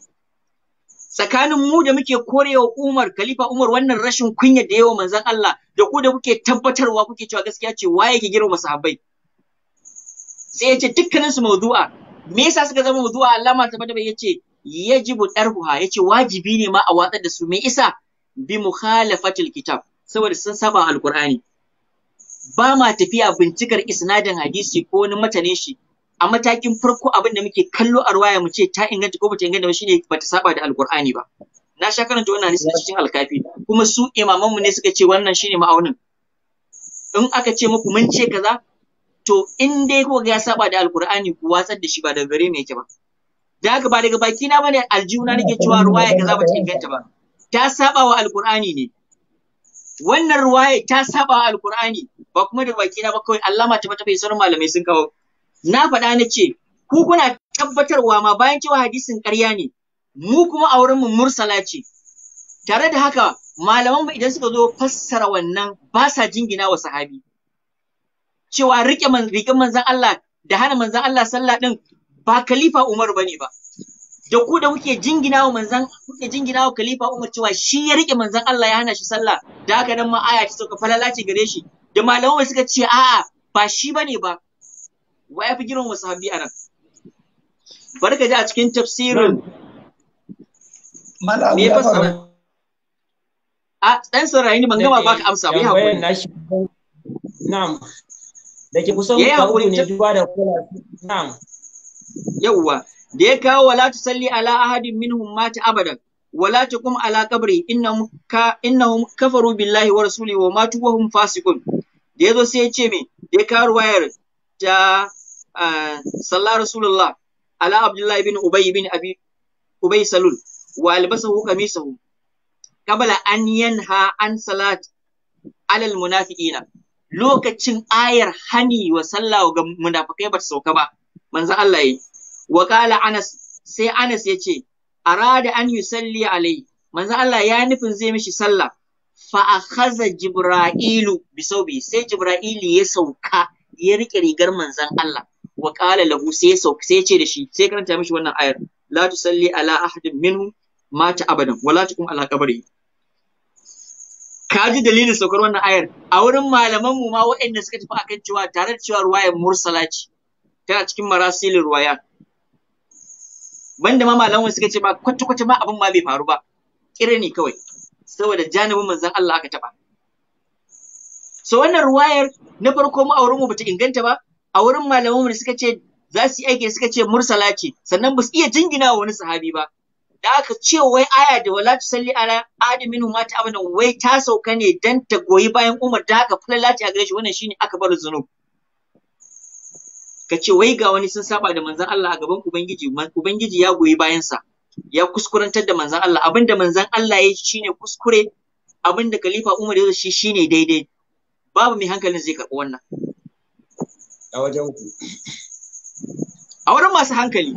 tsakanin mu da muke korewa Umar Khalifa Umar wannan rashin kunya da yawa Manzan Allah da ku da kuke tabbatarwa kuke cewa gaskiya ce waye ke girma masahabai sai yace dukkanin su mawdu'a me yasa suka zama mawdu'a Allama tabbata bai yace yajibu darhuha yace wajibi ne ma a watsar da su me isa bi mukhalafatil kitab saboda sun saba alqur'ani ba ma tafiya bincikar isnadin hadisi ko wani mutane shi a matakin farko abin da muke kallo a ruwaya mu ce ta inganta ko bata inganta ba shine bata saba da alqur'ani ba na sha karanta wannan hadisi cikin alkafi kuma su imaman mu ne suka ce wannan shine ma'aunin in aka ce muku mun ce kaza to in dai ko ya saba da alqur'ani ku watsar da shi ba daga gare ne yake ba da haka ba daga baki na bane aljihuna nake cewa ruwaya kaza bata inganta ba ta saba wa alqur'ani ne wannan ruwaya ta saba wa alqur'ani ba kuma da baki na ba kawai alama ta bai sanin malamai sun kawo na faɗa na ce ku kuna tabbatarwa ma bayan cewa hadisin ƙarya ne mu kuma a wurin mu mursala ce tare da haka malaman mu idan suka zo fassara wannan ba sa jingina wa sahabi cewa rike man manzon Allah da hana manzon Allah sallah din ba kalifa Umar bane ba da ku da kuke jingina wa manzan kuke jingina wa khalifa Umar cewa shi ya rike manzan Allah ya hana shi sallah da haka nan ma aya ta sauka falala ce gare shi da malamai suka ce a'a ba shi bane ba wa ya fi girman wasahabi anan bari ka ji a cikin tafsirin me ya fassara a dan saurayi ne ban gama baka amsa ba ya hakuri na'am da ke kusan ka ne duwa da kula na'am yawwa da ya kawo wala salli ala ahadin minhum mata abadan wala taqum ala qabri innahum ka innahum kafaru billahi wa rasulihi wa matu wa hum fasiqun da yazo sai ya ce me da ya kawo wayar ta salla rasulullah ala abdullahi bin ubay bin abi ubay salul wa albasahu qamisahu qabla an yanha an salat ala almunafiqina lokacin ayar hani wa sallah ga munafikai ba sauka ba manzo Allah yi wa anas sai anas yace arada an yusalli alai manzo Allah ya nufin zai mishi sallah fa akhaza jibra'ilu bisawbi sai jibra'ilu ya sauka ya rike rigar manzan Allah wa qala lahu sai ya sauka sai ya ce da shi sai karanta mishi wannan ayar la tusalli ala ahadin minhum mata abadan wala tukum ala kabari. ka ji dalilin saukar wannan ayar a wurin malaman mu ma waɗanda suka tafi akan cewa tare da cewa ruwayar mursala ce tana cikin marasilin ruwaya banda ma malaman suka ce ma kwata-kwata ma abin ma bai faru ba kire ne kawai saboda janibin manzon Allah aka taba so wannan ruwayar na farko mu auren mu bata inganta ba a wurin malaman mu suka ce za su aike aiki suka ce mursala ce sannan ba su iya jingina wa wani sahabi ba da aka ce wai aya da wala salli ala adamin ma ta abana wai ta sauka ne dan ta goyi bayan Umar da haka fulalati a gare shi wannan shine aka bar zunub ka ce wai ga wani sun saba da manzan Allah a gaban ubangiji ubangiji ya goyi bayansa ya kuskurantar da manzan Allah abinda manzan Allah ya ne kuskure abinda khalifa Umar ya shi ne daidai babu mai hankalin zai karɓi wannan a wajen ku a wurin masu hankali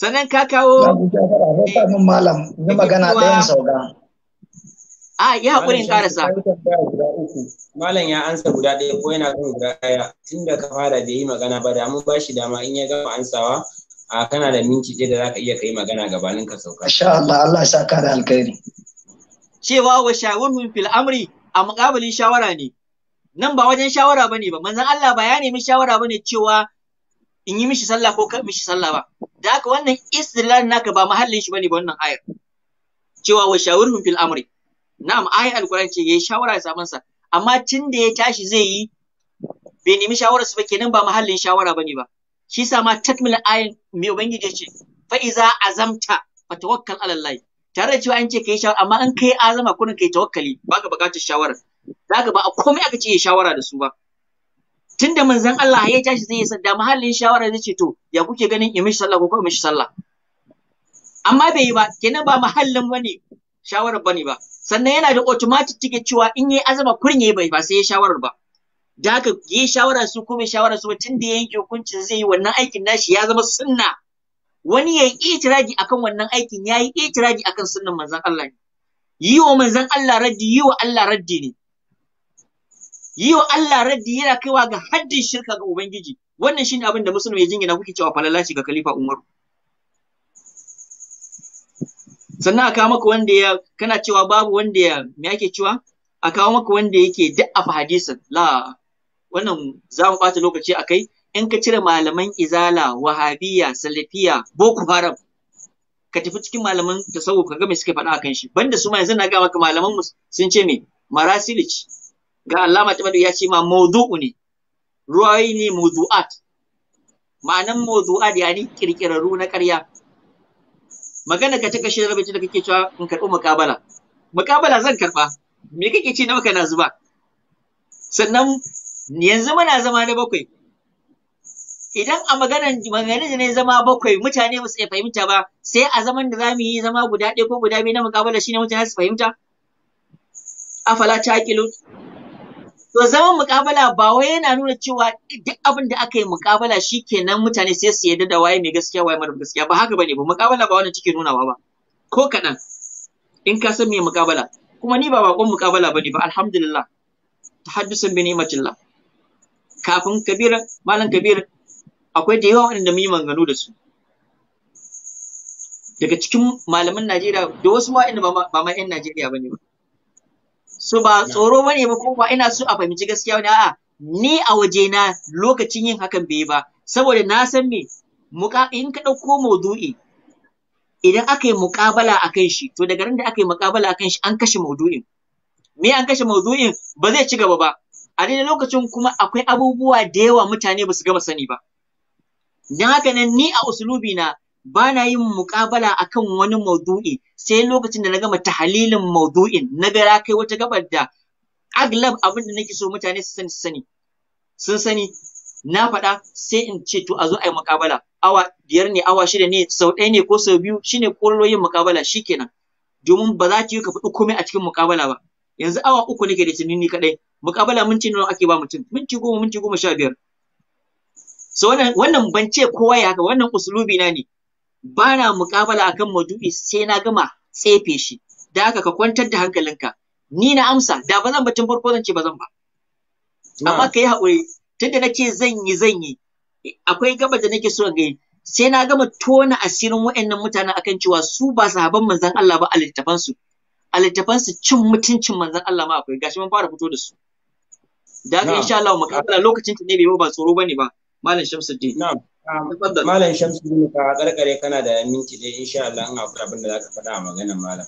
sannan ka kawo malam ni magana ɗayan sauka A ya haƙurin karasa. Malam ya ansa guda ɗaya ko yana kan guda ɗaya tunda ka fara da yi magana ba da mun ba shi dama in ya gama ansawa a kana da minti ɗaya da za ka iya kai magana gabanin ka sauka. Insha Allah Allah sa ka da alkhairi. Cewa wa shawurun fil amri a muƙabalin shawara ne. Nan ba wajen shawara bane ba manzon Allah ba ya nemi shawara bane cewa in yi mishi sallah ko kar mishi sallah ba da haka wannan istilal naka ba mahallin shi ba ne ba wannan ayar cewa wa shawirhum fil amri na'am ayi alkur'ani ce yayi shawara da sabon sa amma tun da ya tashi zai yi bai nemi shawarar su ba kenan ba mahallin shawara bane ba shi sa ma tatmil ayin mai ubangiji ce fa iza azamta fa tawakkal ala Allah tare da cewa an ce kai shawara amma an kai azama kurin kai tawakkali baka bukatar shawara zaka ba a komai aka ce shawara da su ba tunda manzon Allah ya tashi zai yasa da mahallin shawara zai ce to ya kuke ganin imishi sallah ko kuma imishi sallah amma bai yi ba kenan ba mahallin bane shawara bane ba sannan yana da automatic ticket cewa in yayi azama kurin yayi bai ba sai ya shawarar ba da haka yi shawara su kuma shawara su tun da ya yanke hukuncin zai yi wannan aikin nashi ya zama sunna wani ya yi itiradi akan wannan aikin ya yi akan sunnan manzon Allah ne yi wa manzon Allah raddi yi wa Allah raddi ne yi wa Allah raddi yana kaiwa ga haddin shirka ga ubangiji wannan shine abin da musulmi ya jingina kuke cewa falalaci ga khalifa Umaru sannan a kawo maka wanda ya kana cewa babu wanda ya me ake cewa a kawo maka wanda yake da'afa hadisin la wannan za mu bata lokaci akai in ka cire malaman izala wahabiya salafiya boko haram ka tafi cikin malaman tasawuf ka ga me suke faɗa akan shi banda su ma yanzu na ga maka malaman mu sun ce me marasilic ga Allama Tabadu ya ce ma mawdu'u ne ruwayi ne mawdu'at ma'anan mawdu'at yani kirkirarru na ƙarya magana ka ta kashe rabe da kake cewa in karɓi muƙabala muƙabala zan karɓa me kake ci na na zuba sannan yanzu muna zama na bakwai idan a maganar maganar ne zama bakwai mutane ba su fahimta ba sai a zaman da zamu yi zama guda ɗaya ko guda biyu na mukabala shine mutane su fahimta afala taqilu To zaman mukabala ba wai yana nuna cewa duk abin da aka yi mukabala kenan mutane sai su yarda da waye mai gaskiya waye mara gaskiya ba haka bane ba mukabala ba wannan take nunawa ba ko kaɗan in ka san me mukabala kuma ni ba baƙon mukabala bane ba alhamdulillah tahaddusan bi ni'matillah kafin kabira malam kabir akwai da yawa waɗanda mun yi manganu da su daga cikin malaman Najeriya da wasu waɗanda ba ma 'yan Najeriya bane ba Su ba tsoro ne ba ko ba ina so a fahimci gaskiya wani a'a ni a waje na lokacin yin hakan bai ba saboda na san me in ka ɗauko maudu'i idan aka yi muƙabala a kan shi to daga ran da aka yi muƙabala a kan shi an kashe maudu'in me an kashe maudu'in ba zai ci gaba ba a daidai lokacin kuma akwai abubuwa da yawa mutane ba su gaba sani ba don haka nan ni a usulubi na ba na yin muƙabala akan wani maudu'i sai lokacin da na gama tahalilin maudu'in na ga ya kai wata gabar da aglab abin da nake so mutane su sani su sani sun sani na faɗa sai in ce to a zo a yi muƙabala awa biyar ne awa shida ne sau ɗaya ne ko sau biyu shine ƙololo yin muƙabala shikenan domin ba za ta yi ka faɗi komai a cikin muƙabala ba yanzu awa uku nake da tunani kaɗai muƙabala minti nawa ake ba mutum minti goma minti goma sha biyar so wannan ban ce kowa ya haka wannan usulubi na ne ba na muƙabala akan maudu'i sai na gama tsefe shi da haka ka kwantar da hankalinka ni na amsa da ba zan batun farko zan ce ba zan ba amma ka yi haƙuri tunda nake zan yi zan yi akwai gaba da nake so ga sai na gama tona asirin waɗannan mutanen akan cewa su ba sahaban manzon Allah ba a littafan su. a littafan su cin mutuncin manzon Allah ma akwai gashi mun fara fito da su da haka insha Allah mu lokacin ta ne bai ba tsoro bane ba Malam Shamsuddin. Na'am. Malam Shamsuddin ka karkare kana da minti dai insha Allah in akwai abin da zaka faɗa a maganar malam.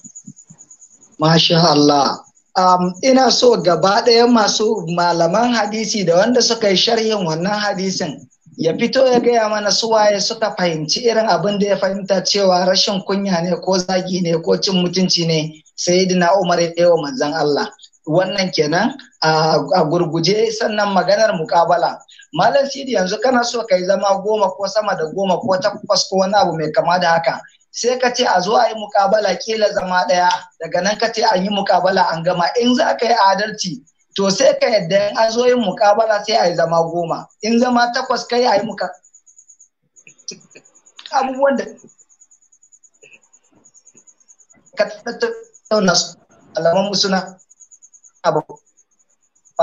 Masha Allah. Um, ina so gaba ɗaya masu malaman hadisi da wanda suka yi sharhin wannan hadisin ya fito ya gaya mana su waye suka fahimci irin abin da ya fahimta cewa rashin kunya ne ko zagi ne ko cin mutunci ne sai Umar ya yi wa manzon Allah. Wannan kenan a gurguje sannan maganar mukabala malam sidi yanzu kana so ka yi zama goma ko sama da goma ko takwas ko wani abu mai kama da haka sai ka ce a zo a yi mukabala kila zama ɗaya daga nan ka ce an yi mukabala an gama in za ka yi adalci to sai ka yadda in an zo yin mukabala sai a yi zama goma in zama takwas ka yi a yi muka abubuwan da ka tattauna alaman musuna abu ka karanta network din ya ah. kan eh. mm.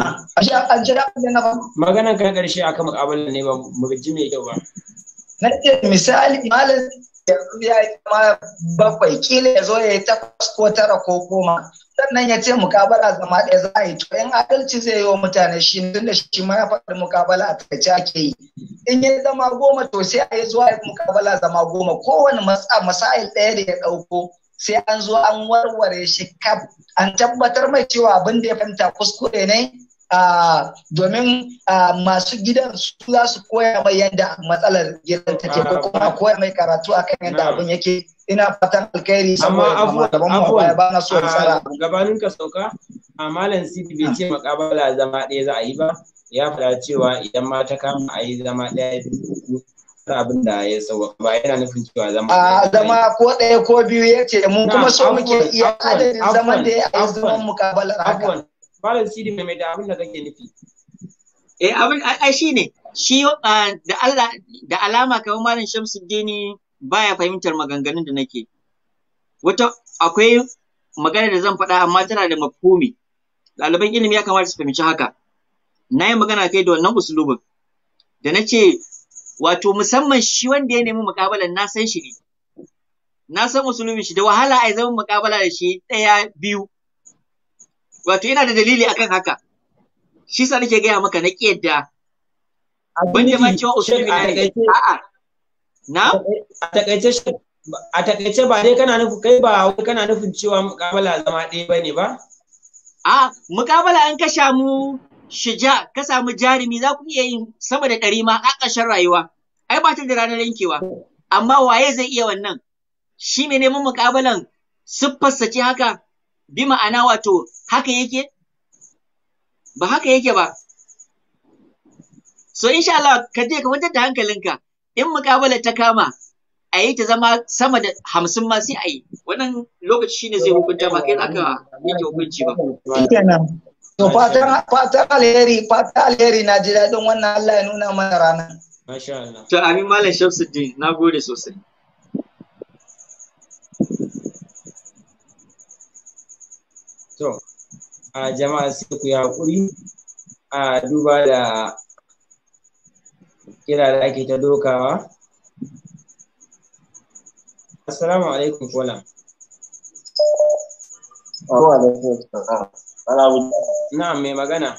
ah. karshe akan ne ba mu ji mai kyau ba nake misali malam ya ma bakwai kila ya zo ya yi takwas ko tara ko koma. sannan ya ce mukabala zama ɗaya za a yi to yan adalci zai yi wa mutane shi tun da shi ma ya faɗi mukabala a takaice ake yi in ya zama goma to sai a yi zuwa mukabala zama goma kowane masail ɗaya da ya ɗauko sai an zo an warware shi kaf an tabbatar mai cewa abin da ya fanta kuskure ne domin masu gidan su za su koya mai yadda matsalar gidan take ko kuma koya mai karatu akan yadda abin yake ina fatan alkhairi amma abubuwan abubuwan ba na so tsara gabanin ka sauka a malam sidi bai ce makabala zama ɗaya za a yi ba ya faɗa cewa idan ma ta kama a yi zama ɗaya biyu uku har abin da ya sauwa ba yana nufin cewa zama a zama ko ɗaya ko biyu ya ce mun kuma so muke iya adadin zaman da ya yi zaman mukabalar haka malam sidi mai da abin da kake nufi eh abin ai shine shi ah, da Allah da alama kamar malam Shamsuddini baya fahimtar maganganun da nake wata akwai magana da zan faɗa amma tana da mafhumi ɗaliban ilimi ya kamata su fahimci haka na yi magana kai da wannan usulubin da na ce wato musamman shi wanda ya nemi muƙabalan na san shi ne na san usulubin shi da wahala a zama muƙabala da shi ɗaya biyu wato yana da dalili akan haka shi sa nake gaya maka na ƙiyadda ban da ma cewa usulubi ne a'a na a takaice ba dai kana nufin kai ba wai kana nufin cewa mukabala zama ɗaya bane ba a mukabala an ka samu shija ka samu jarumi za ku iya yin sama da ɗari ma a ƙarshen rayuwa ai ba ta da ranar yankewa amma waye zai iya wannan shi ne neman mukabalan su ce haka bi ma'ana wato haka yake ba haka yake ba so insha Allah ka je ka wantar da hankalinka in mukabala ta kama a yi ta zama sama da hamsin ma sai a yi wannan lokaci shine zai hukunta ba kai aka yake hukunci ba to fatan alheri fatan alheri na ji daɗin wannan Allah ya nuna mana rana masha Allah to amin malam Shamsuddin nagode sosai to a jama'a sai ku yi hakuri a duba da kira da ake ta dokawa assalamu alaikum kola na mai magana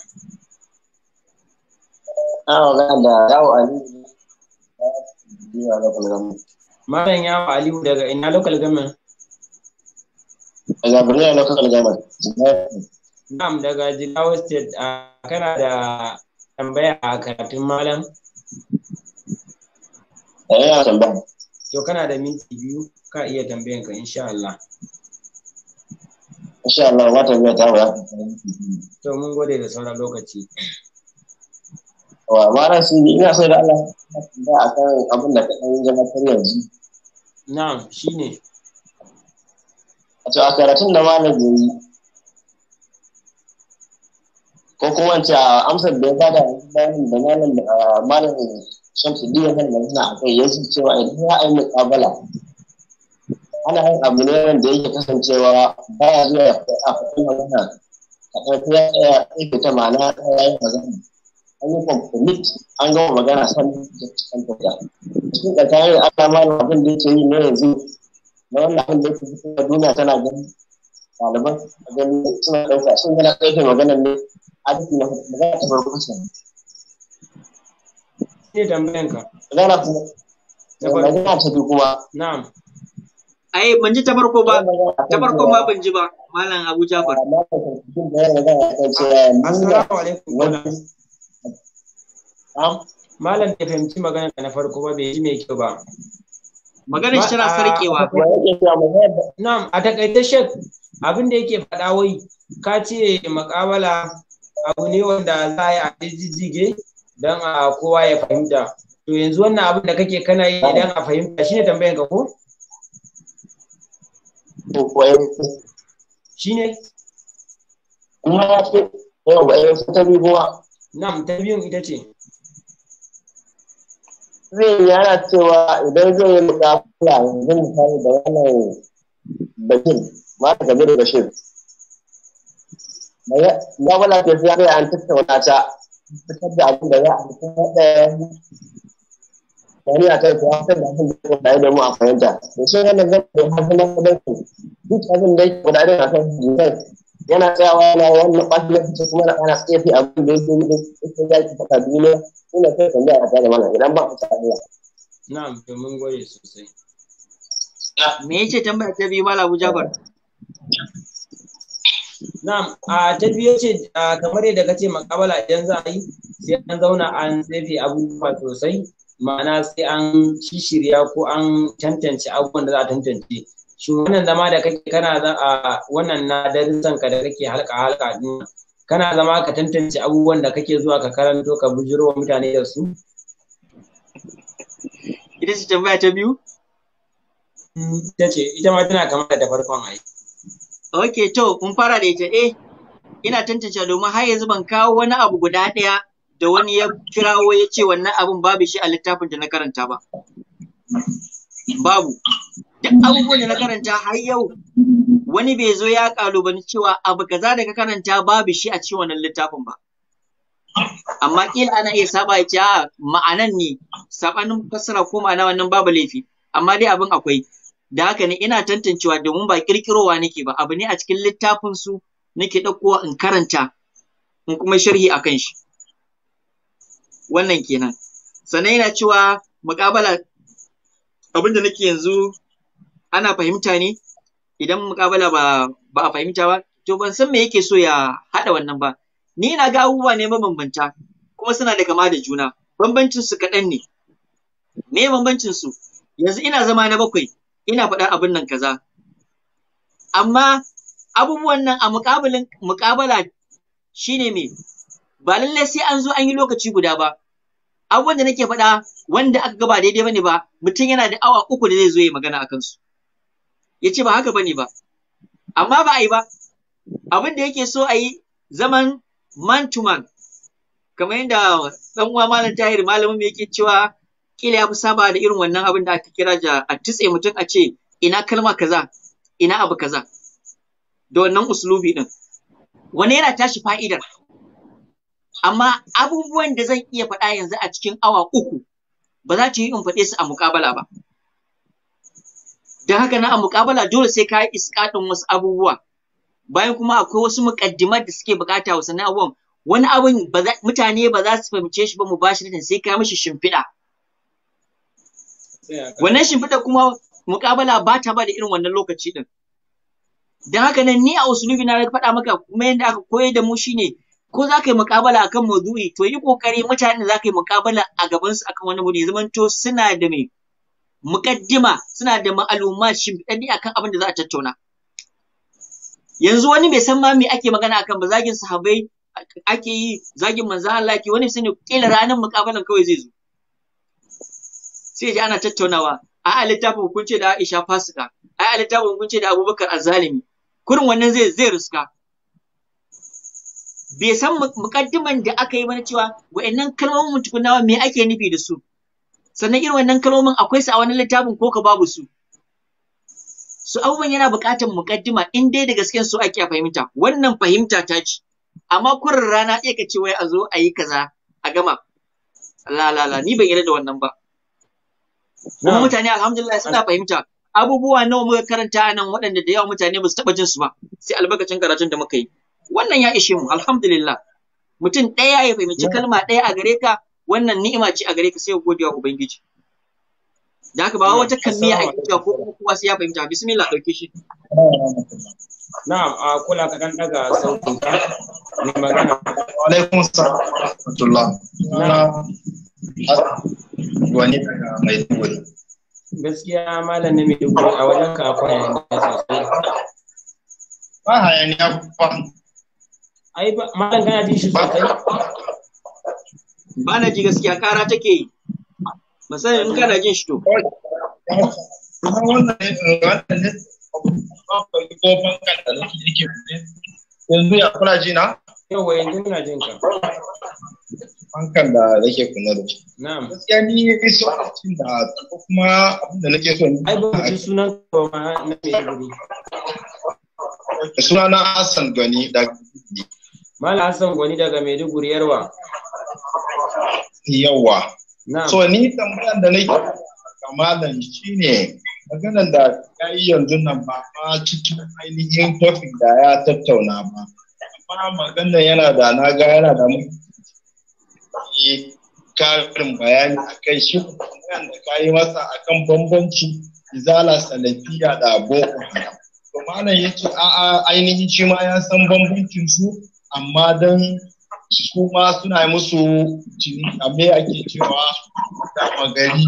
na magana da yawo aliyu Malam yawo aliyu daga ina local government daga birnin local government Na'am daga Jigawa State a kana da tambaya a karatun malam? Eh tambaya. To kana da minti biyu ka iya tambayan ka insha Allah. Insha Allah wata biya ta waya. To mun gode da sauran lokaci. Wa mara shi ina so da Allah da akan abin da ka dan gabatar yanzu. Na'am shine. To a karatun da na yayi ko kuma ce a amsar da ya bada bayanin da malamin shamsu biyu kan da suna a kai ya cewa idan ya yi ayi muƙabala ana yin abu ne wanda yake kasancewa ba ya zuwa a faɗin magana a ɗauki ya tsaya ɗauke ta ma'ana ya yi magana an yi kwamfamit an gama magana san da cikin tafiya cikin tsakanin alama abin da yake yi na yanzu na wannan abin da yake fitowa duniya tana gani ɗaliban a gani suna ɗauka sun gana ɗauke maganar ne a duk magana ta farko kenan ne tambayan magana ku magana ta bi kuma na'am ai ban ji ta farko ba ta farko ma ban ji ba malam Abu Jafar assalamu alaikum malam bai fahimci magana na farko ba bai ji mai kyau ba maganar shi tana sarkewa na'am a takaice shek abin da yake faɗa wai ka ce makabala abu ne wanda za a yi a jijjige don a ah, kowa ya fahimta to yanzu wannan abin da kake kana yi idan a fahimta shine tambayan ka ko shine kuma ya ce yau ba yau ta bibuwa na'am ta biyun ita ce zai yana cewa idan zai yi mukafa yanzu misali da wannan bakin ba ta gabi da bashir ba wala ke fiya an tattauna ta fitar da abin da za a fitar da a kai kuwa abin da ya da mu a fahimta da shi wannan zan da ku duk abin da yake kudaden a kan jirai yana tsayawa na wannan ɓacin kuma na ana tsefe abin da yake ya duniya ina kai a tare mana idan ba ku tsaye. na'am mun sosai. Ah, me tambaya ta biyu malam Jabar? Na'am, a ta biyu ce kamar yadda kace makabala idan za a yi sai an zauna an tsefe abubuwa sosai ma'ana sai an shishirya ko an tantance abubuwan da za a tantance. Shi wannan zama da kake kana za a wannan na darussan ka da kake halka halka din kana zama ka tantance abubuwan da kake zuwa ka karanto ka bujiro wa mutane da su. Ita ce tambaya ta biyu? Ita ce, ita ma tana kamar da farkon aiki. Ok, to, kun fara da ita, eh, ina tantance domin har yanzu ban kawo wani abu guda ɗaya da wani ya kirawo ya ce wannan abin babu shi a littafin da na karanta ba. Babu. Duk abubuwan da na karanta har yau wani bai zo ya kalubani cewa abu kaza da ka karanta babu shi a cikin wannan littafin ba. Amma kila ana iya saba ya ce ma'anan ne, sabanin fassara ko ma'ana wannan babu laifi, amma dai abin akwai. da haka ne ina tantancewa domin ba kirkirowa nake ba abu ne a cikin littafin su nake ɗaukowa in karanta in kuma sharhi kan shi wannan kenan sannan yana cewa muƙabala abinda nake yanzu ana fahimta ne idan muƙabala ba ba a fahimta ba to ban san me yake so ya haɗa wannan ba ni na ga abubuwa ne mabambanta kuma suna da kama da juna bambancin su kaɗan ne me bambancin su yanzu ina zama na bakwai ina faɗa abin nan kaza amma abubuwan nan a muƙabilin muƙabala shine me ba lallai sai an zo an yi lokaci guda ba abubuwan da nake faɗa wanda aka ga ba daidai bane ba mutum yana da awa uku da zai zo ya yi magana a kansu ya ce ba haka bane ba amma ba a yi ba abin da yake so a yi zaman man to man kamar yadda ɗan uwa malam tahir malamin yake cewa kila ya fi saba da irin wannan abin da aka kira ja a tutse mutum a ce ina kalma kaza ina abu kaza da wannan uslubi din wani yana tashi fa'idar amma abubuwan da zan iya faɗa yanzu a cikin awa uku ba za ta yi in faɗe su a muƙabala ba don haka na a muƙabala dole sai ka yi iskaɗin wasu abubuwa bayan kuma akwai wasu muƙaddimar da suke buƙata wasu na wani abin mutane ba za su fahimce shi ba mu bashi sai ka mishi shimfiɗa wannan shimfiɗa kuma muƙabala ba ta ba da irin wannan lokaci din don haka nan ni a usulubi na faɗa maka kuma yadda aka koyar da mu shine ko za ka yi muƙabala akan maudu'i to yi ƙoƙari mutane da za ka yi muƙabala a gaban su akan wani Ya zaman to suna da me muƙaddima suna da ma'aluma shimfiɗaɗɗi akan abin da za a tattauna yanzu wani bai san ma me ake magana akan ba zagin sahabbai ake yi zagin manzo Allah wani sani kila ranar muƙabalan kawai zai zo sai ji ana tattaunawa a a littafin kun ce da Aisha fasika a a littafin kun da Abubakar azzalimi kurin wannan zai zai ruska bai san mukaddiman da aka yi mana cewa wa'annan kalmomin tukunawa me ake nufi da su sannan irin wannan kalmomin akwai su a wani littafin ko ka babu su su abubuwan yana buƙatar mukaddima in dai da gasken su ake fahimta wannan fahimta ta ci amma kurin rana iya ka ce wai a zo a yi kaza a gama la la la ni ban yarda da wannan ba kuma mutane alhamdulillah suna fahimta abubuwa nawa muka karanta nan waɗanda da yawa mutane ba su taɓa jin su ba sai albarkacin karatun da muka yi wannan ya ishe mu alhamdulillah mutum ɗaya ya fahimci kalma ɗaya a gare ka wannan ni'ima ce a gare ka sai gode wa ubangiji da haka ba wata kalmiya a kiyaye ko kowa sai ya fahimta bismillah ɗauke shi na'am a kula ka dan daga sautin ka ne magana wa alaikum assalam wani daga gaskiya malam na mai dubu a wajen ka hayaniya sosai ba hayaniya ba ai ba malam kana jin shi sosai ba na ji gaskiya kara take yi musamman in kana jin shi to yanzu ya kula ji na yawa yanzu muna jin ka hankan da nake kula da shi. na'am gaskiya ni so cikin da ko kuma da nake so ai ba ji sunan ka ma na me guri suna na Hassan Gani daga Mala Hassan Gani daga Maiduguri Yarwa yawa so ni tambayan da nake kamalan shine maganar da ya yi yanzu nan ba ma cikin ainihin tofin da ya tattauna ba amma magana yana da na ga yana da karin bayani a kai shi kuma da ka yi masa akan bambanci izala salafiya da boko haram to malam yake a'a ainihin shi ma ya san bambancin su amma dan Suma suna musu abai ake cewa da gari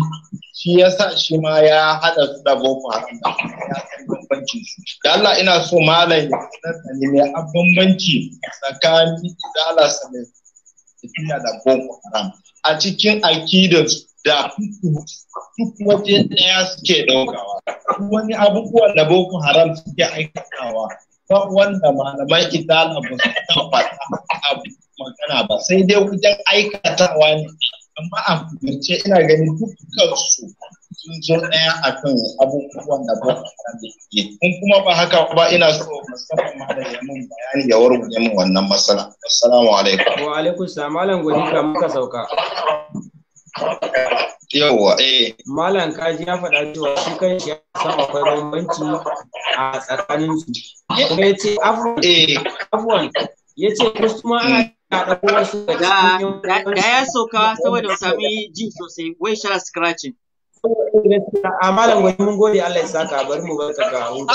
shi ya sa shi ma ya haɗa su da boko haram da ya san bambanci da Allah ina so malami. ya ne mai bambanci tsakanin da Allah tafiya da boko haram a cikin akidar da duk waje ɗaya suke ɗaukawa wani abubuwan da boko haram suke aikatawa ba wanda malaman izala ba su tabbata abu magana ba sai dai wajen aikatawa ne amma a fahimce ina ganin dukkan su sun zo ɗaya a kan abubuwan da ba ke kun kuma ba haka ba ina so musamman ma da yamin bayani ya warware min wannan matsala assalamu alaikum wa alaikum salam malam gwaji ka muka sauka yawwa eh malam kaji ya faɗa cewa shi kan shi ya san akwai bambanci a tsakanin su eh. kuma yace afwan eh afwan ya ce wasu ma ana da wasu da ya sauka saboda sami ji sosai wai sha scratching a malam gwani mun gode Allah ya saka bari mu barka ka huta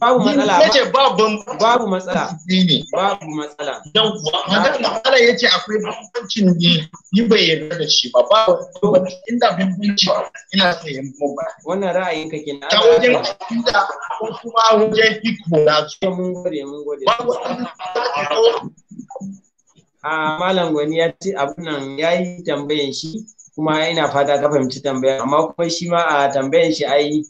babu matsala babu matsala babu matsala dan kuwa matsala yace akwai bambancin ne ni bai yarda da shi ba ba inda bambanci ina sayan bomba wannan ra'ayin ka kenan ta wajen inda ko kuma wajen iko na eh, mun gode mun gode babu a ah, malam gwani ya ci abin nan yayi tambayan shi kuma ina fata ka fahimci tambayar amma kuma shi ma a tambayar shi ai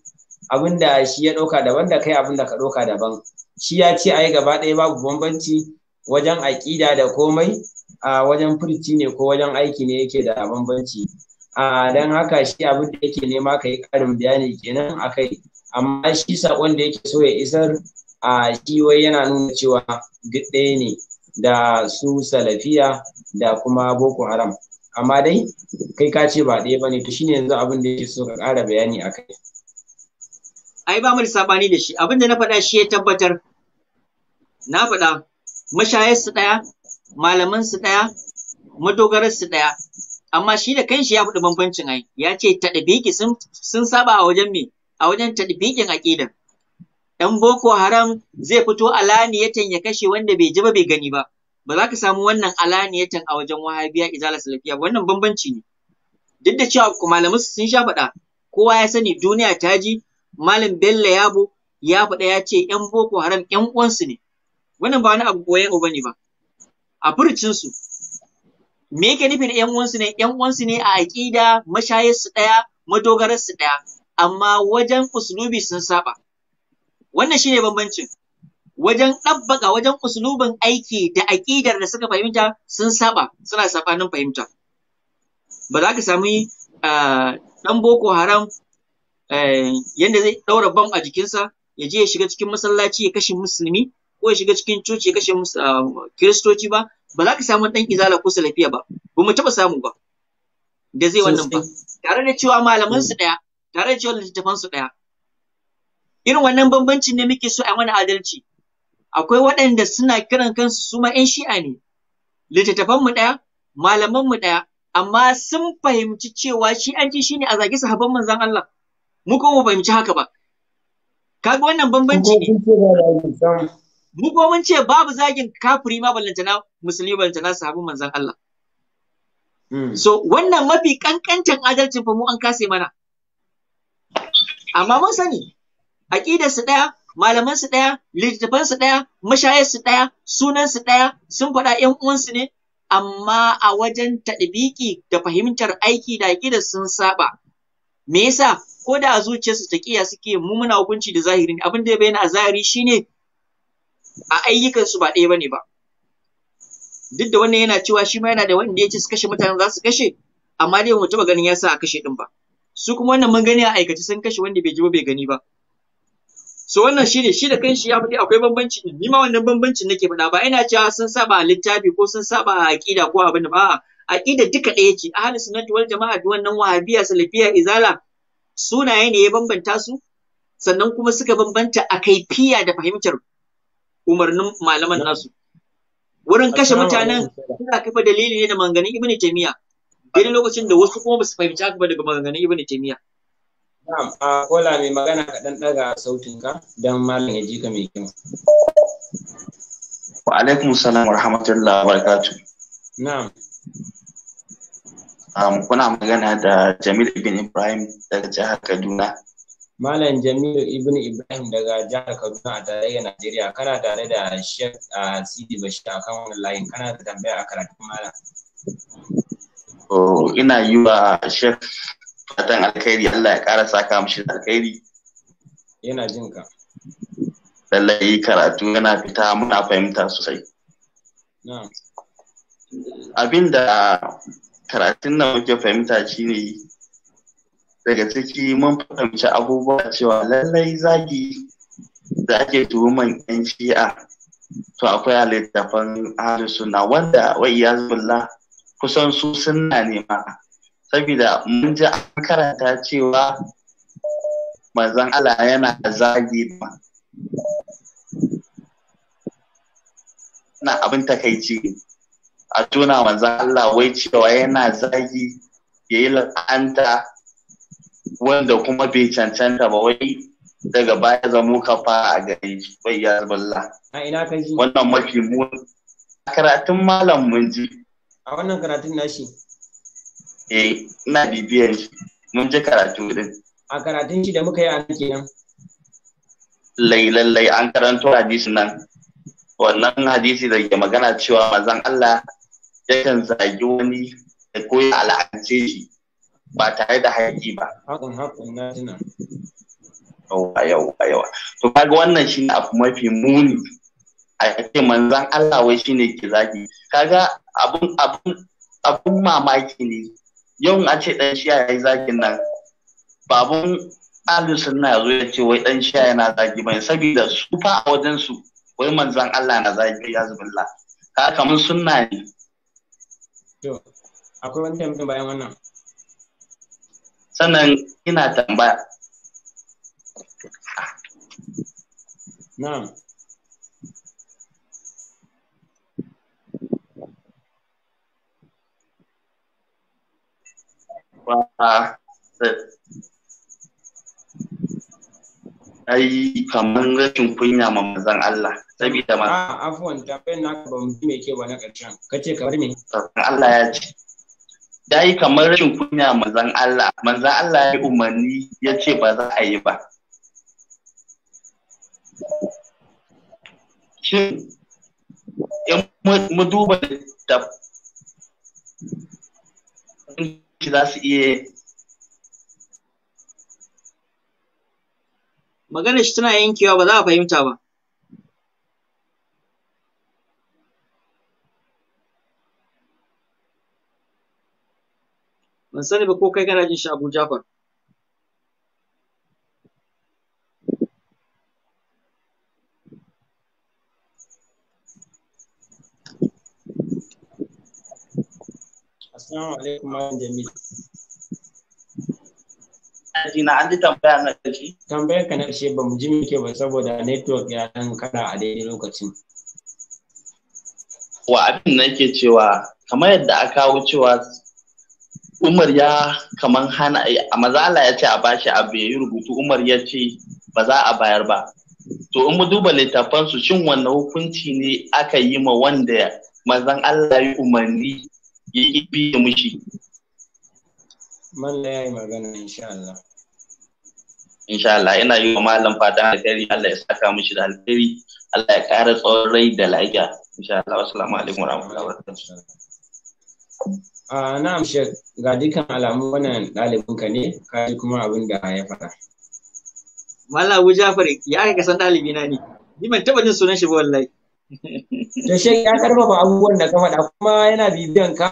abin da shi ya ɗauka daban da kai abin da ka ɗauka daban shi ya ce ai gaba ɗaya babu bambanci wajen aƙida da komai a wajen furci ne ko wajen aiki ne yake da bambanci a don haka shi abin da yake nema ka yi ƙarin bayani kenan a kai amma shi saƙon da yake so ya isar a shi wai yana nuna cewa duk ne da su salafiya da kuma boko haram amma dai kai ka ce ba ɗaya bane to shine yanzu abin da yake so ka ƙara bayani a kai ai ba mu da sabani da shi abin da na faɗa shi ya tabbatar na faɗa mashayar su ɗaya malaman su ɗaya madogarar su ɗaya amma shi da kanshi ya faɗi bambancin ai ya ce taɗabiki sun sun saba a wajen me a wajen taɗabikin aƙidar ɗan boko haram zai fito alani ya tanya kashe wanda bai ji ba bai gani ba ba za ka samu wannan alaniyatan a wajen wahabiya izala salafiya wannan bambanci ne duk da cewa malaman sun sha faɗa kowa ya sani duniya ta ji malam bello yabo ya faɗa ya ce yan boko haram yan uwansu ne wannan ba wani abu koyan uba ne ba a furucin su me yake nufi da yan uwansu ne yan uwansu ne a aƙida mashayar su ɗaya madogarar su ɗaya amma wajen uslubi sun saba wannan shi ne bambancin wajen ɗabbaka wajen usulubin aiki da aƙidar da suka fahimta sun saba suna sabanin fahimta ba za ka sami ɗan boko haram yadda zai ɗaura bam a jikinsa ya je ya shiga cikin masallaci ya kashe musulmi ko ya shiga cikin coci ya kashe kiristoci ba ba za ka samu ɗan izala ko salafiya ba ba mu taɓa samu ba da zai wannan ba tare da cewa malamansu ɗaya tare da cewa littattafansu ɗaya irin wannan bambancin ne muke so a mana adalci akwai waɗanda suna kiran kansu su ma 'yan shi'a ne littattafanmu ɗaya malamanmu ɗaya amma sun fahimci cewa shi ne a zagi sahabban manzan Allah mu kuma mu fahimci haka ba kaga wannan bambanci ne mu kuma mun ce babu zagin kafiri ma ballantana musulmi ballantana sahabban manzan Allah hmm. so wannan mafi ƙanƙancin adalcin fa mu an kase mana amma mun sani aƙidarsu su malaman su ɗaya littattafan su ɗaya mashayar su ɗaya sunan su ɗaya sun faɗa ƴan uwansu ne amma a wajen tadbiki da fahimtar aiki da aƙida sun saba me yasa ko da a zuciyarsu kiya suke mu muna hukunci da zahiri abin da ya bayyana a zahiri shine a ayyukan su ba ɗaya bane ba duk da wannan yana cewa shi ma yana da wanda ya ce su kashe mutanen za su kashe amma dai mu taɓa ganin yasa a kashe din ba su kuma wannan mun gani a aikace sun kashe wanda bai ji ba bai gani ba so wannan shi ne shi da kanshi ya faɗi akwai bambanci ni ma wannan bambancin nake faɗa ba ina cewa sun saba littafi ko sun saba aqida ko abin da ba aqida duka ɗaya ce ahlus sunnati wal jama'a wannan wahabiya salafiya izala sunaye ne ya bambanta su sannan kuma suka bambanta a kaifiya da fahimtar umarnin malaman nasu wurin kashe mutanen suna kafa dalili ne da maganganun ibnu taymiya dai lokacin da wasu kuma ba su fahimci haka ba daga maganganun ibnu taymiya Na'am, a kola mai magana ka dan daga ka don malam ya ji ka mai kyau. Wa alaikum salam wa rahmatullahi wa barakatuh. Na'am. Um, kuna magana da Jamil ibn Ibrahim daga jihar Kaduna. Malam Jamil ibn Ibrahim daga jihar Kaduna a tarayyar Najeriya kana tare da Sheikh Sidi Bashir a kan wannan layin kana da tambaya a karatun malam. Oh, ina yi wa Sheikh fatan alkhairi Allah ya ƙara saka mishi da alkhairi yana jin ka lallai karatu yana fita muna fahimta sosai abin da karatun nan muke fahimta shine daga ciki mun fahimci abubuwa cewa lallai zagi da ake tuhuman yan shi'a to akwai a littafin na wanda wai ya zubula kusan su sunna nema. saboda mun ji an karanta cewa manzon Allah yana zagi na abin takaici a tuna manzon Allah wai cewa yana zagi ya yi la'anta wanda kuma bai cancanta ba wai daga baya zamo kafa a gare shi bai ya zuballa wannan mafi mun karatun malam mun ji a wannan karatun nashi eh ina bibiyan shi mun je karatu din a karatun shi da muka yi a nan kenan lai an karanto hadisi nan wannan hadisi da ke magana cewa mazan Allah yakan zagi wani da koya al'ance shi ba tare da haƙi ba. Hakan hakan na tuna. Yawa yawa yawa. To kaga wannan shi ne abu mafi muni a ce manzan Allah wai shi ne ke zagi. Kaga abun abun abun mamaki ne yau a ce dan shiya yi zagin nan babun ahlus sunna yazo ya ce wai ɗan shiya yana zagi bai saboda su fa a wajen su wai manzon Allah na zagi ya zubilla ka mun sunna ne to akwai wani tambaya bayan wannan sannan ina tambaya na'am ai kamar rashin kunya ma manzon Allah saboda ma a ah, afwan tabayin naka ban bi me ke ba na karshen kace kamar me Allah ya ce dai kamar rashin kunya manzon Allah manzon Allah ya umarni ya ce ba za a yi ba shin in mu duba da za su iya maganar shi tana yankewa ba za a fahimta ba ban sani ba ko kai kana jin shi Abu Jafar Assalamu alaikum Malam Jamil. an ji tambaya na ƙarshe. Tambayar ka na ƙarshe ba mu ji muke ba saboda network ya dan kada a daidai lokacin. Wa abin nake cewa kamar yadda aka kawo cewa Umar ya kaman hana a mazala ya ce a bashi abu ya rubutu Umar ya ce ba za a bayar ba. To in mu duba littafansu shin wanne hukunci ne aka yi ma wanda mazan Allah ya umarni Yi ƙi da mushi Malla ya yi magana insha Allah. Insha Allah ina yi wa malam fatan alkhairi Allah ya saka mushi da alkhairi Allah ya ƙara tsawon rai da lafiya. Insha Allah wassalamu alaikum warahmatullahi wabarakatuh. Ah, na'am Sheikh ga dukkan alamun wannan ɗalibin ka ne ka ji kuma abin da ya faɗa. Malam Abu Jafar ya aka san ɗalibi na ne. Ni ban taɓa jin sunan shi ba wallahi. da shek ya karfafa abubuwan da ka faɗa kuma yana bibiyan ka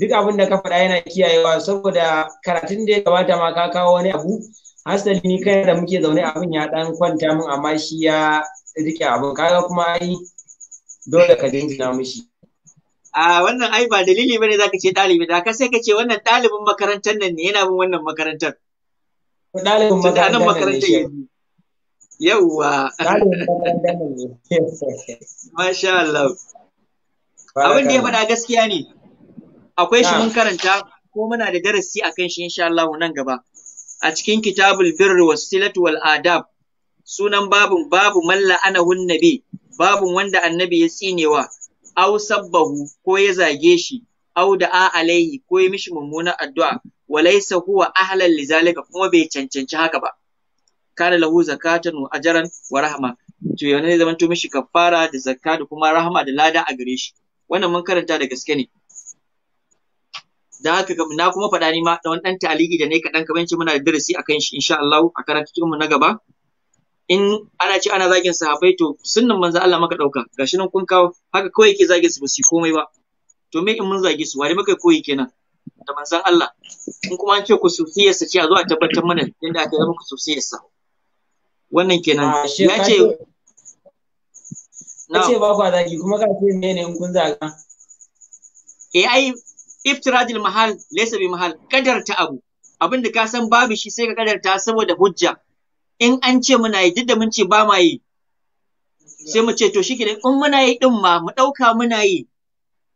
duk abin da ka faɗa yana kiyayewa saboda karatun da ya gabata ma ka kawo wani abu hasali ni kai da muke zaune abin ya dan kwanta min amma shi ya rike abu kaga kuma ai dole ka jinjina mishi a wannan ai ba dalili bane zaka ce ɗalibi da ka sai ka ce wannan ɗalibin makarantar nan ne yana bin wannan makarantar ɗalibin makarantar yauwa Masha Allah. Abin da ya faɗa gaskiya ne. Akwai shi mun karanta ko muna da darasi akan shi insha Allah nan gaba. A cikin kitabul birr was silat wal adab sunan babun babu malla ana nabi babun wanda annabi ya tsinewa au sabbahu ko ya zage shi au da a alaihi ko ya mishi mummunan addu'a walaysa huwa ahlan lizalika kuma bai cancanci haka ba kana lahu zakatan wa ajran wa rahma to yana ne zaman to mishi kafara da zakka da kuma rahma da lada a gare shi wannan mun karanta da gaske ne da haka na kuma faɗa ni ma da wani ɗan taliki da ne kaɗan kamar muna da darasi akan shi insha Allah a karatun mu na gaba in ana ce ana zagin sahabbai to sunnan manzo Allah maka dauka gashi nan kun kawo haka kawai yake zagin su ba su komai ba to me in mun zagi su wani maka koyi kenan da manzon Allah in kuma an ce ku sufiyarsa ce a zo a tabbatar mana yadda aka zama ku sufiyarsa wannan kenan ah, ya ce na ce ba kwa zaki, kuma ka ce me ne in kun zaga eh ai iftiradil mahal laysa bi mahal kadarta abu abinda ka san babu shi sai ka kadarta saboda hujja in an ce muna yi duk da mun ce ba ma yi sai mu ce to shi in muna yi din ma mu ɗauka muna yi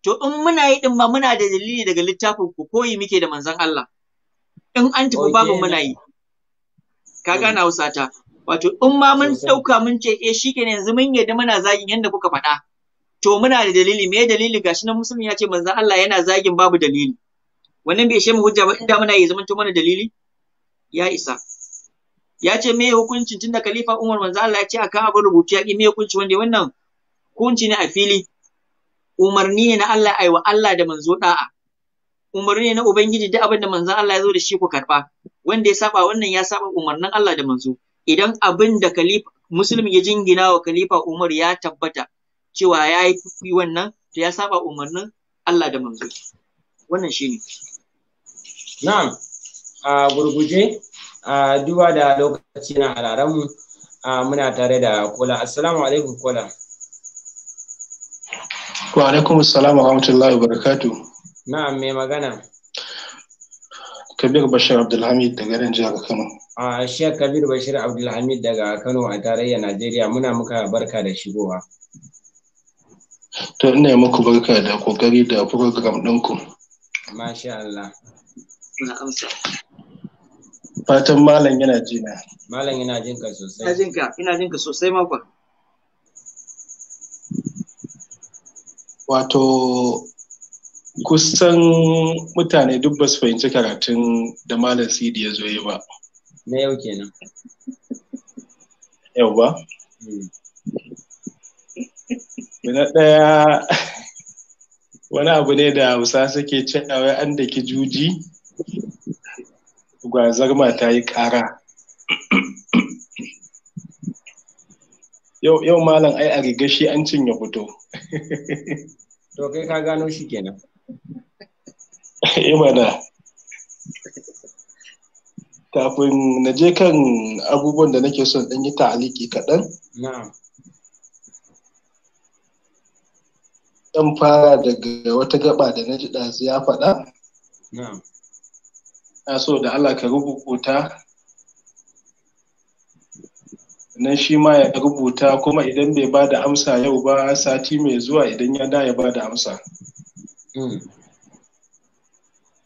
to in muna yi din ma muna da dalili daga littafin ku koyi muke da manzon Allah in an tafi babu muna yi ka gana Hausa ta wato in ma mun ɗauka mun ce eh shi kenan yanzu mun yadda muna zagin yadda kuka faɗa to muna da dalili me dalili gashi nan musulmi ya ce manzo Allah yana zagin babu dalili wannan bai mu hujja ba inda muna yi zamanto mana dalili ya isa ya ce me hukuncin tunda khalifa Umar manzo Allah ya ce akan abin rubutu ya ki me hukunci wanda wannan hukunci ne a fili umarni ne na Allah aiwa Allah da manzo da'a umarni ne na ubangiji duk abin da manzo Allah ya zo da shi ku karba wanda ya saba wannan ya saba umarnin Allah da manzo idan abin da khalifa muslim ya jingina wa khalifa umar ya tabbata cewa ya yi fi wannan to ya saba umarnin Allah da manzo wannan shine na'am a gurguje a duba da lokaci na hararan mu muna tare da kola assalamu alaikum kola wa alaikum assalamu wa rahmatullahi wa barakatuh na'am mai magana kabir bashir abdulhamid daga garin jihar kano a Sheikh Kabir Bashir Abdulhamid daga Kano a tarayyar Najeriya muna muka barka da shigowa. To ina muku barka da kokari da program ɗinku. Masha Allah. Fatan malam yana jina. Malam yana jin ka sosai. Ina jin ka, ina sosai makon. Wato kusan mutane duk ba su fahimci karatun da malam Sidi ya zo yi ba. na yau kenan yau ba hmm. na ɗaya wani abu ne da hausa suke cewa an da ki juji gwazarma ta yi ƙara yau malam ai a riga shi an cinye fito. to kai ka gano shi kenan imana eh kafin na je kan abubuwan da nake son ɗan yi ta'aliki kaɗan. Ɗan fara daga wata gaba da na ji ɗazu ya faɗa. Na so da Allah ka rubuta nan shi ma ya rubuta kuma idan bai ba da amsa yau ba sati mai zuwa idan ya da ya ba da amsa. Ɗan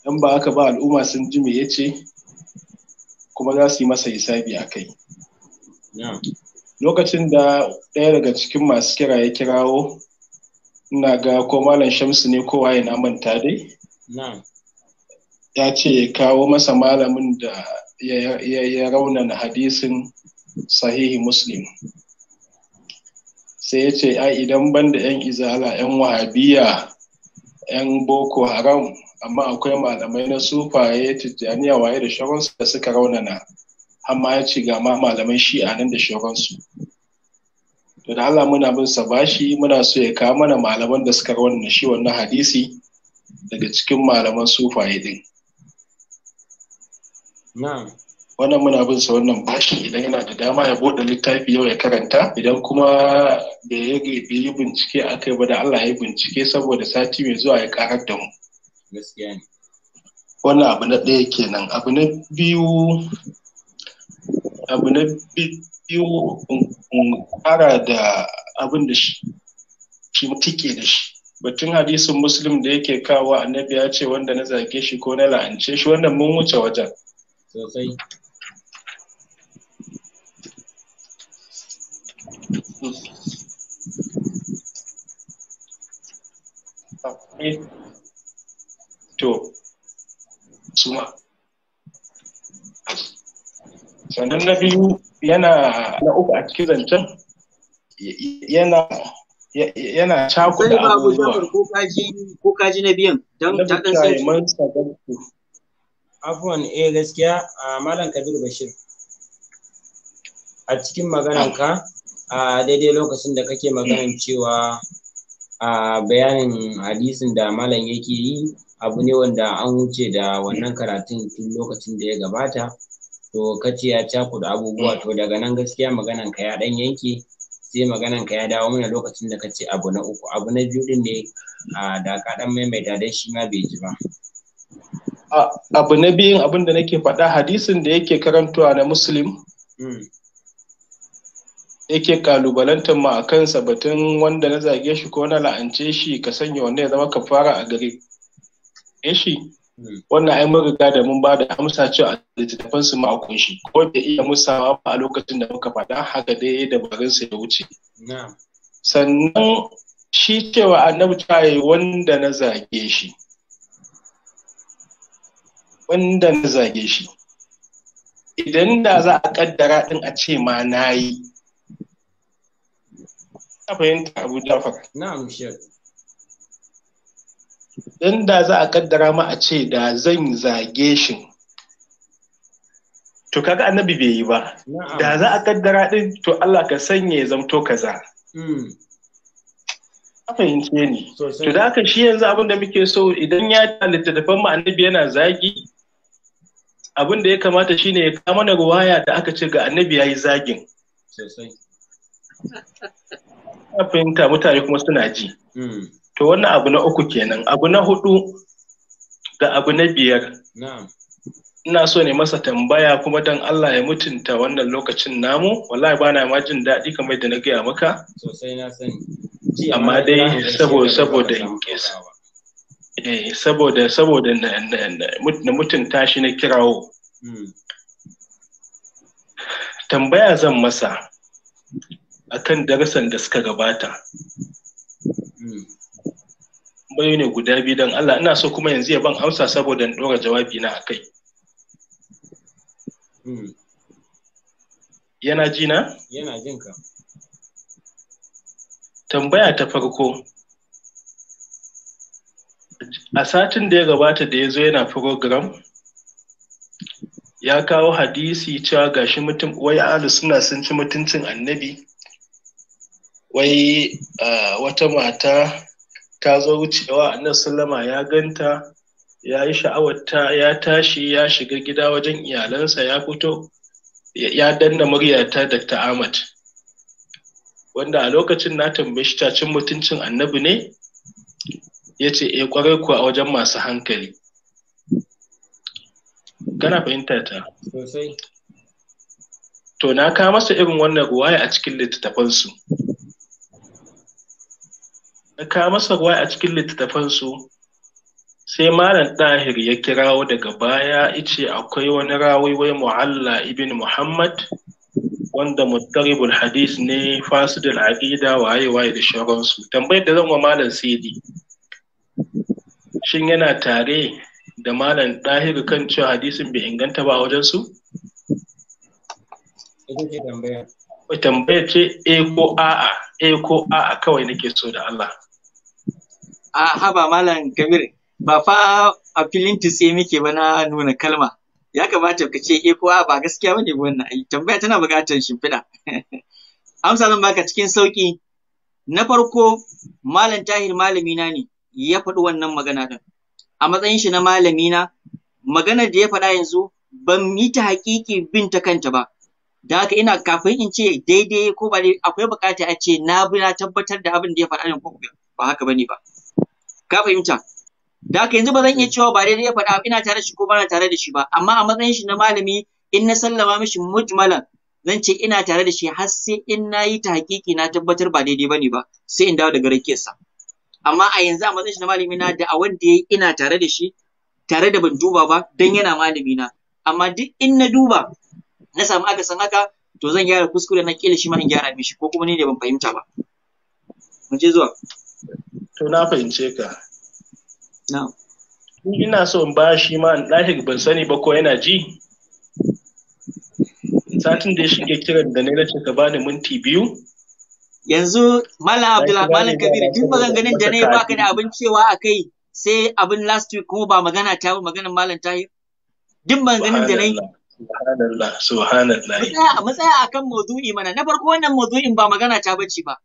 hmm. ba aka ba al'umma sun ji me ya ce? kuma za su yi masa hisabi a kai lokacin da ɗaya daga cikin masu kira ya kirawo ina ga ko malam shamsu ne kowa ya manta dai ya ce ya kawo masa malamin da ya raunana hadisin sahihi muslim sai ya ce ai idan ban da 'yan izala 'yan wahabiya 'yan boko haram amma akwai malamai na sufaye tijjaniya waye da shagonsu da suka raunana amma ya ce ga ma malamai a nan da shagonsu to da Allah muna bin sa bashi muna so ya kawo mana malaman da suka raunana shi wannan hadisi daga cikin malaman sufaye din wannan muna bin sa wannan bashi idan yana da dama ya bude littafi yau ya karanta idan kuma da ya yi bincike akai ba da Allah ya bincike saboda sati mai zuwa ya karar da mu gaskiya ne wannan abu na ɗaya kenan abu na biyu abu na biyu ƙara da abin da shi ke da shi batun hadisin muslim da yake kawo annabi ya ce wanda na zage shi ko na la'ance shi wannan mun wuce wajen sosai to su ma sannan na biyu yana na uku a cikin zancen yana yana cakuda da abubuwa ko kaji na biyan don ta dan sai afwan eh gaskiya a malam kabir bashir a cikin maganarka a daidai lokacin da kake maganan cewa a bayanin hadisin da malam yake yi abu ne wanda an wuce da wannan karatun tun lokacin da ya gabata to kace ya da abubuwa to daga nan gaskiya maganan ka ya dan yanke sai maganan ka ya dawo mana lokacin da kace abu na uku abu na biyu din ne da ka dan maimaita dai shi ma bai ji ba abu na biyun abin da nake faɗa hadisin da yake karantuwa na muslim hmm. yake kalubalantar ma a kansa batun wanda na zage shi ko na la'ance shi ka sanya wanne ya zama kafara a gare shi hmm. wannan ai mun riga da mun ba da amsa cewa littattafan su ma shi ko da iya musawa ba a lokacin da muka faɗa haka dai dabarun sa ya wuce sannan shi cewa annabi ta yi wanda na zage shi wanda na zage shi idan da za a kaddara din a ce ma na yi ta fahimta abu dafar na'am dan da za a kaddara ma a ce da zan zage shi to kaga annabi bai yi ba da za a kaddara din to Allah ka sanya ya zamto kaza hmm. a fahimce ni to da haka shi yanzu abin da muke so idan ya littattafan mu annabi yana zagi abin da ya kamata shine ya kama na ruwaya da aka ce ga annabi yayi zagin a fahimta mutane kuma suna ji hmm. to wannan abu na uku kenan abu na hudu da abu na biyar ina so ne masa tambaya kuma don Allah ya mutunta wannan lokacin namu wallahi ba na jin daɗi kamar da na gaya maka sosai amma dai eh, saboda saboda saboda na mutunta shi na kirawo hmm. tambaya zan masa akan darasan da suka gabata hmm. tambayoyi ne guda biyu don Allah ina so kuma yanzu ya ban amsa saboda in ɗora jawabi na a kai. Hmm. Yana ji na? Yana jin ka. Tambaya ta farko. A satin da ya gabata da ya zo yana program, ya kawo hadisi cewa gashi mutum wai alu suna sun ci mutuncin annabi wai ah, wata mata ta zo wucewa annabi sallama ya ganta ya yi sha'awarta ya tashi ya shiga gida wajen iyalansa ya fito ya danna muryata Dr. Ahmad wanda a lokacin na tambaye shi cin mutuncin annabi ne ya ce e eh, kwarai kuwa a wajen masu hankali kana fahimta ta to na kawo masa irin wannan ruwaya a cikin littattafansu da ka masa ruwa a cikin littattafansu sai malam ɗahir ya kirawo daga baya ice akwai wani rawiwai mu'alla ibn muhammad wanda mutaribul hadis ne fasidul aqida waye waye da sharansu tambayar da zan wa malam sidi shin yana tare da malam ɗahir kan cewa hadisin bai inganta ba a wajensu? tambaya ce e a'a eh ko a'a kawai nake so da Allah a haba malam kabir ba fa a filin tutse muke ba na nuna kalma ya kamata ka ce eh kowa ba gaskiya bane wannan tambaya tana buƙatar shimfiɗa amsa zan baka cikin sauƙi na farko malam tahir malami na ne ya faɗi wannan magana din a matsayin shi na malami na maganar da ya faɗa yanzu ban yi ta haƙiƙi bin ta kanta ba da haka ina kafin in ce daidai ko ba akwai buƙata a ce na bi na tabbatar da abin da ya faɗa yanzu ko ba haka bane ba ka fahimta da haka yanzu ba zan iya mm. cewa ba daidai ya faɗa ina tare da shi ko ba na tare da shi ba amma a matsayin shi na malami in na sallama mishi mujmalan zan ce ina tare da shi har sai in na yi ta hakiki na tabbatar ba daidai bane ba sai in dawo daga sa amma a yanzu a matsayin shi na malami na da a wanda yayi ina tare da shi tare da ban duba ba dan yana malami na amma duk in na duba na samu aka san haka to zan gyara kuskure na kila shi ma in gyara mishi ko kuma ni ne ban fahimta ba Mun je zuwa to na fahimce ka ina so in ba shi ma lahi ban sani ba ko yana ji satin da ya shige kiran da na nace ka bani minti biyu yanzu Malam malam Kabir duk maganganun da ne baka da abin cewa a kai sai abin last week kuma ba magana ta ba maganar Malam Tahir duk maganganun da ne subhanallah subhanallah matsaya akan maudu'i mana na farko wannan mawdu'in ba magana ta bace ba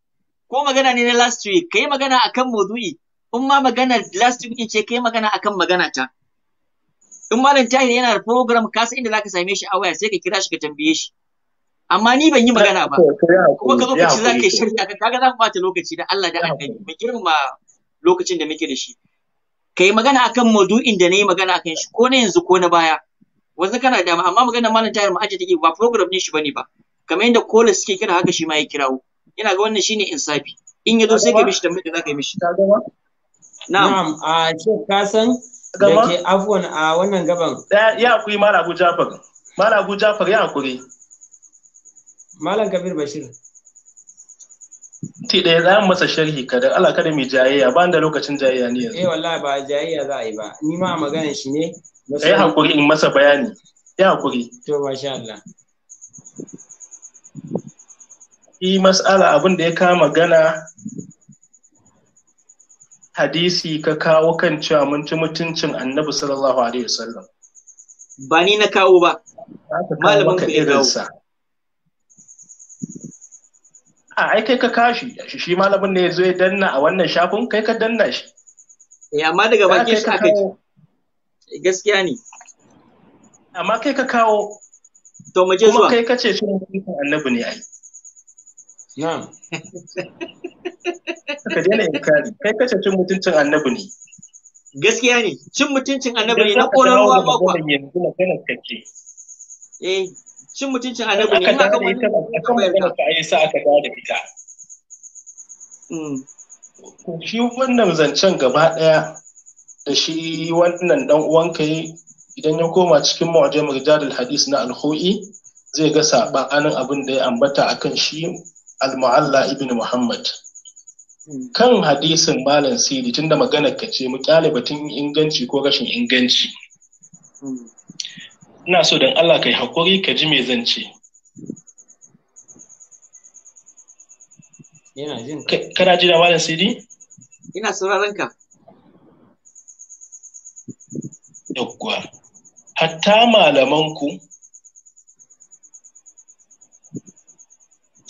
ko magana ne na last week kai magana akan maudu'i in ma magana last week ce kai magana akan magana ta in malam tahir yana da program ka san inda zaka same shi a waya sai ka kira shi ka tambaye shi amma ni ban yi magana ba kuma ka lokaci za ka shirya ka kaga za ku bata lokaci da Allah da annabi mu girma lokacin da muke da shi kai magana akan maudu'in da nayi magana akan shi ko na yanzu ko na baya wanzu kana dama amma magana malam tahir mu aje take ba program ne shi bane ba kamar yadda kola suke kira haka shi ma ya kirawo ina ga wannan shine insafi in yazo sai ka mishi tambayar da zaka yi mishi na'am a ce ka san da ke afwan a wannan gaban ya hakuri mala abu jafar mala abu jafar ya hakuri malam kabir bashir ti ɗaya za mu masa sharhi kada Allah kada mai jayayya ba da lokacin jayayya ne yanzu eh wallahi ba jayayya za a yi ba ni ma magana shi ne kai hakuri in masa bayani ya hakuri to masha Allah yi mas'ala abin da ya kama gana hadisi ka kawo kan cewa mun ci mutuncin annabi sallallahu alaihi wasallam ba ni na kawo ba malamin ka irinsa a ai kai ka kashi shi malamin ne zo ya danna a wannan shafin kai ka danna shi eh amma daga bakin shi aka ji gaskiya ne amma kai ka kawo to mu je zuwa kuma kai kace shi annabi ne ai Na'am. Ka daina inkari, kai kace cin mutuncin annabi ne. Gaskiya ne, cin mutuncin annabi ne na ƙorarwa makwa. Eh, cin mutuncin annabi ne aka wani aka magana aka dawo da hmm. ita. Shi wannan zancen gaba ɗaya da shi wannan ɗan uwanka yi idan ya koma cikin mu'jamul jadal hadis na alho'i zai ga sabanin abin da ya ambata akan shi al-mu'alla ibn muhammad kan hadisin malam sidi tunda magana ka ce mu kyale batun inganci ko rashin inganci ina so don Allah kai hakuri ka ji me zan ce yana jin kana ji da malam sidi ina sauraron ka yawwa hatta malamanku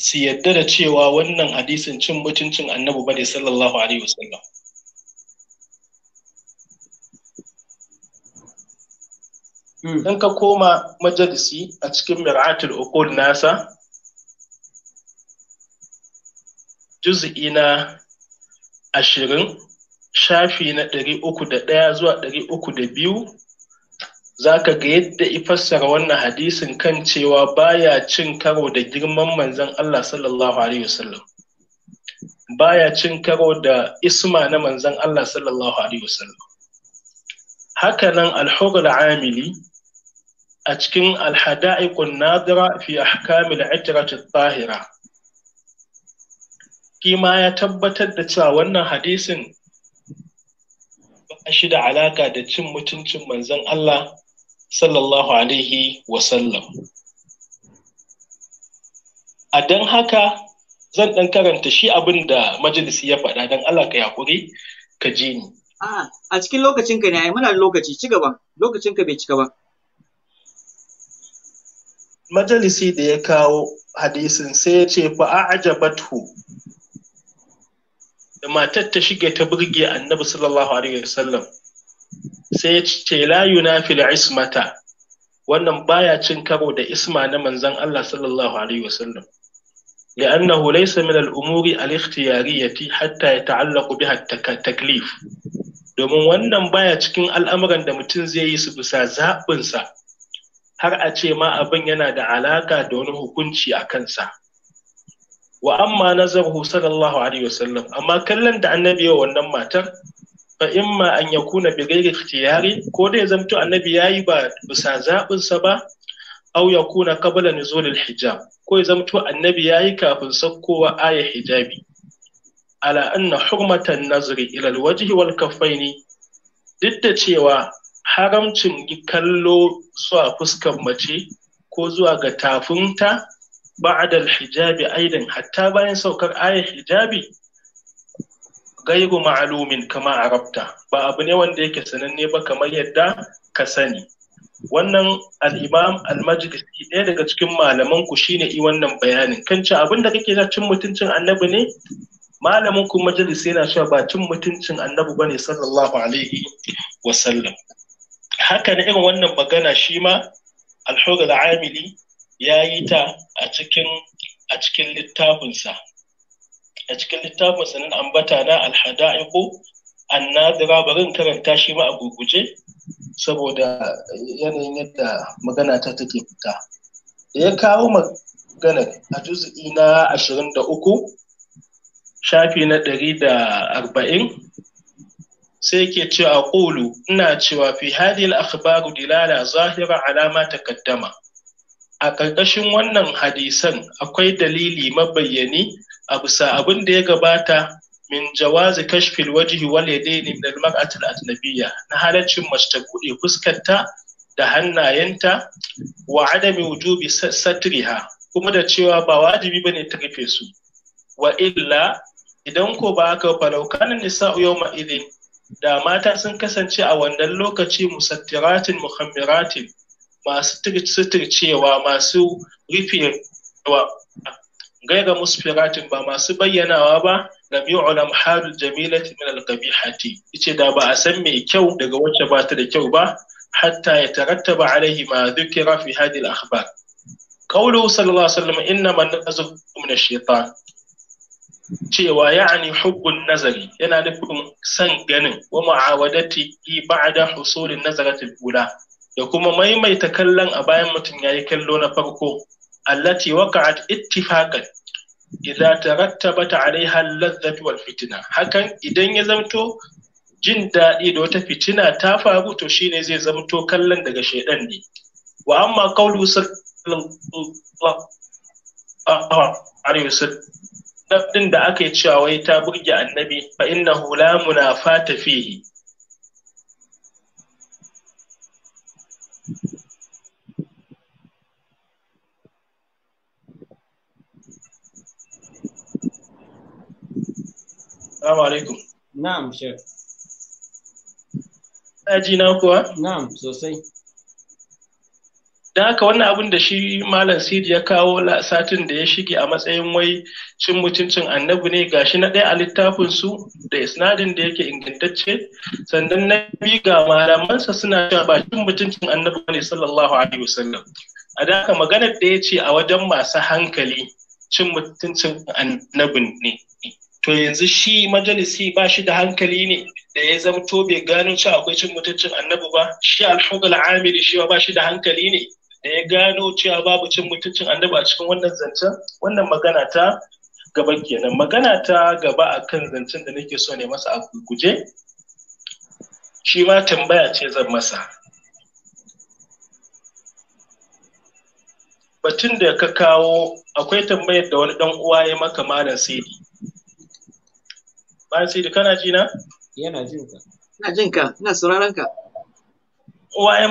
su yadda da cewa wannan hadisin cin mutuncin annabu ba ne, sallallahu alaihi wasallam hmm. in ka koma majalisi a cikin mir'atul uqul nasa juz'i na ashirin shafi na ɗari uku da ɗaya zuwa ɗari uku da biyu zaka ga yadda fassara wannan hadisin kan cewa baya cin karo da girman manzon Allah sallallahu alaihi wasallam baya cin karo da isma na manzon Allah sallallahu alaihi wasallam nan al-hurr amili a cikin al-hada'iqun nadira fi ahkamil itrati tahira kima ya tabbatar da cewa wannan hadisin ba shi da alaka da cin mutuncin manzon Allah sallallahu alaihi wasallam a don haka zan ɗan karanta shi abin da majalisi ya faɗa don Allah ka yaƙuri ka ji ni. A cikin lokacin ka ne ai muna lokaci ci gaba lokacin ka bai cika ba. Majalisi da ya kawo hadisin sai ya ce fa a'jabathu da matar ta shige ta burge annabi sallallahu alaihi wasallam sai ya ce la yunafil ismata wannan baya cin karo da isma na manzon Allah sallallahu alaihi wasallam umuri umuri al الأمور hatta yata'allaqu ta'allaku at Taklif. domin wannan baya cikin al'amuran da mutum zai yi su bisa sa har a ce ma abin yana da alaƙa da wani hukunci a kansa. Wa amma nazaruhu sallallahu Alaihi wasallam, amma kallon da annabi wa wannan matar fa imma an yakuna bi ghairi ikhtiyari ko dai zamto annabi yayi ba bisa zabin sa ba aw yakuna qabla nuzul al-hijab ko ya zamto annabi yayi kafin sakkowa aya hijabi ala anna hurmatan nazri ila al-wajhi wal kaffaini duk da cewa haramcin kallo zuwa fuskar mace ko zuwa ga tafinta ba'da al-hijabi aidan hatta bayan saukar aya hijabi Gairu ma'alumin kama arabta ba abu ne wanda yake sananne ba kamar yadda ka sani wannan al'imam al-majlisi ɗaya daga cikin malaman ku shine i wannan bayanin kan ci abin da kake na cin mutuncin annabi ne malamin ku majalisi yana cewa ba cin mutuncin annabi bane sallallahu alaihi wa sallam haka na irin wannan magana shi ma al-hurul amili ya yi ta a cikin a cikin littafinsa a cikin littafin sanin ambata na alhada'iku annadira barin karanta shi ma a gurguje saboda yanayin yadda magana ta take fita ya kawo magana a juzi na ashirin da uku shafi na ɗari da arba'in sai ke cewa Kulu ina cewa fi hadil akhbaru dilala zahira alama takaddama a ƙarƙashin wannan hadisan akwai dalili mabayyani a bisa abin da ya gabata min jawazi kashfil wajihi wal yadaini min al mar'ati al ajnabiyya na halaccin mace ta bude fuskarta da hannayenta wa adami wujubi satriha kuma da cewa ba wajibi bane ta rufe su wa illa idan ko ba aka falau kana nisa'u yawma idin da mata sun kasance a wannan lokaci musattiratin muhammiratin masu suturcewa masu rufe gaira musfiratin ba masu bayyanawa ba lam yu'lam halul jamilati min al-qabihati yace da ba a san mai kyau daga wacce ba ta da kyau ba hatta ya tarattaba alaihi ma dhukira fi hadhihi al-akhbar qawluhu sallallahu alaihi wasallam innama an-nazaru min ash-shaytan cewa ya'ani hubbun nazari yana nufin san ganin wa mu'awadati ba'da husulin nazaratil ula da kuma maimaita kallon a bayan mutum yayi kallo na farko allati waqa'at ittifaqan idza tarattabat ta al-ladhatu wal fitina, hakan idan ya zamto jin daɗi da wata fitina ta faru to shine zai zamto kallon daga shaidan ne wa amma qawlu sallallahu alaihi wasallam da aka yi cewa wai ta burge annabi fa innahu la munafata fihi السلام عليكم نعم شيخ Daji na kuwa? Na'am, Da haka wannan abin da shi Malam Sidi ya kawo satin da ya shige a matsayin wai cin mutuncin annabi ne gashi na ɗaya a littafin su da isnadin da yake ingantacce sannan na biyu ga malamansa suna cewa ba cin mutuncin annabi ne sallallahu alaihi wasallam. A da haka maganar da ya ce a wajen masu hankali cin mutuncin annabi ne. to yanzu shi majalisi ba shi da hankali ne da ya zamto bai gano cewa akwai cin mutuncin annabi ba shi alhudul amiri shi ba shi da hankali ne da ya gano cewa babu cin mutuncin annabi a cikin wannan zancen wannan magana ta gaba kenan magana ta gaba akan zancen da nake so ne masa a guje shi ma tambaya ce zan masa batun da ka kawo akwai tambayar da wani dan uwa ya maka malam sidi Bayan sai da kana ji na? Yana jin ka. Ina jin ka, ina sauraron ka. Uwa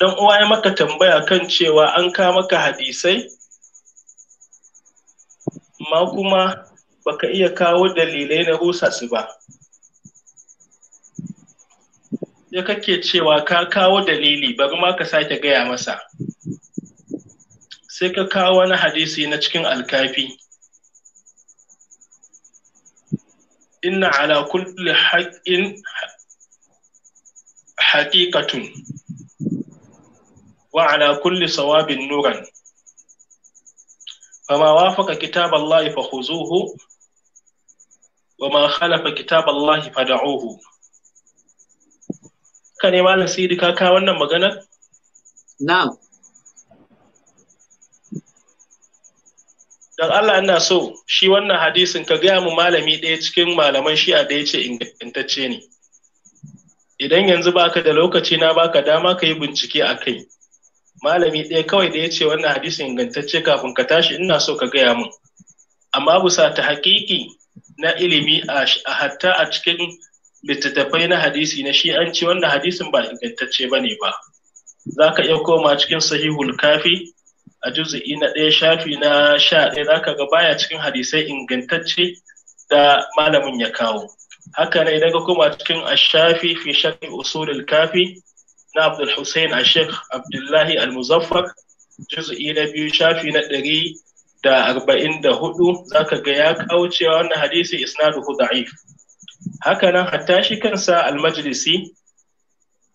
dan uwa ya maka tambaya kan cewa an ka maka hadisai ma kuma baka iya kawo dalilai na rusa su ba. Ya kake cewa ka kawo dalili bari ma ka sake gaya masa. Sai ka kawo wani hadisi na cikin alkafi. inna ala kulli haƙin haƙiƙatun wa ala kulli sawabin nuran فما وافق كتاب الله فخذوه وما خلف كتاب الله فدعوه malam يمال ka kawo wannan maganar na'am dan Allah ina so shi wannan hadisin ka gaya mu malami ɗaya cikin malaman shi'a da ya ce ingantacce ne idan yanzu baka da lokaci na baka dama ka yi bincike a kai malami ɗaya kawai da ya ce wannan hadisin ingantacce kafin ka tashi ina so ka gaya mu amma bisa ta haƙiƙi na ilimi a hatta a cikin littattafai na hadisi na shi an ci wannan hadisin ba ingantacce ba ne ba za ka iya koma cikin sahihul kafi a juz'i na ɗaya shafi na sha ɗaya za ka ga baya cikin hadisai ingantacce da malamin ya kawo haka ne idan ka koma cikin ashafi fi shafi usulul kafi na abdul hussein a sheikh abdullahi al-muzaffar juzu'i na biyu shafi na ɗari da arba'in da hudu za ka ga ya kawo cewa wannan hadisi isnaduhu da'if haka nan hatta shi kansa al-majlisi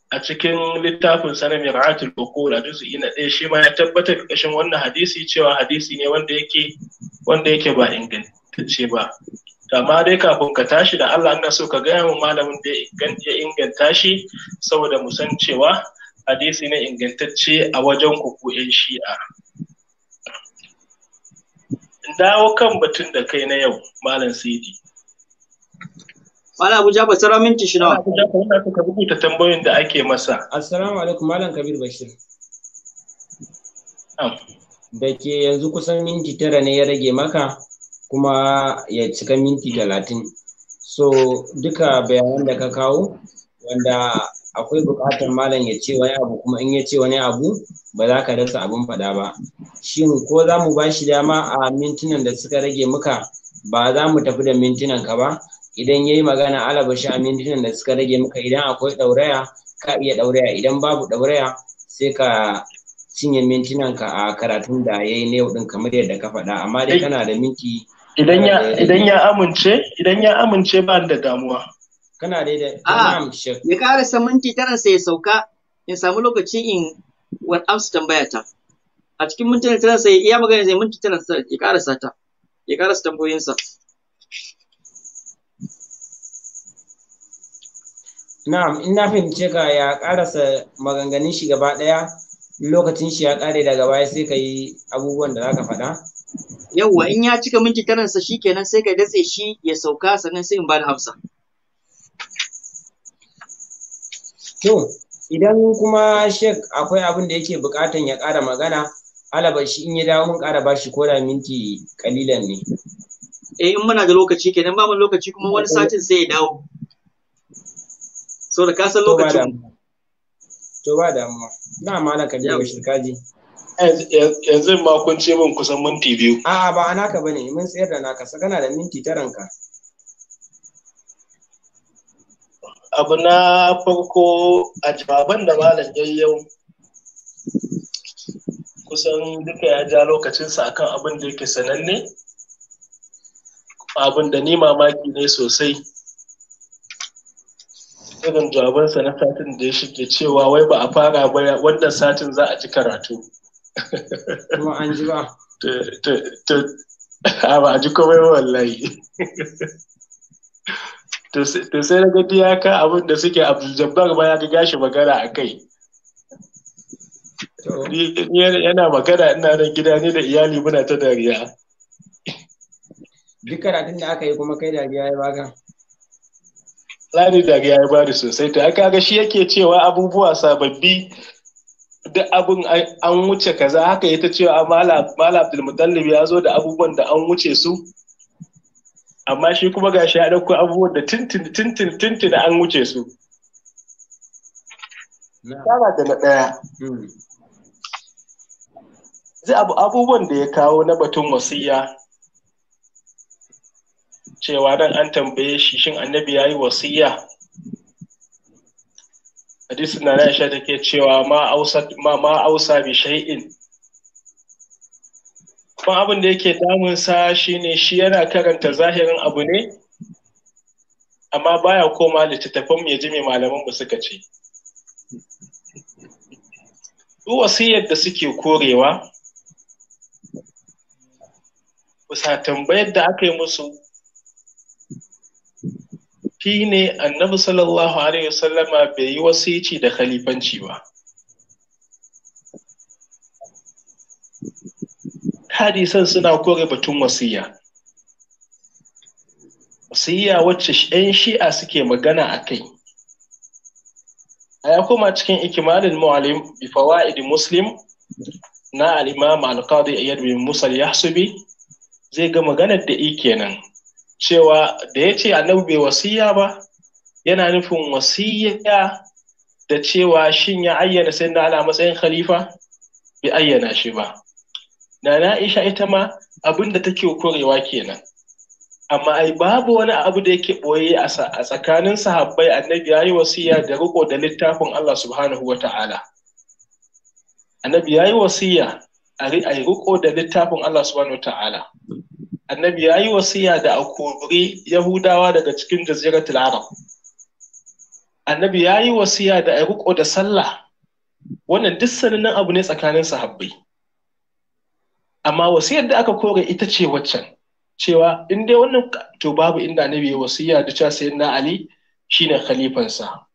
a cikin littafin sanar mir'atul uqul a juz'i na ɗaya shi ma ya tabbatar kashin wannan hadisi cewa hadisi ne wanda yake wanda ba ingantacce ba amma dai kafin ka tashi da Allah ina so ka gaya mu malamin da ya inganta shi saboda mu san cewa hadisi ne ingantacce a wajen ku ko yan shi'a dawo kan batun da kai na yau malam sidi Mala Abuja Jafar tsara minti shi nawa. Abu Jafar yana ka rubuta tambayoyin da ake masa. Assalamu alaikum Malam Kabir Bashir. Da ke yanzu kusan minti tara ne ya rage maka kuma ya cika minti talatin. So duka bayanan da ka kawo wanda akwai buƙatar malam ya ce wani abu kuma in ya ce wani abu ba za ka rasa abin faɗa ba. Shin ko za mu ba shi dama a mintunan da suka rage muka ba za mu tafi da mintunan ka ba idan yayi magana alabashi a mintunan da suka rage maka idan akwai ɗauraya ka iya ɗauraya idan babu ɗauraya sai ka cinye mintunan ka a karatun da yayi na yau din kamar yadda ka faɗa amma dai kana da minti idan ya idan ya amince idan ya amince ba da damuwa kana dai da ya karasa minti tara sai ya sauka ya samu lokaci in WhatsApp tambaya ta a cikin minti tara sai iya magana sai minti tara ya karasa ta ya karasa tambayoyinsa Na'am, ina fahimce ka ya karasa maganganun shi gaba ɗaya lokacin shi ya kare daga baya sai ka yi abubuwan da zaka faɗa. Yawwa in ya cika minti taransa shi kenan sai ka datse shi ya sauka sannan sai in ba da amsa. To, idan kuma Sheikh akwai abin da yake buƙatan ya ƙara magana, alaba shi in ya dawo mun ƙara bashi ko da minti ƙalilan ne. Eh in muna da lokaci kenan ba mu lokaci kuma wani satin sai ya dawo. so da kasan lokacin to ba na malam ka je shi kaji yanzu ma kun ce min kusan minti biyu a'a ba naka bane mun tsayar da naka kana da minti ka. abu na farko a jibaban da malam yayyau kusan duka ya ja lokacinsa akan abin da yake sananne abin da ni mamaki ne sosai irin jawabansa na satin da ya shige cewa wai ba a fara ba wannan satin za a ji karatu. Kuma an ji ba. A ba a ji komai wallahi. Ta sai na gadi ya ka abin da suke Abdul ba ya ga gashi magana a kai. Yana magana ina nan gida ne da iyali muna ta dariya. Duk karatun da aka yi kuma kai dariya ya baka. Lari da ya yi bari sosai ta kaga shi yake cewa abubuwa sababbi duk abin an wuce kaza haka ya ta cewa mala abdulmutallib ya zo da abubuwan da an wuce su amma shi kuma ga shi ya ɗauko abubuwan da tintin da an wuce su Tara da na ɗaya. Hmm. Zai abubuwan da ya kawo na batun wasiya cewa dan an tambaye shi shin annabi ya yi wasiya hadisin na shi take cewa ma ausa ma ausa bi shay'in kuma abin da yake damun sa shine shi yana karanta zahirin abu ne amma baya koma littattafan mu yaji mai malaman mu suka ce duk wasiyar da suke korewa bisa tambayar da aka yi musu Shi ne annabi sallallahu alaihi wasallama bai yi wasici da khalifanci ba hadisan suna kore batun wasiya wasiya wacce 'yan shi'a suke magana a kai ya koma cikin ikimalin mu'alim bi fawaid muslim na al-imam al-qadi ayyad bin musal yahsubi zai ga maganar da i kenan cewa da ya ce annabi bai wasiya ba yana nufin wasiya da cewa shin ya ayyana sai da ala matsayin khalifa bai ayyana shi ba na na'isha ita ma abin da take korewa kenan amma ai babu wani abu da yake boye a tsakanin sahabbai annabi ya yi wasiya da riko da littafin Allah subhanahu wa ta'ala annabi ya yi wasiya a riko da littafin Allah subhanahu wa ta'ala. annabi ya yi wasiya da a kori yahudawa daga cikin jaziratul arab annabi ya yi wasiya da a riko da sallah wannan duk sanannen abu ne tsakanin sahabbai amma wasiyar da aka kore ita ce waccan cewa in dai wannan to babu inda annabi ya wasiya da cewa na ali shine khalifansa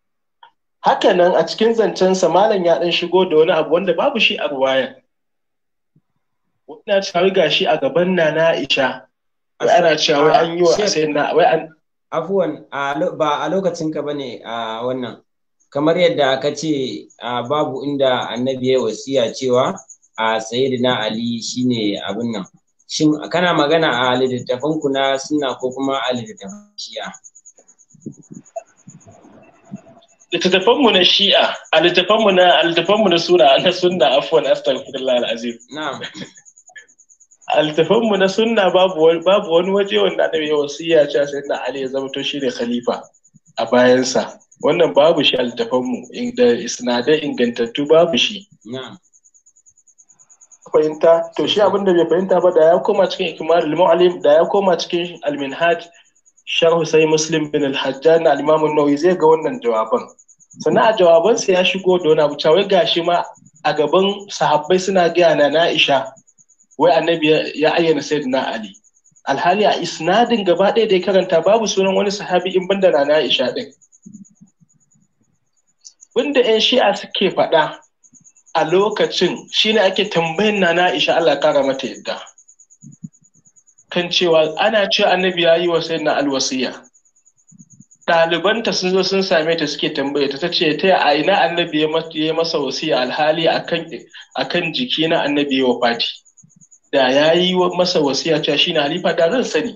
hakanan a cikin zancensa malam ya ɗan shigo da wani abu wanda babu shi a ruwayar ina cewa gashi a gaban Nana Aisha wai ana cewa wai an yi wa na wai an afuwan ba a lokacin ka bane a wannan kamar yadda ka ce babu inda annabi ya wasiya cewa a sayyidina Ali shine abin nan shin kana magana a littattafan ku na sunna ko kuma a littattafan shi'a mu na shi'a a mu na sunna na sunna afwan astaghfirullah alazim na'am altafanmu na sunna babu babu wani waje wanda annabi ya wasiya cewa sayyidina ali ya zama to shine khalifa a bayansa wannan babu shi altafanmu da isnadai ingantattu babu shi fahimta to shi abin da bai fahimta ba da ya koma cikin ikmar al-mu'allim da ya koma cikin al-minhaj sharh sai muslim bin al-hajjan al-imam an-nawawi zai ga wannan jawaban sannan a jawabansa ya shigo da wani abu cawai gashi ma a gaban sahabbai suna gaya na Aisha wai annabi ya ayyana sayyidina ali alhali a isnadin gaba ɗaya da ya karanta babu sunan wani sahabi in banda na isha din wanda yan shi'a suke faɗa a lokacin shine ake tambayin na isha Allah kara mata yadda kan cewa ana cewa annabi ya yi wa sayyidina alwasiya ɗalibanta sun zo sun same ta suke tambaye ta ce ta a ina annabi ya masa wasiya alhali akan kan jiki na annabi ya Fati? da ya yi masa wasiya cewa shi ne halifa da zan sani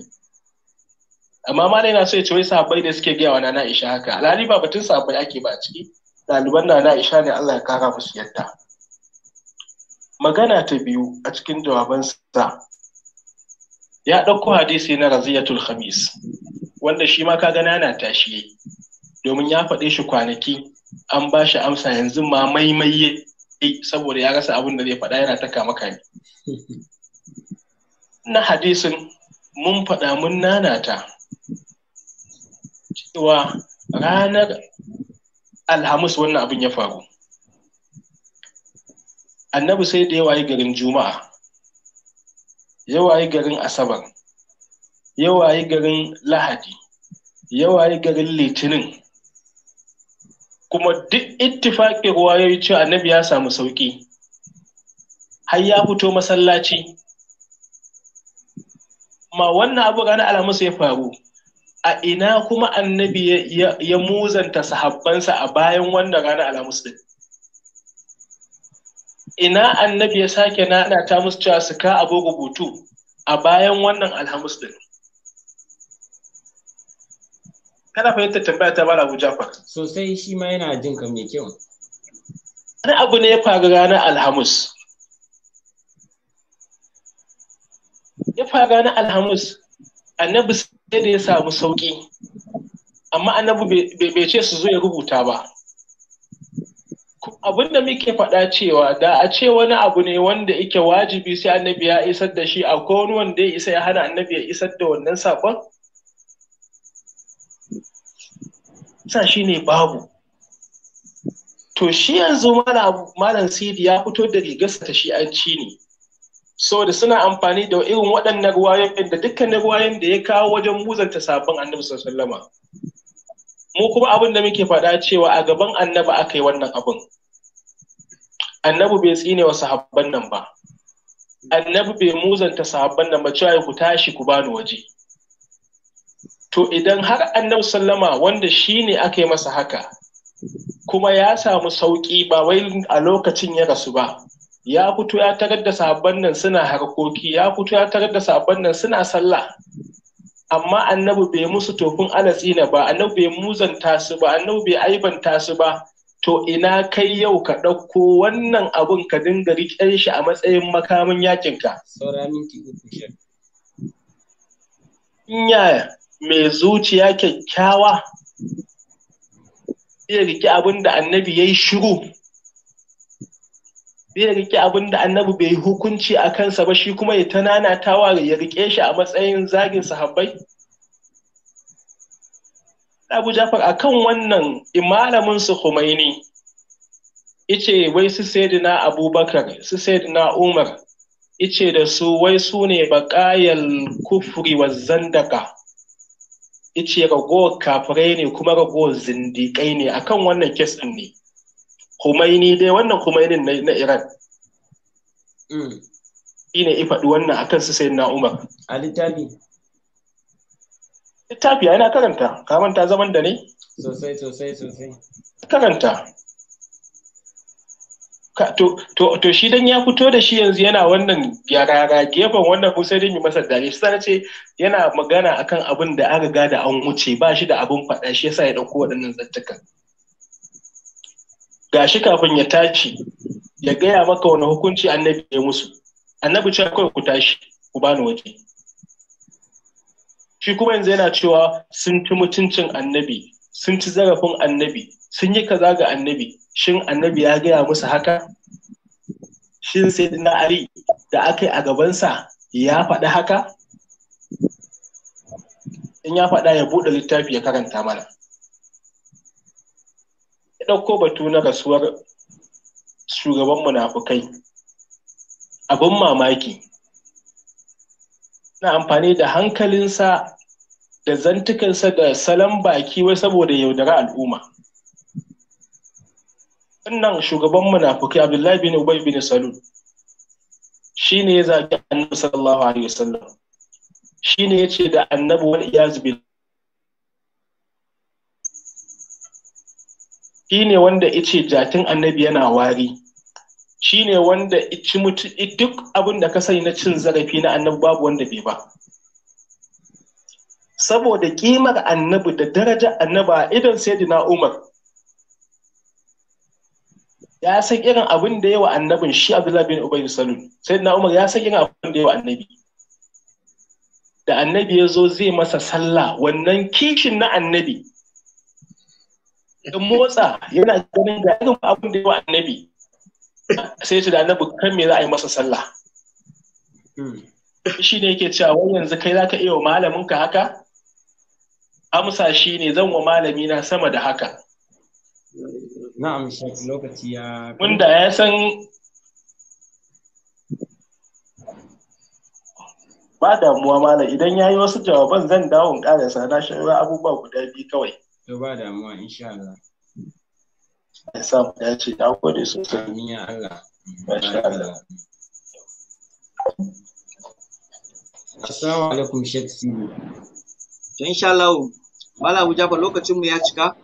amma malai na so ya ce wai sabai da suke gaya wa na isha haka alhali ba batun sabai ake ba a ciki ɗaliban na isha ne allah ya kara musu yadda magana ta biyu a cikin jawabansa ya ɗauko hadisi na raziyatul khamis wanda shi ma ka gana yana tashi domin ya faɗe shi kwanaki an ba shi amsa yanzu ma maimaiye eh, saboda ya rasa abin da zai faɗa yana ta kama kame na hadisin mun faɗa mun nanata cewa ranar alhamis wannan abin ya faru annabi sai da yawayi garin juma'a yawayi garin asabar yawayi garin lahadi yawayi garin litinin kuma duk ittifaƙin ruwa ya yi cewa annabi ya samu sauƙi har ya fito masallaci ma wannan abu ranar alhamis ya faru a ina kuma annabi ya muzanta sahabbansa a bayan wannan ranar alhamis din ina annabi ya sake nana ta musu cewa su ka abu rubutu a bayan wannan alhamis din kana fahimtar tambaya ta bala abu jafar sosai shi ma yana jin ka kyau wani abu ne ya faru ranar alhamis ya fara na alhamis annabi sai da ya samu sauki amma annabi bai ce su zo ya rubuta ba abin da muke faɗa cewa da a ce wani abu ne wanda yake wajibi sai annabi ya isar da shi akwai wani wanda ya isa ya hana annabi ya isar da wannan saƙon sa shi ne babu to shi yanzu malam sidi ya fito da rigarsa ta shi an ci ne saboda suna amfani da irin waɗannan ruwayoyin da dukkanin ruwayoyin da ya kawo wajen muzanta sabon annabi sallama mu kuma abin da muke faɗa cewa a gaban annabi aka yi wannan abin annabi bai tsine wa sahabban nan ba annabi bai muzanta sahabban nan ba cewa ku tashi ku bani waje to idan har annabi sallama wanda shi ne aka yi masa haka kuma ya samu sauƙi ba wai a lokacin ya rasu ba ya fito ya tarar da sabon nan suna harkoki ya fito ya tarar da sabon nan suna sallah amma annabi bai musu tofin alatsina ba annabi bai muzanta su ba annabi bai aibanta su ba to ina kai yau ka ɗauko wannan abun ka dinga riƙe shi a matsayin makamin yakinka inya mai zuciya kyakkyawa iya riƙe abin da annabi ya yi shiru zai rike abin da annabi bai yi hukunci a kansa ba shi kuma ya ta nanatawa ya rike shi a matsayin zagin sahabbai Abu Jafar a wannan imalamin su Khomeini ice wai su Sayyidina Abubakar su Sayyidina Umar ice da su wai su ne baƙayal kufri wa zandaka ice ragowar kafirai ne kuma ragowar zindiƙai ne akan wannan kes ɗin ne Khomeini dai wannan Khomeini na, na Iran. Mm. Shi ne ifaɗi wannan akan su sai na Umar. A littafi. Littafi yana karanta, ka manta zaman da ne? Sosai sosai sosai. Karanta. to, to, to shi dan ya fito da shi yanzu yana wannan gyarara gefen wannan kusa mai masa dare shi sana ce yana magana akan abin da aka riga da an wuce ba shi da abin faɗa shi yasa ya ɗauko waɗannan zantukan. gashi kafin ya tashi ya gaya maka wani hukunci annabi ya musu annabi ce kawai ku tashi ku bani waje shi kuma yanzu yana cewa sun ci mutuncin annabi sun ci zarafin annabi sun yi kaza ga annabi shin annabi ya gaya musu haka shin sai na ali da aka yi a gabansa ya faɗi haka in ya faɗa ya buɗe littafi ya karanta mana ya ɗauko batu na rasuwar shugaban munafukai abin mamaki na amfani da hankalinsa da zantukansa da salon baki wai saboda yaudara al'umma wannan shugaban munafukai abdullahi bin ubai bin salu shi ne ya zaƙi annabi sallallahu alaihi wasallam shi ne ya ce da annabi wal iyaz bin shi ne wanda ice jatin annabi yana wari shi ne wanda ici mutu duk abin da ka sani na cin zarafi na annabi babu wanda bai ba saboda kimar annabi da daraja annaba idan sayyidina umar ya san irin abin da yawa annabin shi abdullahi bin ubay salul sayyidina umar ya san irin abin da yawa annabi da annabi ya zo zai masa sallah wannan kishin na annabi in motsa yana ganin ga irin abin da yawa annabi sai su da annabi kan me za a yi masa sallah hmm. shi ne yake cewa wai yanzu kai zaka iya wa malamin ka haka amsa shi ne zan wa malami na sama da haka na'am lokaci ya wanda ya san ba damuwa malam idan ya yi wasu jawaban zan dawo in ƙarasa na shawar abubuwa guda biyu kawai to ba damuwa insha Allah ya sa mu dace ya gode sosai amin ya Allah masha Allah assalamu alaikum shek sinu to insha Allah mala Abu Jafar lokacin mu ya cika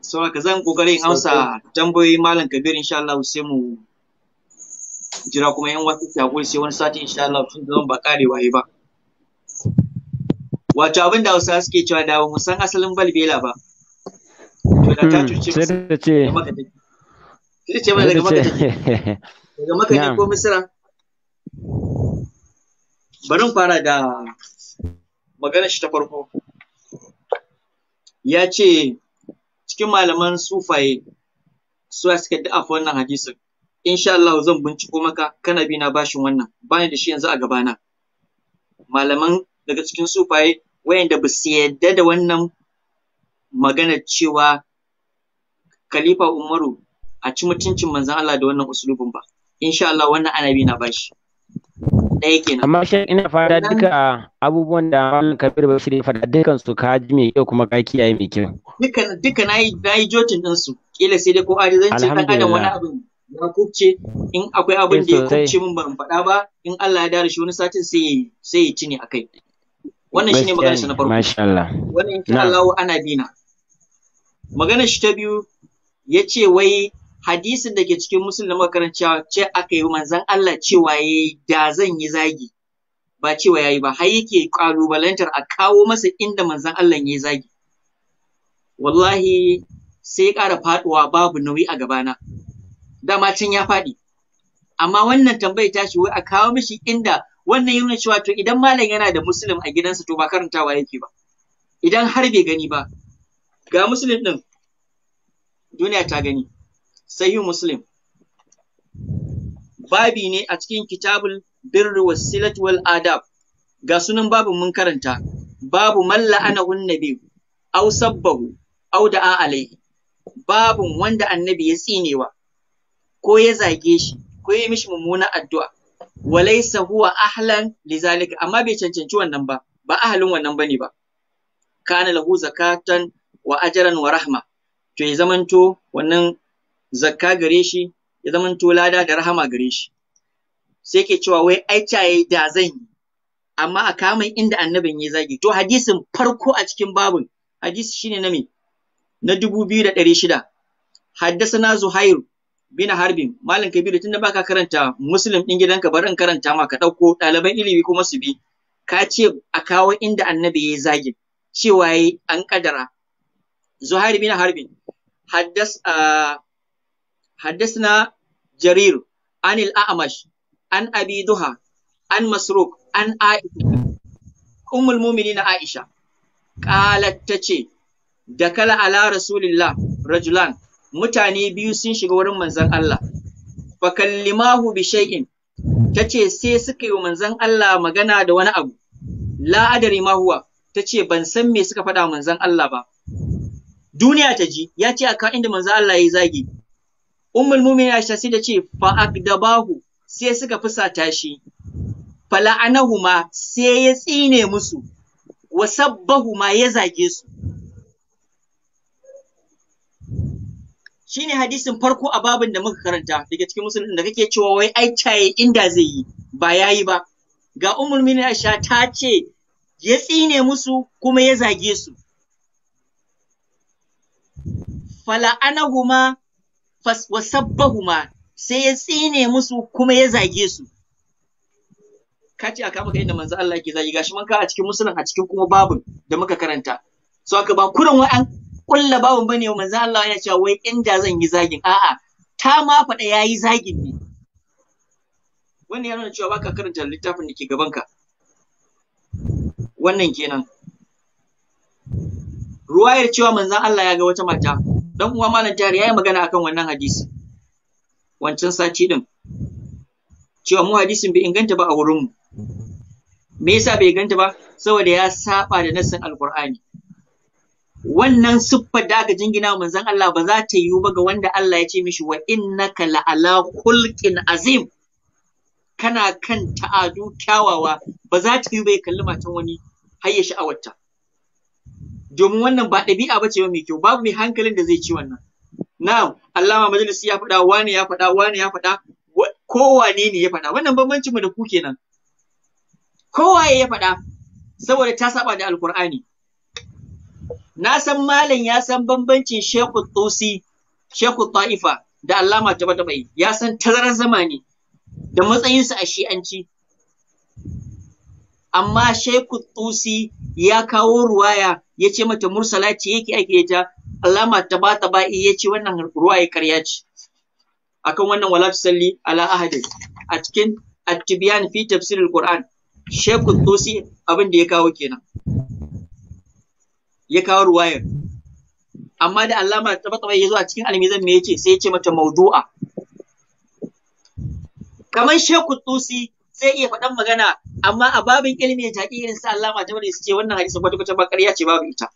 saboda zan kokarin amsa tambayoyin malam Kabir insha Allah sai mu jira kuma yan wasu shagul sai wani sati insha Allah tun da ba karewa yi ba wato abin da Hausa suke cewa da ba mu san asalin balbela ba Hmm, daga sai ta ce daga ko misira bari fara da magana shi ta farko ya ce cikin malaman sufaye su suka da'afa wannan hadisin insha Allah zan binciko maka kana bi na bashin wannan bani da shi yanzu a gabana malaman daga cikin sufaye wayanda ba su yadda da wannan maganar cewa Khalifa Umaru a ci mutuncin manzon Allah da wannan usulubin ba insha Allah wannan annabi na bashi ɗaya kenan amma shi ina fara duka abubuwan da Malam Kabir Bashir ya faɗa dukan su ka ji mai kyau kuma ka kiyaye mai kyau duka duka nayi nayi jotin din su kila sai dai ko ajizancin kan adam wani abu ya kubce in akwai abin da ya eh, kubce min ban faɗa ba in Allah ya dare shi wani satin sai sai ya cini akai wannan shine maganar shi na farko masha Allah wannan insha Allah ana bina maganar shi ta biyu ya ce wai hadisin da ke cikin musulun muka karanta ce aka yi manzan Allah cewa ya yi da zan yi zagi ba cewa ya yi ba har yake ƙalubalantar a kawo masa inda manzan Allah ya yi zagi wallahi sai ya ƙara faɗuwa babu nauyi a gabana dama can ya faɗi amma wannan tambayar ta wai a kawo mishi inda wannan yi cewa to idan malam yana da musulun a gidansa to ba karantawa yake ba idan har bai gani ba ga musulun ɗin. duniya ta gani sahihu muslim babi ne a cikin kitabul birri wasilat wal adab ga sunan babu mun karanta babu malla ana nabi au sabbahu au da'a alaihi babun wanda annabi ya tsinewa ko ya zage shi ko ya mishi mummunan addu'a walaysa huwa ahlan zalika amma bai cancanci wannan ba ba ahalin wannan bane ba kana lahu zakatan wa ajran wa rahma to ya zamanto wannan zakka gare shi ya zamanto lada da rahama gare shi sai ke cewa wai aita yayi da zan yi amma a kamar inda annabin ya zagi to hadisin farko a cikin babun hadisi shine na me na dubu biyu da ɗari shida haddasana zuhair bin harbin malam kabiru tunda baka karanta muslim din gidanka bari in karanta ma ka ɗauko ɗaliban ilimi kuma su bi ka ce a kawo inda annabi ya zagi cewa yayi an kadara zuhair bin harbin حدث آه حدثنا جرير عن الأعمش عن أبي دهى عن مسروق عن عائشة أم المؤمنين عائشة قالت تشي دكال على رسول الله رجلان mutane biyu sun shiga wurin manzon Allah fakallimahu bi shay'in tace sai suka yi manzon Allah magana da wani abu la adari ma huwa tace ban san me suka faɗa manzon Allah ba duniya ta ji ya ce a kan inda manzo Allah ya zagi ummul mu'minin Aisha sai ta ce fa akdabahu sai suka fusata shi fala'anahuma sai ya tsine musu wa sabbahuma ya zage su shine hadisin farko a babin da muka karanta daga cikin musulmin da kake cewa wai ai caye inda zai yi ba yayi ba ga ummul mu'minin Aisha ta ce ya tsine musu kuma ya zage su fala'anahuma wasabbahuma sai ya tsine musu kuma ya zage su ka ce a kama kai da manzo Allah ke zagi gashi man ka a cikin musulun a cikin kuma babun da muka karanta so aka ba kuran wai an kulla babu bane manzo Allah ya cewa wai inda zan yi zagin a'a ta ma faɗa yayi zagin ne wannan ya nuna cewa baka karanta littafin da ke gabanka wannan kenan ruwayar cewa manzon Allah ya ga wata mata dan uwa malam jari yayi magana akan wannan hadisi wancan sati din cewa mu hadisin bai inganta ba a wurin mu me yasa bai inganta ba saboda ya saba da nassin alqur'ani wannan siffar da aka jingina manzon Allah ba za ta yiwu ba ga wanda Allah ya ce mishi wa innaka la'ala khulqin azim kana kan ta'adu kyawawa ba za ta yiwu bai kalli matan wani har ya sha'awarta domin wannan ba ɗabi'a ba ce ba mai kyau babu mai hankalin da zai ci wannan na'am allama majalisi ya faɗa wani ya faɗa wani ya faɗa kowane ne ya faɗa wannan bambancin mu da ku kenan kowaye ya faɗa saboda ta saba da alkur'ani na san malam ya san bambancin Shekut tsosi Shekut ta'ifa da allama ta bata bai ya san tazarar zamani da matsayinsa a shi'anci amma Shekut tsosi ya kawo ruwaya ya ce mata mursala ce yake ake ta alama ta ba ta ba ya ce wannan ruwa ya karya ce akan wannan wala tusalli ala Ahadi, a cikin at-tibyan fi tafsiril qur'an shekul tusi abin da ya kawo kenan ya kawo ruwayar amma da alama ta ba ya zo a cikin almizan me yace sai ya ce mata mawdu'a kamar shekul tusi zai iya faɗan magana amma a babin ilimi ya taƙi irin su Allama Jabari su ce wannan hadisi kwata kwata ba ƙarya ce babu ita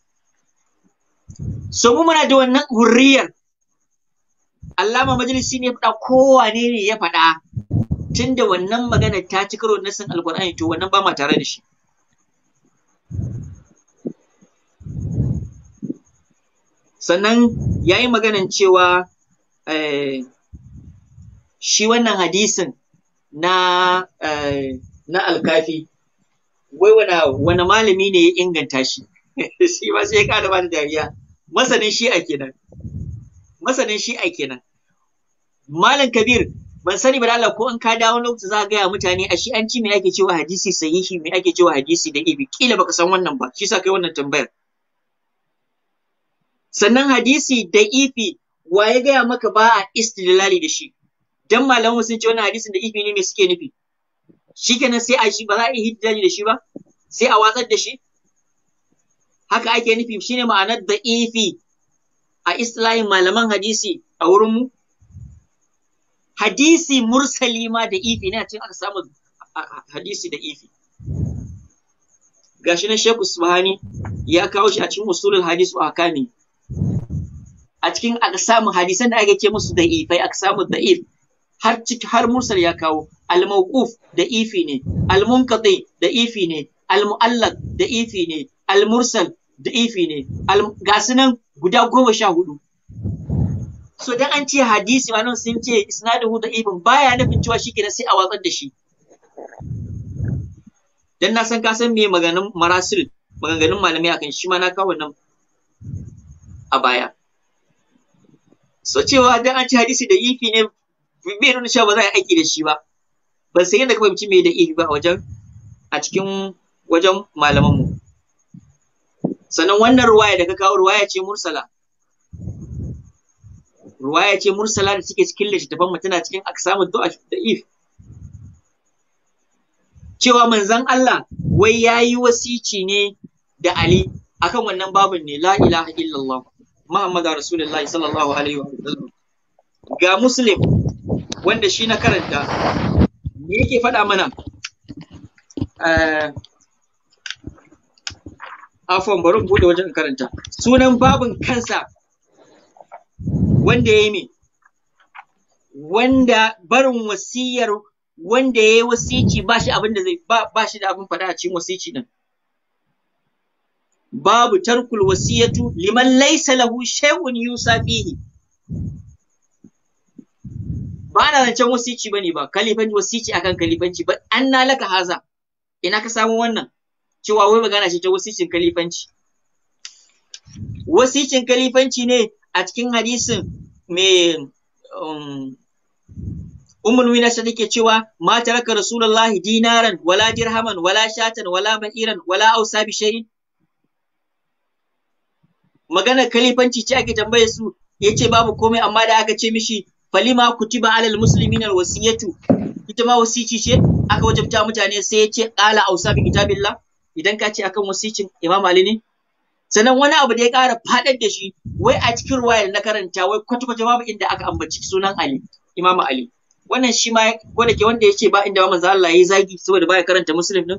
so mu muna da wannan hurriyar Allah ma majalisi ne faɗa kowane ne ya faɗa tunda wannan magana ta ci karo na san alƙur'ani to wannan ba ma tare da shi sannan ya yi maganan cewa eh, shi wannan hadisin na eh, na alkafi wai wane malami ne ya inganta shi shi ma sai ya kada da dariya masanin a kenan masanin a kenan malam kabir ban sani ba Allah ko in ka dawo lokacin za ka gaya mutane a ci me ake cewa hadisi sahihi me ake cewa hadisi da ibi kila baka san wannan ba shi sa kai wannan tambayar sannan hadisi da ifi wa ya gaya maka ba a istidlali da shi dan malamu sun ce wannan hadisin da ifi ne me suke nufi shikenan sai a shi ba za a yi hijjaji da shi ba sai a watsar da shi haka ake nufi shine ma'anar da ifi a islahin malaman hadisi a wurin mu hadisi mursali ma da ifi ne a cikin aka samu hadisi da ifi gashi na Sheku Subhani ya kawo shi a cikin usulul hadis wa akami a cikin samu hadisan da ake ce musu da ifai da ifi har har mursal ya kawo al mawquf da ifi ne al munqati da ifi ne al muallaq da ifi ne al mursal da ifi ne ga sunan guda goma sha hudu so dan an ce hadisi ma nan sun ce isnaduhu da ifin baya nufin cewa shi sai a watsar da shi dan na san ka san me maganin marasil maganganun malamai akan shi ma na kawo nan a baya so cewa dan an ce hadisi da ifi ne bai nuna cewa ba za a yi aiki da shi ba ba sai yadda ka fahimci me da iri ba wajen a cikin wajen malaman mu sannan wannan ruwaya da ka kawo ruwaya ce mursala ruwaya ce mursala da suke cikin littattafan mu tana cikin aksamu du'a da if cewa manzon Allah wai yayi wasici ne da Ali akan wannan babun ne la ilaha illallah Muhammadu Rasulullahi sallallahu alaihi wa sallam ga Muslim wanda shi na karanta me yake faɗa mana eh, afon bari mu bude wajen karanta sunan babin kansa wanda ya yi wanda barin wasiyar wanda ya yi wasici ba shi abin da zai ba shi da abin faɗa a cikin wasici din babu tarkul wasiyatu liman laysa lahu shay'un yusa fihi ba na zancen wasici ne ba kalifanci wasici akan kalifanci ba an na laka haza ina ka samu wannan cewa wai magana ce ta wasicin kalifanci wasicin kalifanci ne a cikin hadisin mai um, ummul sai take cewa ma taraka rasulullahi dinaran wala dirhaman wala shatan wala ma'iran wala ausa bi shay'in maganar kalifanci ce ake tambaye su yace babu komai amma da aka ce mishi falima kutiba alal muslimin alwasiyatu ita ma wasici ce aka wajabta mutane sai ya ce qala ausa bi kitabillah idan ka ce akan wasicin imam ali ne sannan wani abu da ya ƙara faɗar da shi wai a cikin ruwayar na karanta wai kwata-kwata babu inda aka ambaci sunan ali imam ali wannan shi ma wanda ke wanda ya ce ba inda ba manzo Allah yayi zagi saboda baya karanta muslim din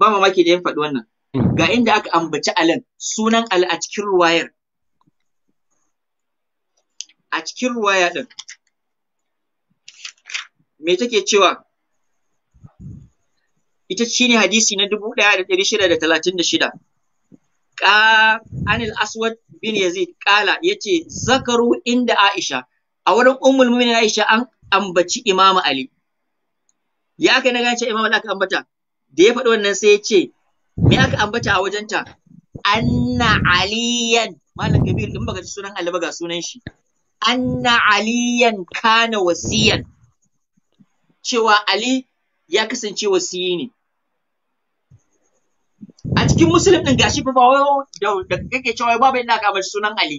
ba mamaki da ya faɗi wannan hmm. ga inda aka ambaci alan sunan al a cikin ruwayar a cikin ruwaya ɗin me take cewa ita shine hadisi na dubu ɗaya da ɗari shida da talatin da shida anil aswad bin yazid kala yace zakaru inda aisha a wurin ummul mu'minin aisha an ambaci imamu ali ya kai na gace imamu da aka ambata da ya faɗi wannan sai ya ce me aka ambata a wajenta anna aliyan malam kabir in baka ji sunan ali ba ga sunan shi anna aliyan kana wasiyan cewa ali ya kasance wasiyi ne a cikin musulun din gashi fa ba da kake cewa babu inda ka bar sunan ali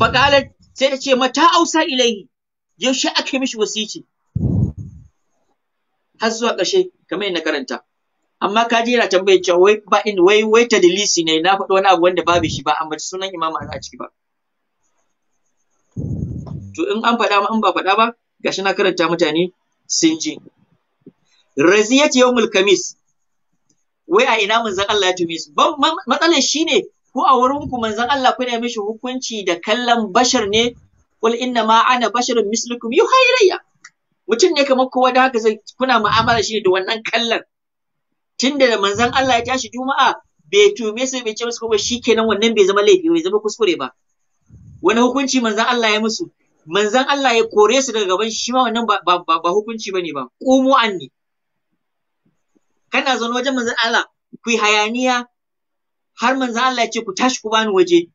faqalat sai ta ce mata ausa ilaihi yaushe aka mishi ce har zuwa ƙarshe kamar na karanta amma ka ji yana tambayar cewa wai ba in wai wai dalisi ne na faɗi wani abu wanda babu shi ba amma sunan imam a ciki ba to in an faɗa ma in ba faɗa ba gashi na karanta mutane sun ji raziyat yawmul kamis wai a ina manzon Allah ya tumi su matsalar shine ko a wurin ku manzon Allah kuna mishi hukunci da kallon bashar ne qul inna ma ana basharun mislukum yuha ilayya mutum ne kamar kowa da haka zai kuna mu'amala shi da wannan kallon tunda manzon Allah ya tashi juma'a bai tume su bai ce musu kuma kenan wannan bai zama laifi bai zama kuskure ba wani hukunci manzon Allah ya musu manzon Allah ya kore su daga gaban shi ma wannan ba ba, ne ba hukunci bane ba qumu anni kana zaune wajen manzon Allah ku hayaniya har manzon Allah ya ce ku tashi ku bani waje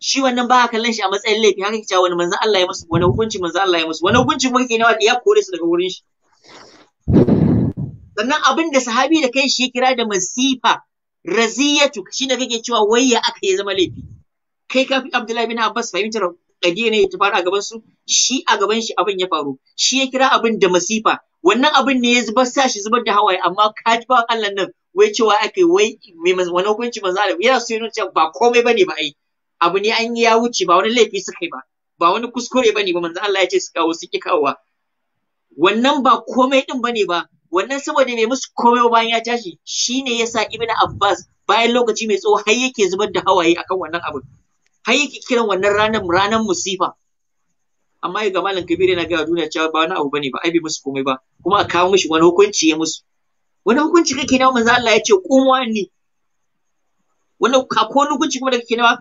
shi wannan ba kallon shi a matsayin laifi haka kici wani manzon Allah ya musu wani hukunci manzon Allah ya musu wani hukunci kuma kike ne ya kore su daga wurin shi sannan abin da sahabi da kai shi ya kira da masifa raziyatu ne kake cewa wayya aka yi zama laifi kai ka fi Abdullahi bin Abbas fahimtar kadiya ne ta fara a gaban su shi a gaban shi abin ya faru shi ya kira abin da masifa wannan abin ne ya zubar sa shi zubar da hawaye amma ka ji ba Allah nan wai cewa aka wai mai wani hukunci manzo Allah yana so yi nuna ba komai bane ba ai abu ne an yi ya wuce ba wani laifi suka yi ba ba wani kuskure bane ba manzo Allah ya ce su kawo su ki wannan ba komai din bane ba wannan saboda mai musu komai bayan ya tashi shine yasa ibnu abbas bayan lokaci mai tsawo har yake zubar da hawaye akan wannan abin har yake kiran wannan ranar ranar musifa amma ga malam kabir yana gaya duniya cewa ba wani abu bane ba ai bai musu komai ba kuma a kawo mishi wani hukunci ya musu wani hukunci kake nawa manzo Allah ya ce kuma ne? wannan ka ko hukunci kuma da kake nawa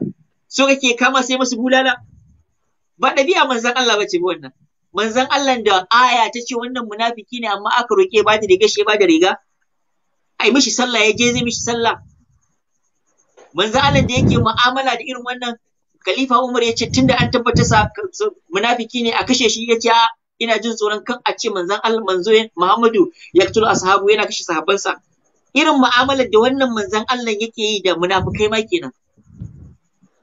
so kake kama sai musu bulala ba dabi'a manzo Allah bace ba wannan manzon Allah da aya ta ce wannan munafiki ne amma aka roke ba da riga shi ba da riga ai mishi sallah ya je zai mishi sallah manzon Allah da yake mu'amala da irin wannan Khalifa Umar ya ce tunda an tabbata sa munafiki ne a kashe shi ya ce ina jin tsoron kan a ce manzon Allah manzo Muhammadu yaktul ashabu yana kashe sahabbansa irin mu'amala da wannan manzon Allah yake yi da munafikai ma kenan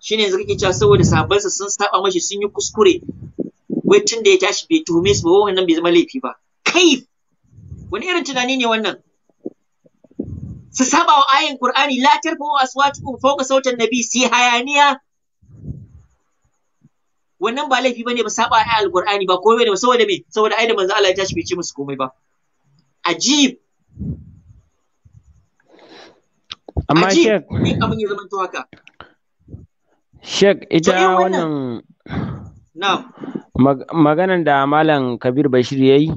shine yanzu kake cewa saboda sahabbansa sun saba mashi sun yi kuskure wai tun da ya tashi bai tuhume su ba wannan bai zama laifi ba kai wani irin tunani ne wannan su saba wa ayin qur'ani la tarfu aswatukum fawqa sautin nabi si hayaniya wannan ba laifi bane ba saba wa ayin qur'ani ba komai ne ba saboda me saboda ai da manzo Allah ya tashi bai ce musu komai ba ajib amma shek abin ya zama to haka shek ita wannan maganan da malam kabir bashir ya yi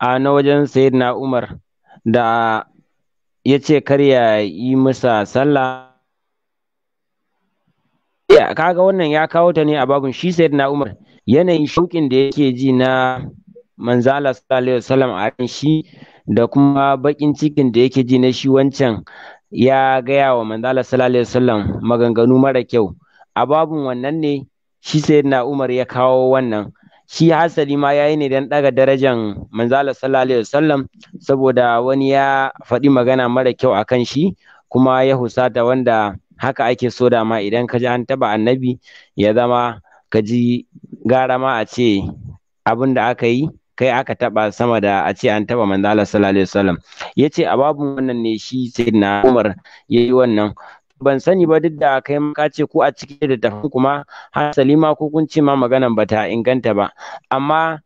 a na wajen na umar da ya ce karya yi masa sallah kaga wannan ya kawo ta ne a babun shi na umar yanayin shauƙin da yake ji na manzala sallallahu alaihi wasallam a kan shi da kuma bakin cikin da yake ji na shi wancan ya gaya wa manzala sallallahu alaihi wasallam maganganu mara kyau a babun wannan ne shi na Umar ya kawo wannan shi hasali ma yayi ne dan daga darajan manzala sallallahu alaihi wasallam saboda wani ya faɗi magana mara kyau akan shi kuma ya husata wanda haka ake so da ma idan ka ji an taba annabi ya zama ka ji gara ma a ce abin da aka yi kai aka taba sama da a ce an taba manzala sallallahu alaihi wasallam yace a babu wannan ne shi sayyidina Umar yayi wannan ban sani ba duk da kai ka ce ko a da littattafan kuma har salima ko kun ce ma maganan bata inganta ba amma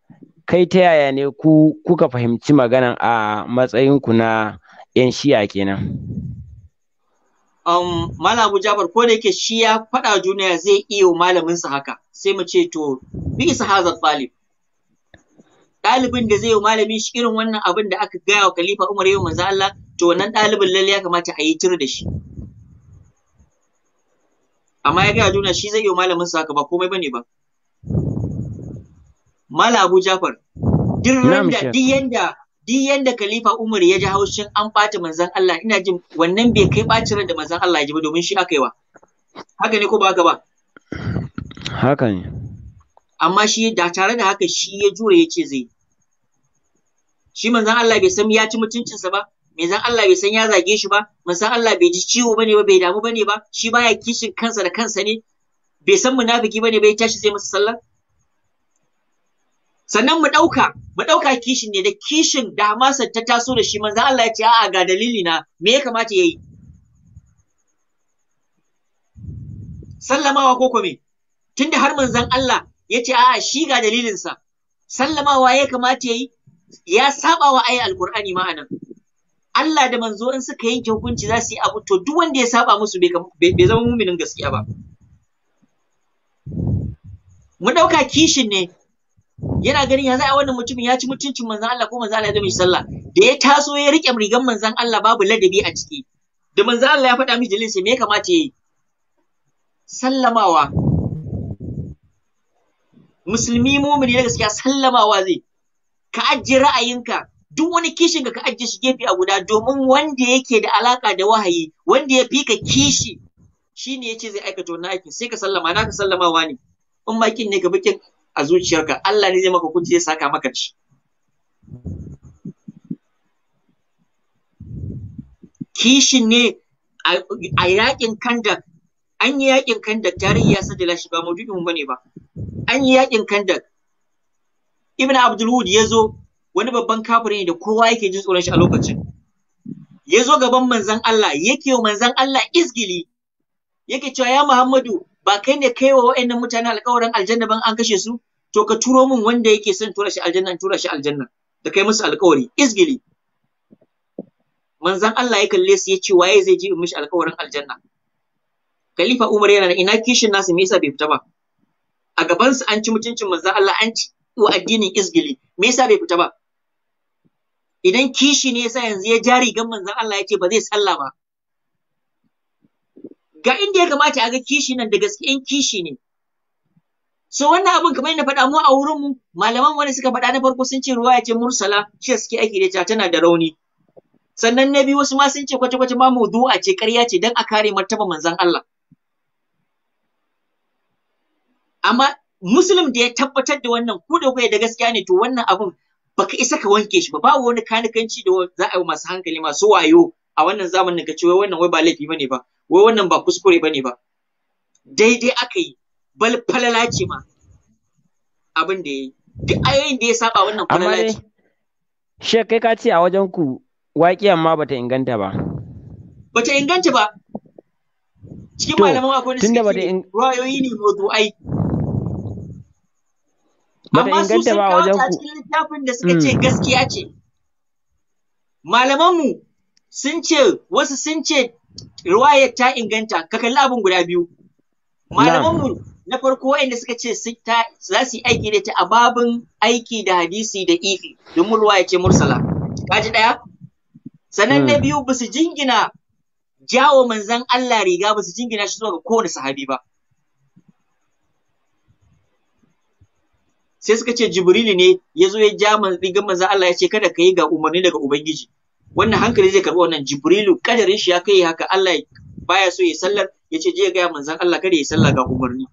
kai ta yaya ne ku kuka fahimci maganan a matsayin ku na yan shiya kenan um, malam Abu jabar ko da yake shi ya faɗa duniya zai iya malamin sa haka sai mu ce to bi isa hazat talib ɗalibin da zai yi malami shi irin wannan abin da aka gaya wa khalifa Umar yau manzo Allah to wannan ɗalibin lalle ya kamata a yi tir da shi amma ya gaya duniya shi zai yi malamin sa haka ba komai bane ba mala abu jafar duk randa duk yanda duk yanda khalifa umar ya ji haushin an ɓata manzan Allah ina jin wannan bai kai ɓacin ran da manzan Allah ya ji ba domin shi aka yi wa haka ne ko ba haka ba haka ne amma shi da tare da haka shi ya jure ya ce zai shi manzan Allah bai san ya ci mutuncinsa ba manzon Allah bai san ya zage shi ba manzon Allah bai ji ciwo bane ba bai damu bane ba shi baya kishin kansa da kansa ne bai san munafiki bane bai tashi zai masa sallah sannan mu ɗauka mu ɗauka kishin ne da kishin damasar ta taso da shi manzon Allah ya ce a'a ga dalili na me ya kamata yayi sallamawa ko kome tunda har manzon Allah ya ce a'a shi ga dalilinsa sallamawa ya kamata yayi ya saba wa ayi alqur'ani ma'anan Allah da manzo in suka yanke hukunci za su yi abu to duk wanda ya saba musu bai zama muminin gaskiya ba mu dauka kishin ne yana ganin ya za a wannan mutumin ya ci mutuncin manzon Allah ko manzon Allah ya zama shi sallah da ya taso ya rike rigan manzon Allah babu ladabi a ciki da manzon Allah ya faɗa mishi dalilin sai me ya kamata yayi sallamawa musulmi mumini na gaskiya sallamawa zai ka ajiye ra'ayinka duk wani kishin ka ka ajiye shi gefe a guda domin wanda yake da alaka da wahayi wanda ya fi ka kishi shi ya yace zai aikata wannan aikin sai ka sallama na ka sallamawa ne in ma kin ne ka bikin a zuciyarka Allah ne zai maka kunci zai saka maka shi kishin ne a yakin kanda an yi yakin kandak tarihi ya da shi ba maudu'in bane ba an yi yakin kanda ibn abdul wud ya zo wani babban kafiri ne da kowa yake jin tsoron shi a lokacin ya zo gaban manzon Allah yake wa manzon Allah izgili yake cewa ya Muhammadu ba kai ne kai wa wa'annan mutane alƙawarin aljanna ban an kashe su to ka turo min wanda yake son tura shi aljanna in tura shi aljanna da kai musu alƙawari izgili manzon Allah ya kalle su ya ce waye zai ji mishi alƙawarin aljanna Khalifa Umar yana ina kishin nasu me yasa bai fita ba a gaban su an ci mutuncin manzon Allah an ci wa addinin izgili me yasa bai fita ba idan kishi ne yasa yanzu ya ja rigan manzon Allah ya ce ba zai salla ba ga inda ya kamata a ga kishi nan da gaske in kishi ne so wannan abin kamar yadda faɗa mu a wurin mu malaman wani suka faɗa na farko sun ce ruwa ya ce mursala shi suke aiki da tana da rauni sannan na biyu wasu ma sun ce kwace-kwace ma mawdu'a ce ƙarya ce don a kare martaba manzon Allah amma muslim da ya tabbatar da wannan ku da kuka da gaskiya ne to wannan abun baka isa ka wanke shi ba ba wani kanikanci da za a yi masu hankali masu wayo a wannan zamanin ka ce wai wannan wai ba laifi bane ba wai wannan ba kuskure bane ba daidai aka yi bal falala ce ma abin da yayi duk ayoyin da ya saba wannan falala ce she kai ka ce a wajen ku waƙiyan ma bata inganta ba bata inganta ba cikin malaman akwai da suke ruwayoyi ne ai Amma su sun kawo ta cikin littafin da suka ce hmm. gaskiya ce. Malamanmu sun ce wasu sun ce ruwayar ta inganta ka kalli abin guda biyu. Malamanmu na farko waɗanda suka ce za su yi aiki da ta a aiki da hadisi da ifi don domin riwaya ce mursala. Kaji ɗaya? Sannan na hmm. biyu ba su jingina jawo manzan Allah riga ba su jingina shi zuwa ga kowane sahabi ba. sai suka ce jibrilu ne ya zo ya ja rigar manzan Allah ya ce kada ka yi ga umarni daga ubangiji wannan hankali zai karɓi wannan jibrilu kadarin shi ya kai haka Allah baya so ya sallar ya ce je ya gaya Allah kada ya sallar ga umarni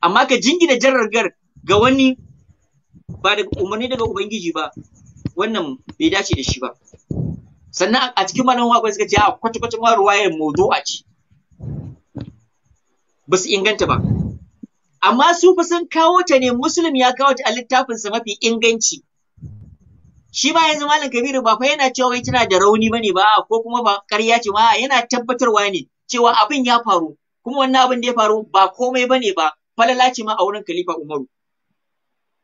amma ka jingina jarragar ga wani ba daga umarni daga ubangiji ba wannan bai dace da shi ba sannan a cikin malamin wakwai suka ce a kwace-kwace ma ruwayar a ce ba su inganta ba amma su fa sun kawo ta ne Musulun ya kawo ta a littafinsa mafi inganci shi ma yanzu malam kabiru ba fa yana cewa wai tana da rauni bane ba ko kuma ba ƙarya ce ma yana tabbatarwa ne cewa abin ya faru kuma wannan abin da ya faru ba komai bane ba falala ce ma a wurin khalifa umaru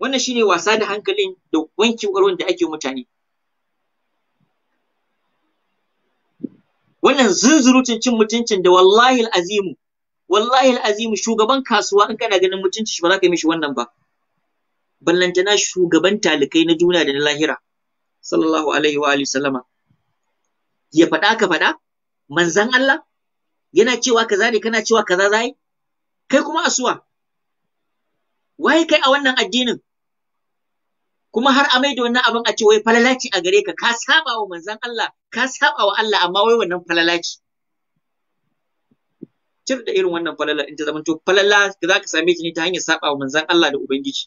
wannan shine wasa da hankalin da wankin ƙwarwan da ake mutane wannan zunzurutun cin mutuncin da wallahi azimu wallahi al'azim shugaban kasuwa in kana ganin mutunci shi ba za ka yi mishi wannan ba ballantana shugaban talikai na duniya da na lahira sallallahu alaihi wa alihi sallama ya faɗa ka faɗa manzan Allah yana cewa kaza ne kana cewa kaza zai kai kuma asuwa waye kai a wannan addinin kuma har amai da wannan abin a ce wai falalaci a gare ka ka saba wa manzan Allah ka saba wa Allah amma wai wannan falalaci tir da irin wannan falala in ta zamanto falala da za ka same shi ne ta hanyar saba wa manzan Allah da Ubangiji.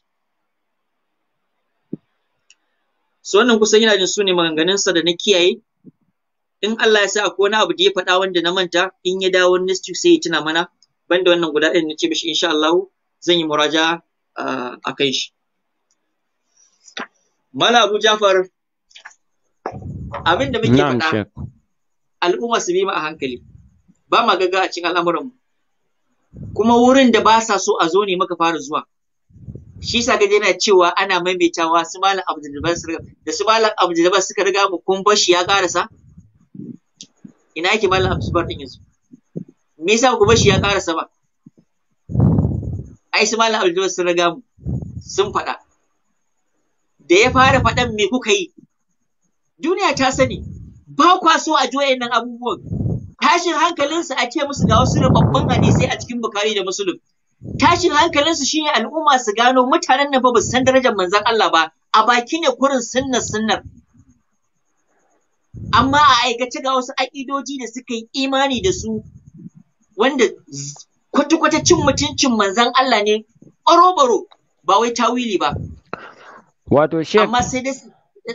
So wannan kusan yana jin su ne maganganunsa da na kiyaye in Allah ya sa akwai wani abu da ya faɗa wanda na manta in ya dawo next week sai ya tuna mana banda wannan guda ɗaya na ce mishi insha Allah zan yi muraja a kai shi. Mala Abu Jafar abin muke faɗa al'umma su bi mu a hankali. ba ma gaga a cikin al'amuranmu kuma wurin da ba sa so a zo ne muka fara zuwa shi sa gaje yana cewa ana maimaitawa su malam riga da su malam abdulbar suka riga mu kun bar shi ya karasa ina yake malam abdulbar din yanzu me yasa ku bar shi ya karasa ba ai su malam abdulbar sun riga mu sun faɗa da ya fara faɗan me kuka yi duniya ta sani ba kwa so a juya nan abubuwan tashin hankalinsu a ce musu ga wasu rubabban hadisai a cikin Bukhari da Muslim tashin hankalinsu shine al'umma su gano mutanen nan fa ba su san darajar manzon Allah ba a baki ne kurin sunnar sunnar amma a aikace ga wasu aƙidoji da suka yi imani da su wanda kwata cin mutuncin manzan Allah ne baro ba wai tawili ba wato shek amma sai dai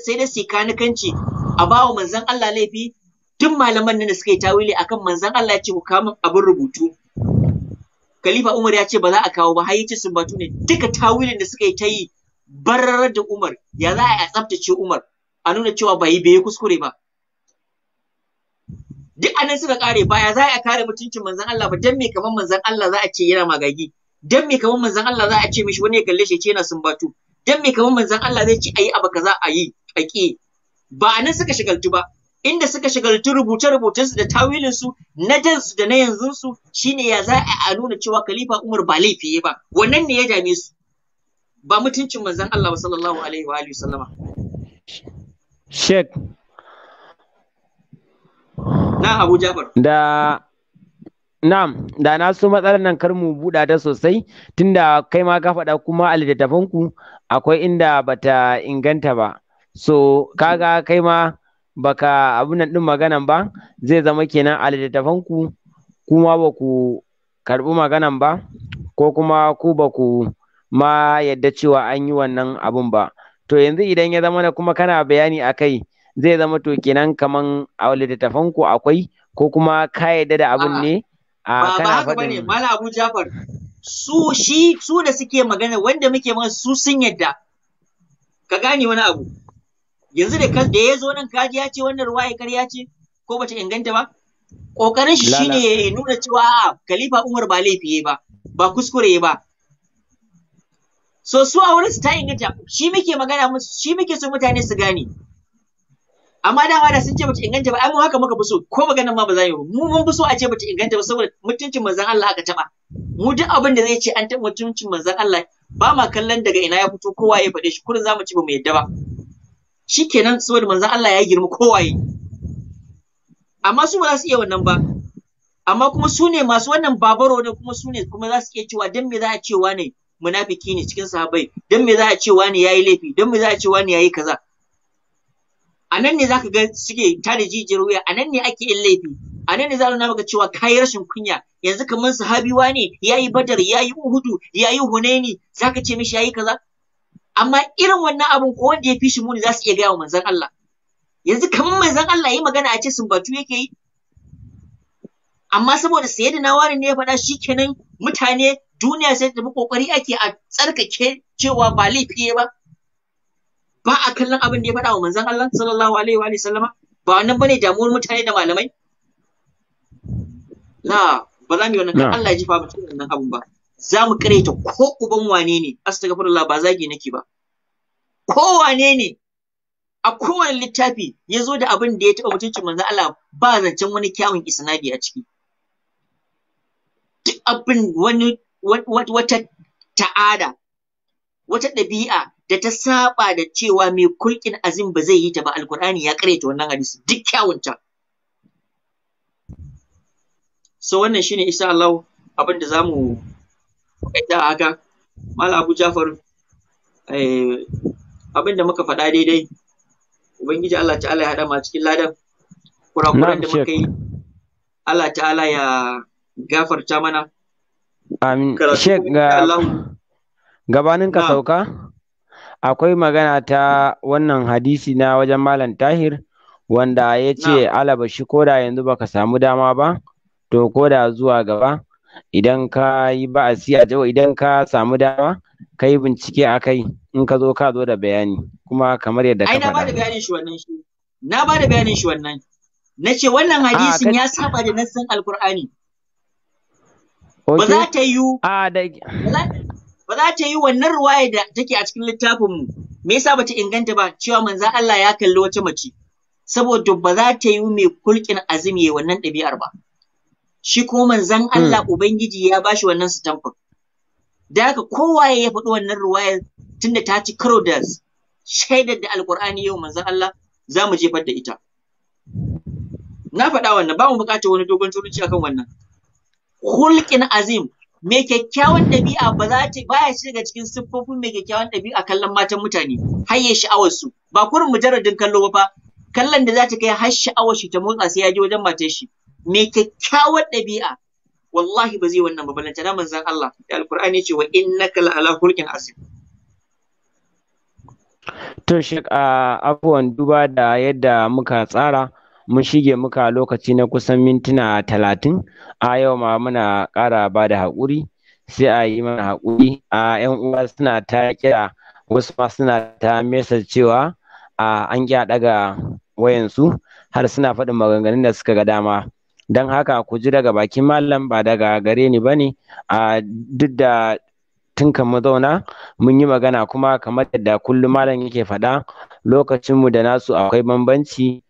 sai dai sai kanikanci a bawa manzan Allah laifi duk malaman nan da suka yi tawili akan manzon Allah ya ce ku kawo abin rubutu Khalifa Umar ya ce ba za a kawo ba har yace sun batu ne duka tawilin da suka yi ta yi barar da Umar ya za a tsaftace Umar a nuna cewa bai bai kuskure ba duk anan suka kare baya za a kare mutuncin manzon Allah ba dan me kaman manzon Allah za a ce yana magagi dan me kaman manzon Allah za a ce mishi wani ya kalle shi ya ce yana batu dan me kaman manzon Allah zai ce ayi abu kaza yi aki ba anan suka shigaltu ba inda suka shagaltu rubuce-rubucen su da tawilin su na dan su da na yanzu su shine ya za a nuna cewa khalifa Umar ba laifi ba wannan ne ya dame su ba mutuncin manzon Allah sallallahu alaihi wa alihi sallama Sheikh na Abu Jafar da Na'am, da na so matsalar nan kar mu buɗa ta sosai, tunda kai ma ka faɗa kuma a littattafanku akwai inda bata inganta ba. So, kaga kai ma baka abin nan din maganan ba zai zama kenan a littattafan ku kuma ba ku karɓi maganan ba ko kuma ku ba ku ma yadda cewa an yi wannan abun ba to yanzu idan ya zama na kuma kana bayani a kai zai zama to kenan kaman a littattafan ku akwai ko kuma ka yadda da abun ne a kana faɗin ba haka Abu Jafar su shi su da suke magana wanda muke magana su sun yadda ka gane wani abu yanzu da da ya zo nan kaji ya ce wannan ruwa ya karya ce ko bata inganta ba kokarin shi shine ya nuna cewa a khalifa umar ba laifi ba ba kuskure ba so su a wurin su ta inganta shi muke magana musu shi muke so mutane su gane amma dama da sun ce bata inganta ba amma haka muka fi so ko maganar ma ba za yi ba? mu mun fi so a ce bata inganta ba saboda mutuncin manzon Allah aka taba mu duk abin da zai ce an taba mutuncin manzon Allah ba ma kallon daga ina ya fito kowa ya faɗe shi kurin zamu ci ba mu yadda ba shikenan saboda manzon Allah ya girma kowaye amma su ba za su iya wannan ba amma kuma su ne masu wannan babaro ne kuma su ne kuma za su iya cewa dan me za a cewa ne munafiki ne cikin sahabbai dan me za a cewa ne yayi laifi dan me za a cewa ne yayi kaza a nan ne za ka ga suke tada jijiyar wuya a nan ne ake yin laifi a nan ne za nuna maka cewa kayi rashin kunya yanzu kamar sahabiwa ne yayi badar yayi uhudu yayi hunaini ka ce mishi yayi kaza amma irin wannan abin ko wanda ya fi shi muni za su iya gaya wa Manzan Allah yanzu kamar Manzan Allah yayi magana a ce batu yake yi amma saboda da nawarin ne ya faɗa shikenan mutane duniya sai da kokari ake a tsarkake cewa ba laifi ba ba a kallon abin da ya faɗa wa manzan Allah sallallahu alaihi wa sallama ba wannan bane damuwar mutane da malamai la ba za mu yi wannan Allah ya ji fa mutum wannan abin ba za mu ƙareta ko uban wane ne astaghfirullah ba zagi nake ba ko wane ne a kowane littafi ya zo da abin da ya taɓa mutuncin manzon Allah ba zancen wani kyawun isnadi a ciki duk abin wani wata ta'ada wata ɗabi'a da ta saba da cewa mai kulkin azim ba zai yi ta ba alkur'ani ya karyata wannan hadisi duk kyawunta so wannan shine insha Allah abin da zamu takaita haka Malam Abu Jafar eh, abin da muka faɗa daidai Ubangiji Allah ta'ala ya haɗa ma cikin ladan kurakuran da muka yi Allah ta'ala ya gafarta mana Amin Sheikh ga gabanin ka sauka akwai magana ta wannan hadisi na wajen Malam Tahir wanda ya ce alabashi, shi koda yanzu baka samu dama ba to koda zuwa gaba idan ka yi ba'asi a jawo idan ka samu dama ka yi bincike a kai in ka zo ka zo da bayani kuma kamar yadda ka faɗa. Ai na ba da bayanin shi wannan shi. Na ba da bayanin shi wannan. Na ce wannan ah, hadisin ya saba da nassan alkur'ani. Ah, ba za ta yi ba za ta yi wannan ruwaya da take a cikin littafinmu me yasa bata inganta ba cewa manzon Allah ya kalli wata mace saboda ba za ta yi mai kulkin azumi wannan ɗabi'ar ba. shi ko manzan hmm. Allah Ubangiji ya bashi wannan sitamfur. Da haka kowa ya faɗi wannan ruwayar tunda ta ci karo da shaidar da Alƙur'ani yau manzan Allah za mu jefar da ita. Na faɗa wannan ba mu buƙatar wani dogon turanci akan wannan. Hulkin azim mai kyakkyawan ɗabi'a ba za ta baya shi daga cikin siffofin mai kyakkyawan ɗabi'a kallon matan mutane har ya sha'awar su ba kurin mujarradin kallo ba fa kallon da za ta kai har sha'awar shi ta motsa sai ya je wajen matar shi mai kyakkyawar ɗabi'a wallahi ba zai wannan ba balanta na manzan Allah da Alƙur'ani ce wa innaka la'ala hulkin azim to shek a abuwan duba da yadda muka tsara mun shige muka lokaci na kusan mintuna talatin a yau ma muna ƙara ba da haƙuri sai a yi mana haƙuri a yan uwa suna ta kira wasu ma suna ta mesa cewa an gya daga wayansu har suna faɗin maganganun da suka ga dama don haka ku ji daga bakin malam ba daga gare ni bane a duk da tun mu zauna mun yi magana kuma kamar yadda kullum malam yake faɗa lokacinmu da nasu akwai bambanci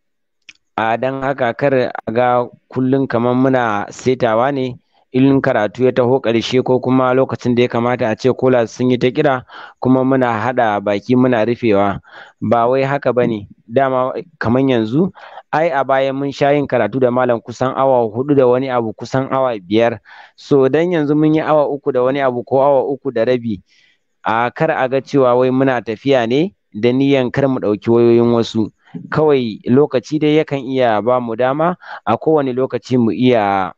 a don haka kar a ga kullum kamar muna setawa ne ilin karatu ya taho ƙarshe ko kuma lokacin da ya kamata a ce kola sun yi ta kira kuma muna haɗa baki muna rufewa ba wai haka ba ne dama kamar yanzu ai a baya mun sha yin karatu da malam kusan awa hudu da wani abu kusan awa biyar so dan yanzu mun yi awa uku da wani abu ko awa uku da rabi a kar a ga cewa wai muna tafiya ne da niyan kar mu ɗauki wayoyin wasu kawai lokaci dai yakan iya ba mu dama a kowane lokaci mu iya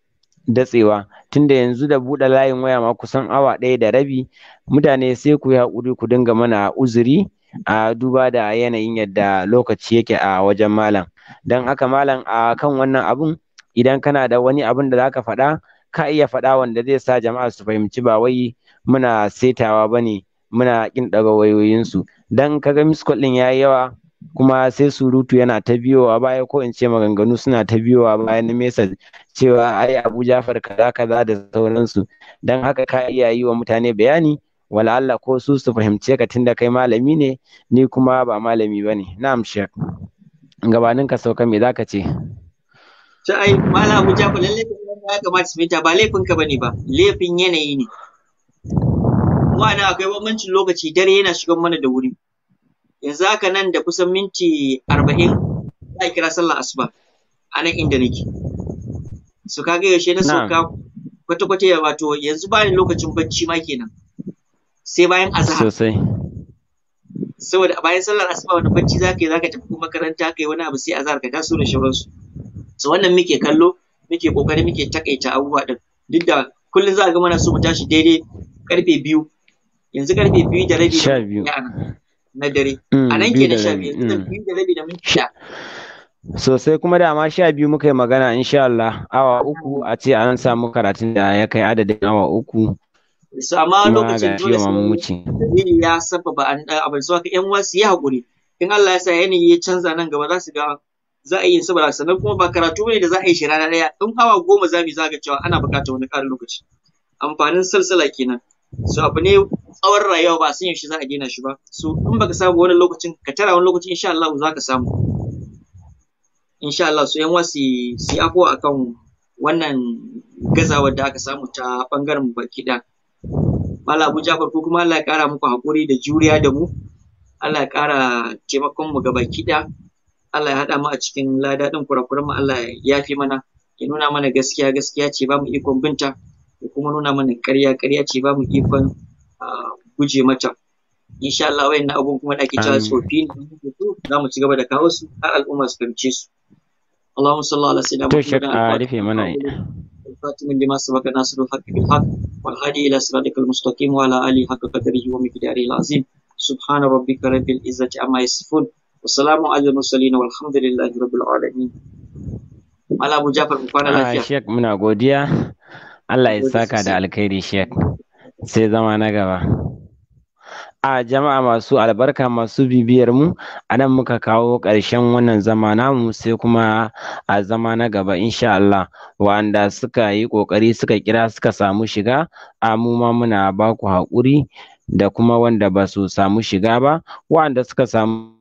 datsewa tunda yanzu da buɗe layin waya ma kusan awa ɗaya da rabi mutane sai ku yi haƙuri ku dinga mana uzuri a duba da yanayin yadda lokaci yake a wajen malam don haka malam a kan wannan abun idan kana da wani abun da zaka faɗa ka iya faɗa wanda zai sa jama'a su fahimci ba wai muna setawa ba ne muna ƙin ɗaga wayoyinsu don kaga miskol ɗin ya yi yawa kuma sai surutu yana ta biyowa baya ko in ce maganganu suna ta biyowa baya na mesa cewa ai abu jafar kaza kaza da sauransu don haka ka iya yi wa mutane bayani wala Allah ko su su fahimce ka tunda kai malami ne ni kuma ba malami ba ne na'am shek gabanin ka sauka me zaka ce ce ai malam abu jafar lalle ya kamata su fita ba laifin ka bane ba laifin yanayi ne wa'ana akwai bambancin lokaci dare yana shigan mana da wuri yanzu haka nan da kusan minti arba'in za a kira sallar asuba a nan inda nake su kaga yaushe na sauka kwata-kwata ya wato yanzu bani lokacin bacci ma kenan sai bayan azhar sosai saboda bayan sallar asuba wani bacci za ka yi za ka tafi makaranta ka yi wani abu sai azhar ka taso da shauransu so wannan muke kallo muke kokari muke takaita abubuwa din duk da kullum za a ga mana so mu tashi daidai karfe biyu yanzu karfe biyu da rabi sha biyu na dare mm, a nan ke da sha mm. biyu da rabi da minti sha sosai kuma da ma sha biyu muka yi magana insha Allah awa uku a ce an samu karatun da ya kai adadin awa uku eh, su amma lokacin dole su ya sababa an dan abin su ka yan wasu ya hakuri in Allah ya sa yanayi ya canza nan gaba za su ga za a yi su sannan kuma ba karatu ne da za a yi shi rana daya in awa goma za mu za ga cewa ana buƙatar wani ƙarin lokaci amfanin salsala kenan so abu ne tsawon rayuwa ba sun yaushe za a gina shi ba Su in baka samu wani lokacin ka tara wani lokacin insha Allah za ka samu insha Allah so yan wasi yi afo akan wannan gazawa da aka samu ta bangaren baki da Malam Abu Jafar ko kuma Allah ya kara muku hakuri da juriya da mu Allah ya kara taimakon mu ga baki da Allah ya haɗa mu a cikin lada ɗin kurakuran mu Allah ya fi mana ya nuna mana gaskiya gaskiya ce ba mu ikon binta ko kuma nuna mana ƙarya ƙarya ce ba mu ikon guje mata insha Allah wayan abun kuma da ke cewa sofi ne za mu ci da kawo su har al'umma su fahimce su Allahu sallallahu alaihi wasallam to shi a rufe mana Fatimin lima sabaka nasiru haqqi bil haqq wal hadi ila siratikal mustaqim wa ala ali haqqa qadrihi wa miqdarihi al'azim subhana rabbika rabbil izzati amma yasifun wassalamu ala mursalin walhamdulillahi rabbil alamin Ala Abu Jafar, mu kwana lafiya. Ah, muna godiya. Allah ya saka da alkhairi shek sai zama na gaba a jama'a masu albarka masu bibiyar mu a nan muka kawo ƙarshen wannan zama namu sai kuma a zama na gaba insha Allah wanda suka yi ƙoƙari suka kira suka samu shiga a mu ma muna ba ku haƙuri da kuma wanda ba su samu shiga ba wanda suka samu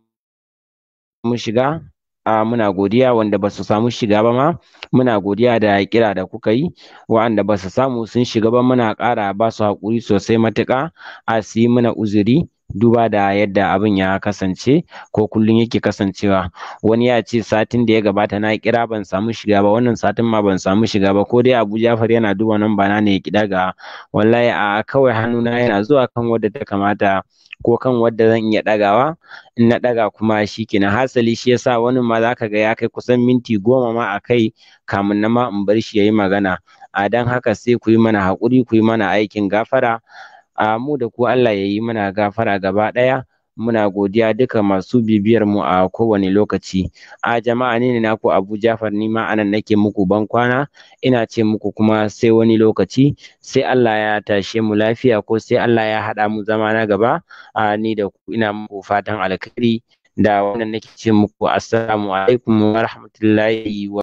shiga a muna godiya wanda ba su samu shiga ba ma muna godiya da kira da kuka yi wa'anda ba su samu sun shiga ba muna ƙara ba su haƙuri sosai matuƙa a su yi muna uzuri duba da yadda abin ya kasance ko kullum yake kasancewa wani ya ce satin da ya gabata na kira ban samu shiga ba wannan satin ma ban samu shiga ba ko dai Abu Jafar yana duba nan bana ne ya kidaga wallahi a kawai hannu na yana zuwa kan wadda ta kamata ko kan wadda zan iya ɗagawa in na ɗaga kuma kenan hasali shi yasa wani ma ka ga ya kai kusan minti goma ma a kai kamin na ma in bar shi yayi magana a dan haka sai ku yi mana haƙuri ku yi mana aikin gafara a mu da ku Allah ya yi mana gafara gaba ɗaya Muna godiya duka masu bibiyar mu a kowane lokaci. A jama'a ni ne naku Abu Jafar ni ma anan nake muku ban kwana ina ce muku kuma sai wani lokaci sai Allah ya tashe mu lafiya ko sai Allah ya haɗa mu zama na gaba a ni da ku ina muku fatan alkhairi da wannan nake ce muku assalamu alaikum wa rahmatullahi wa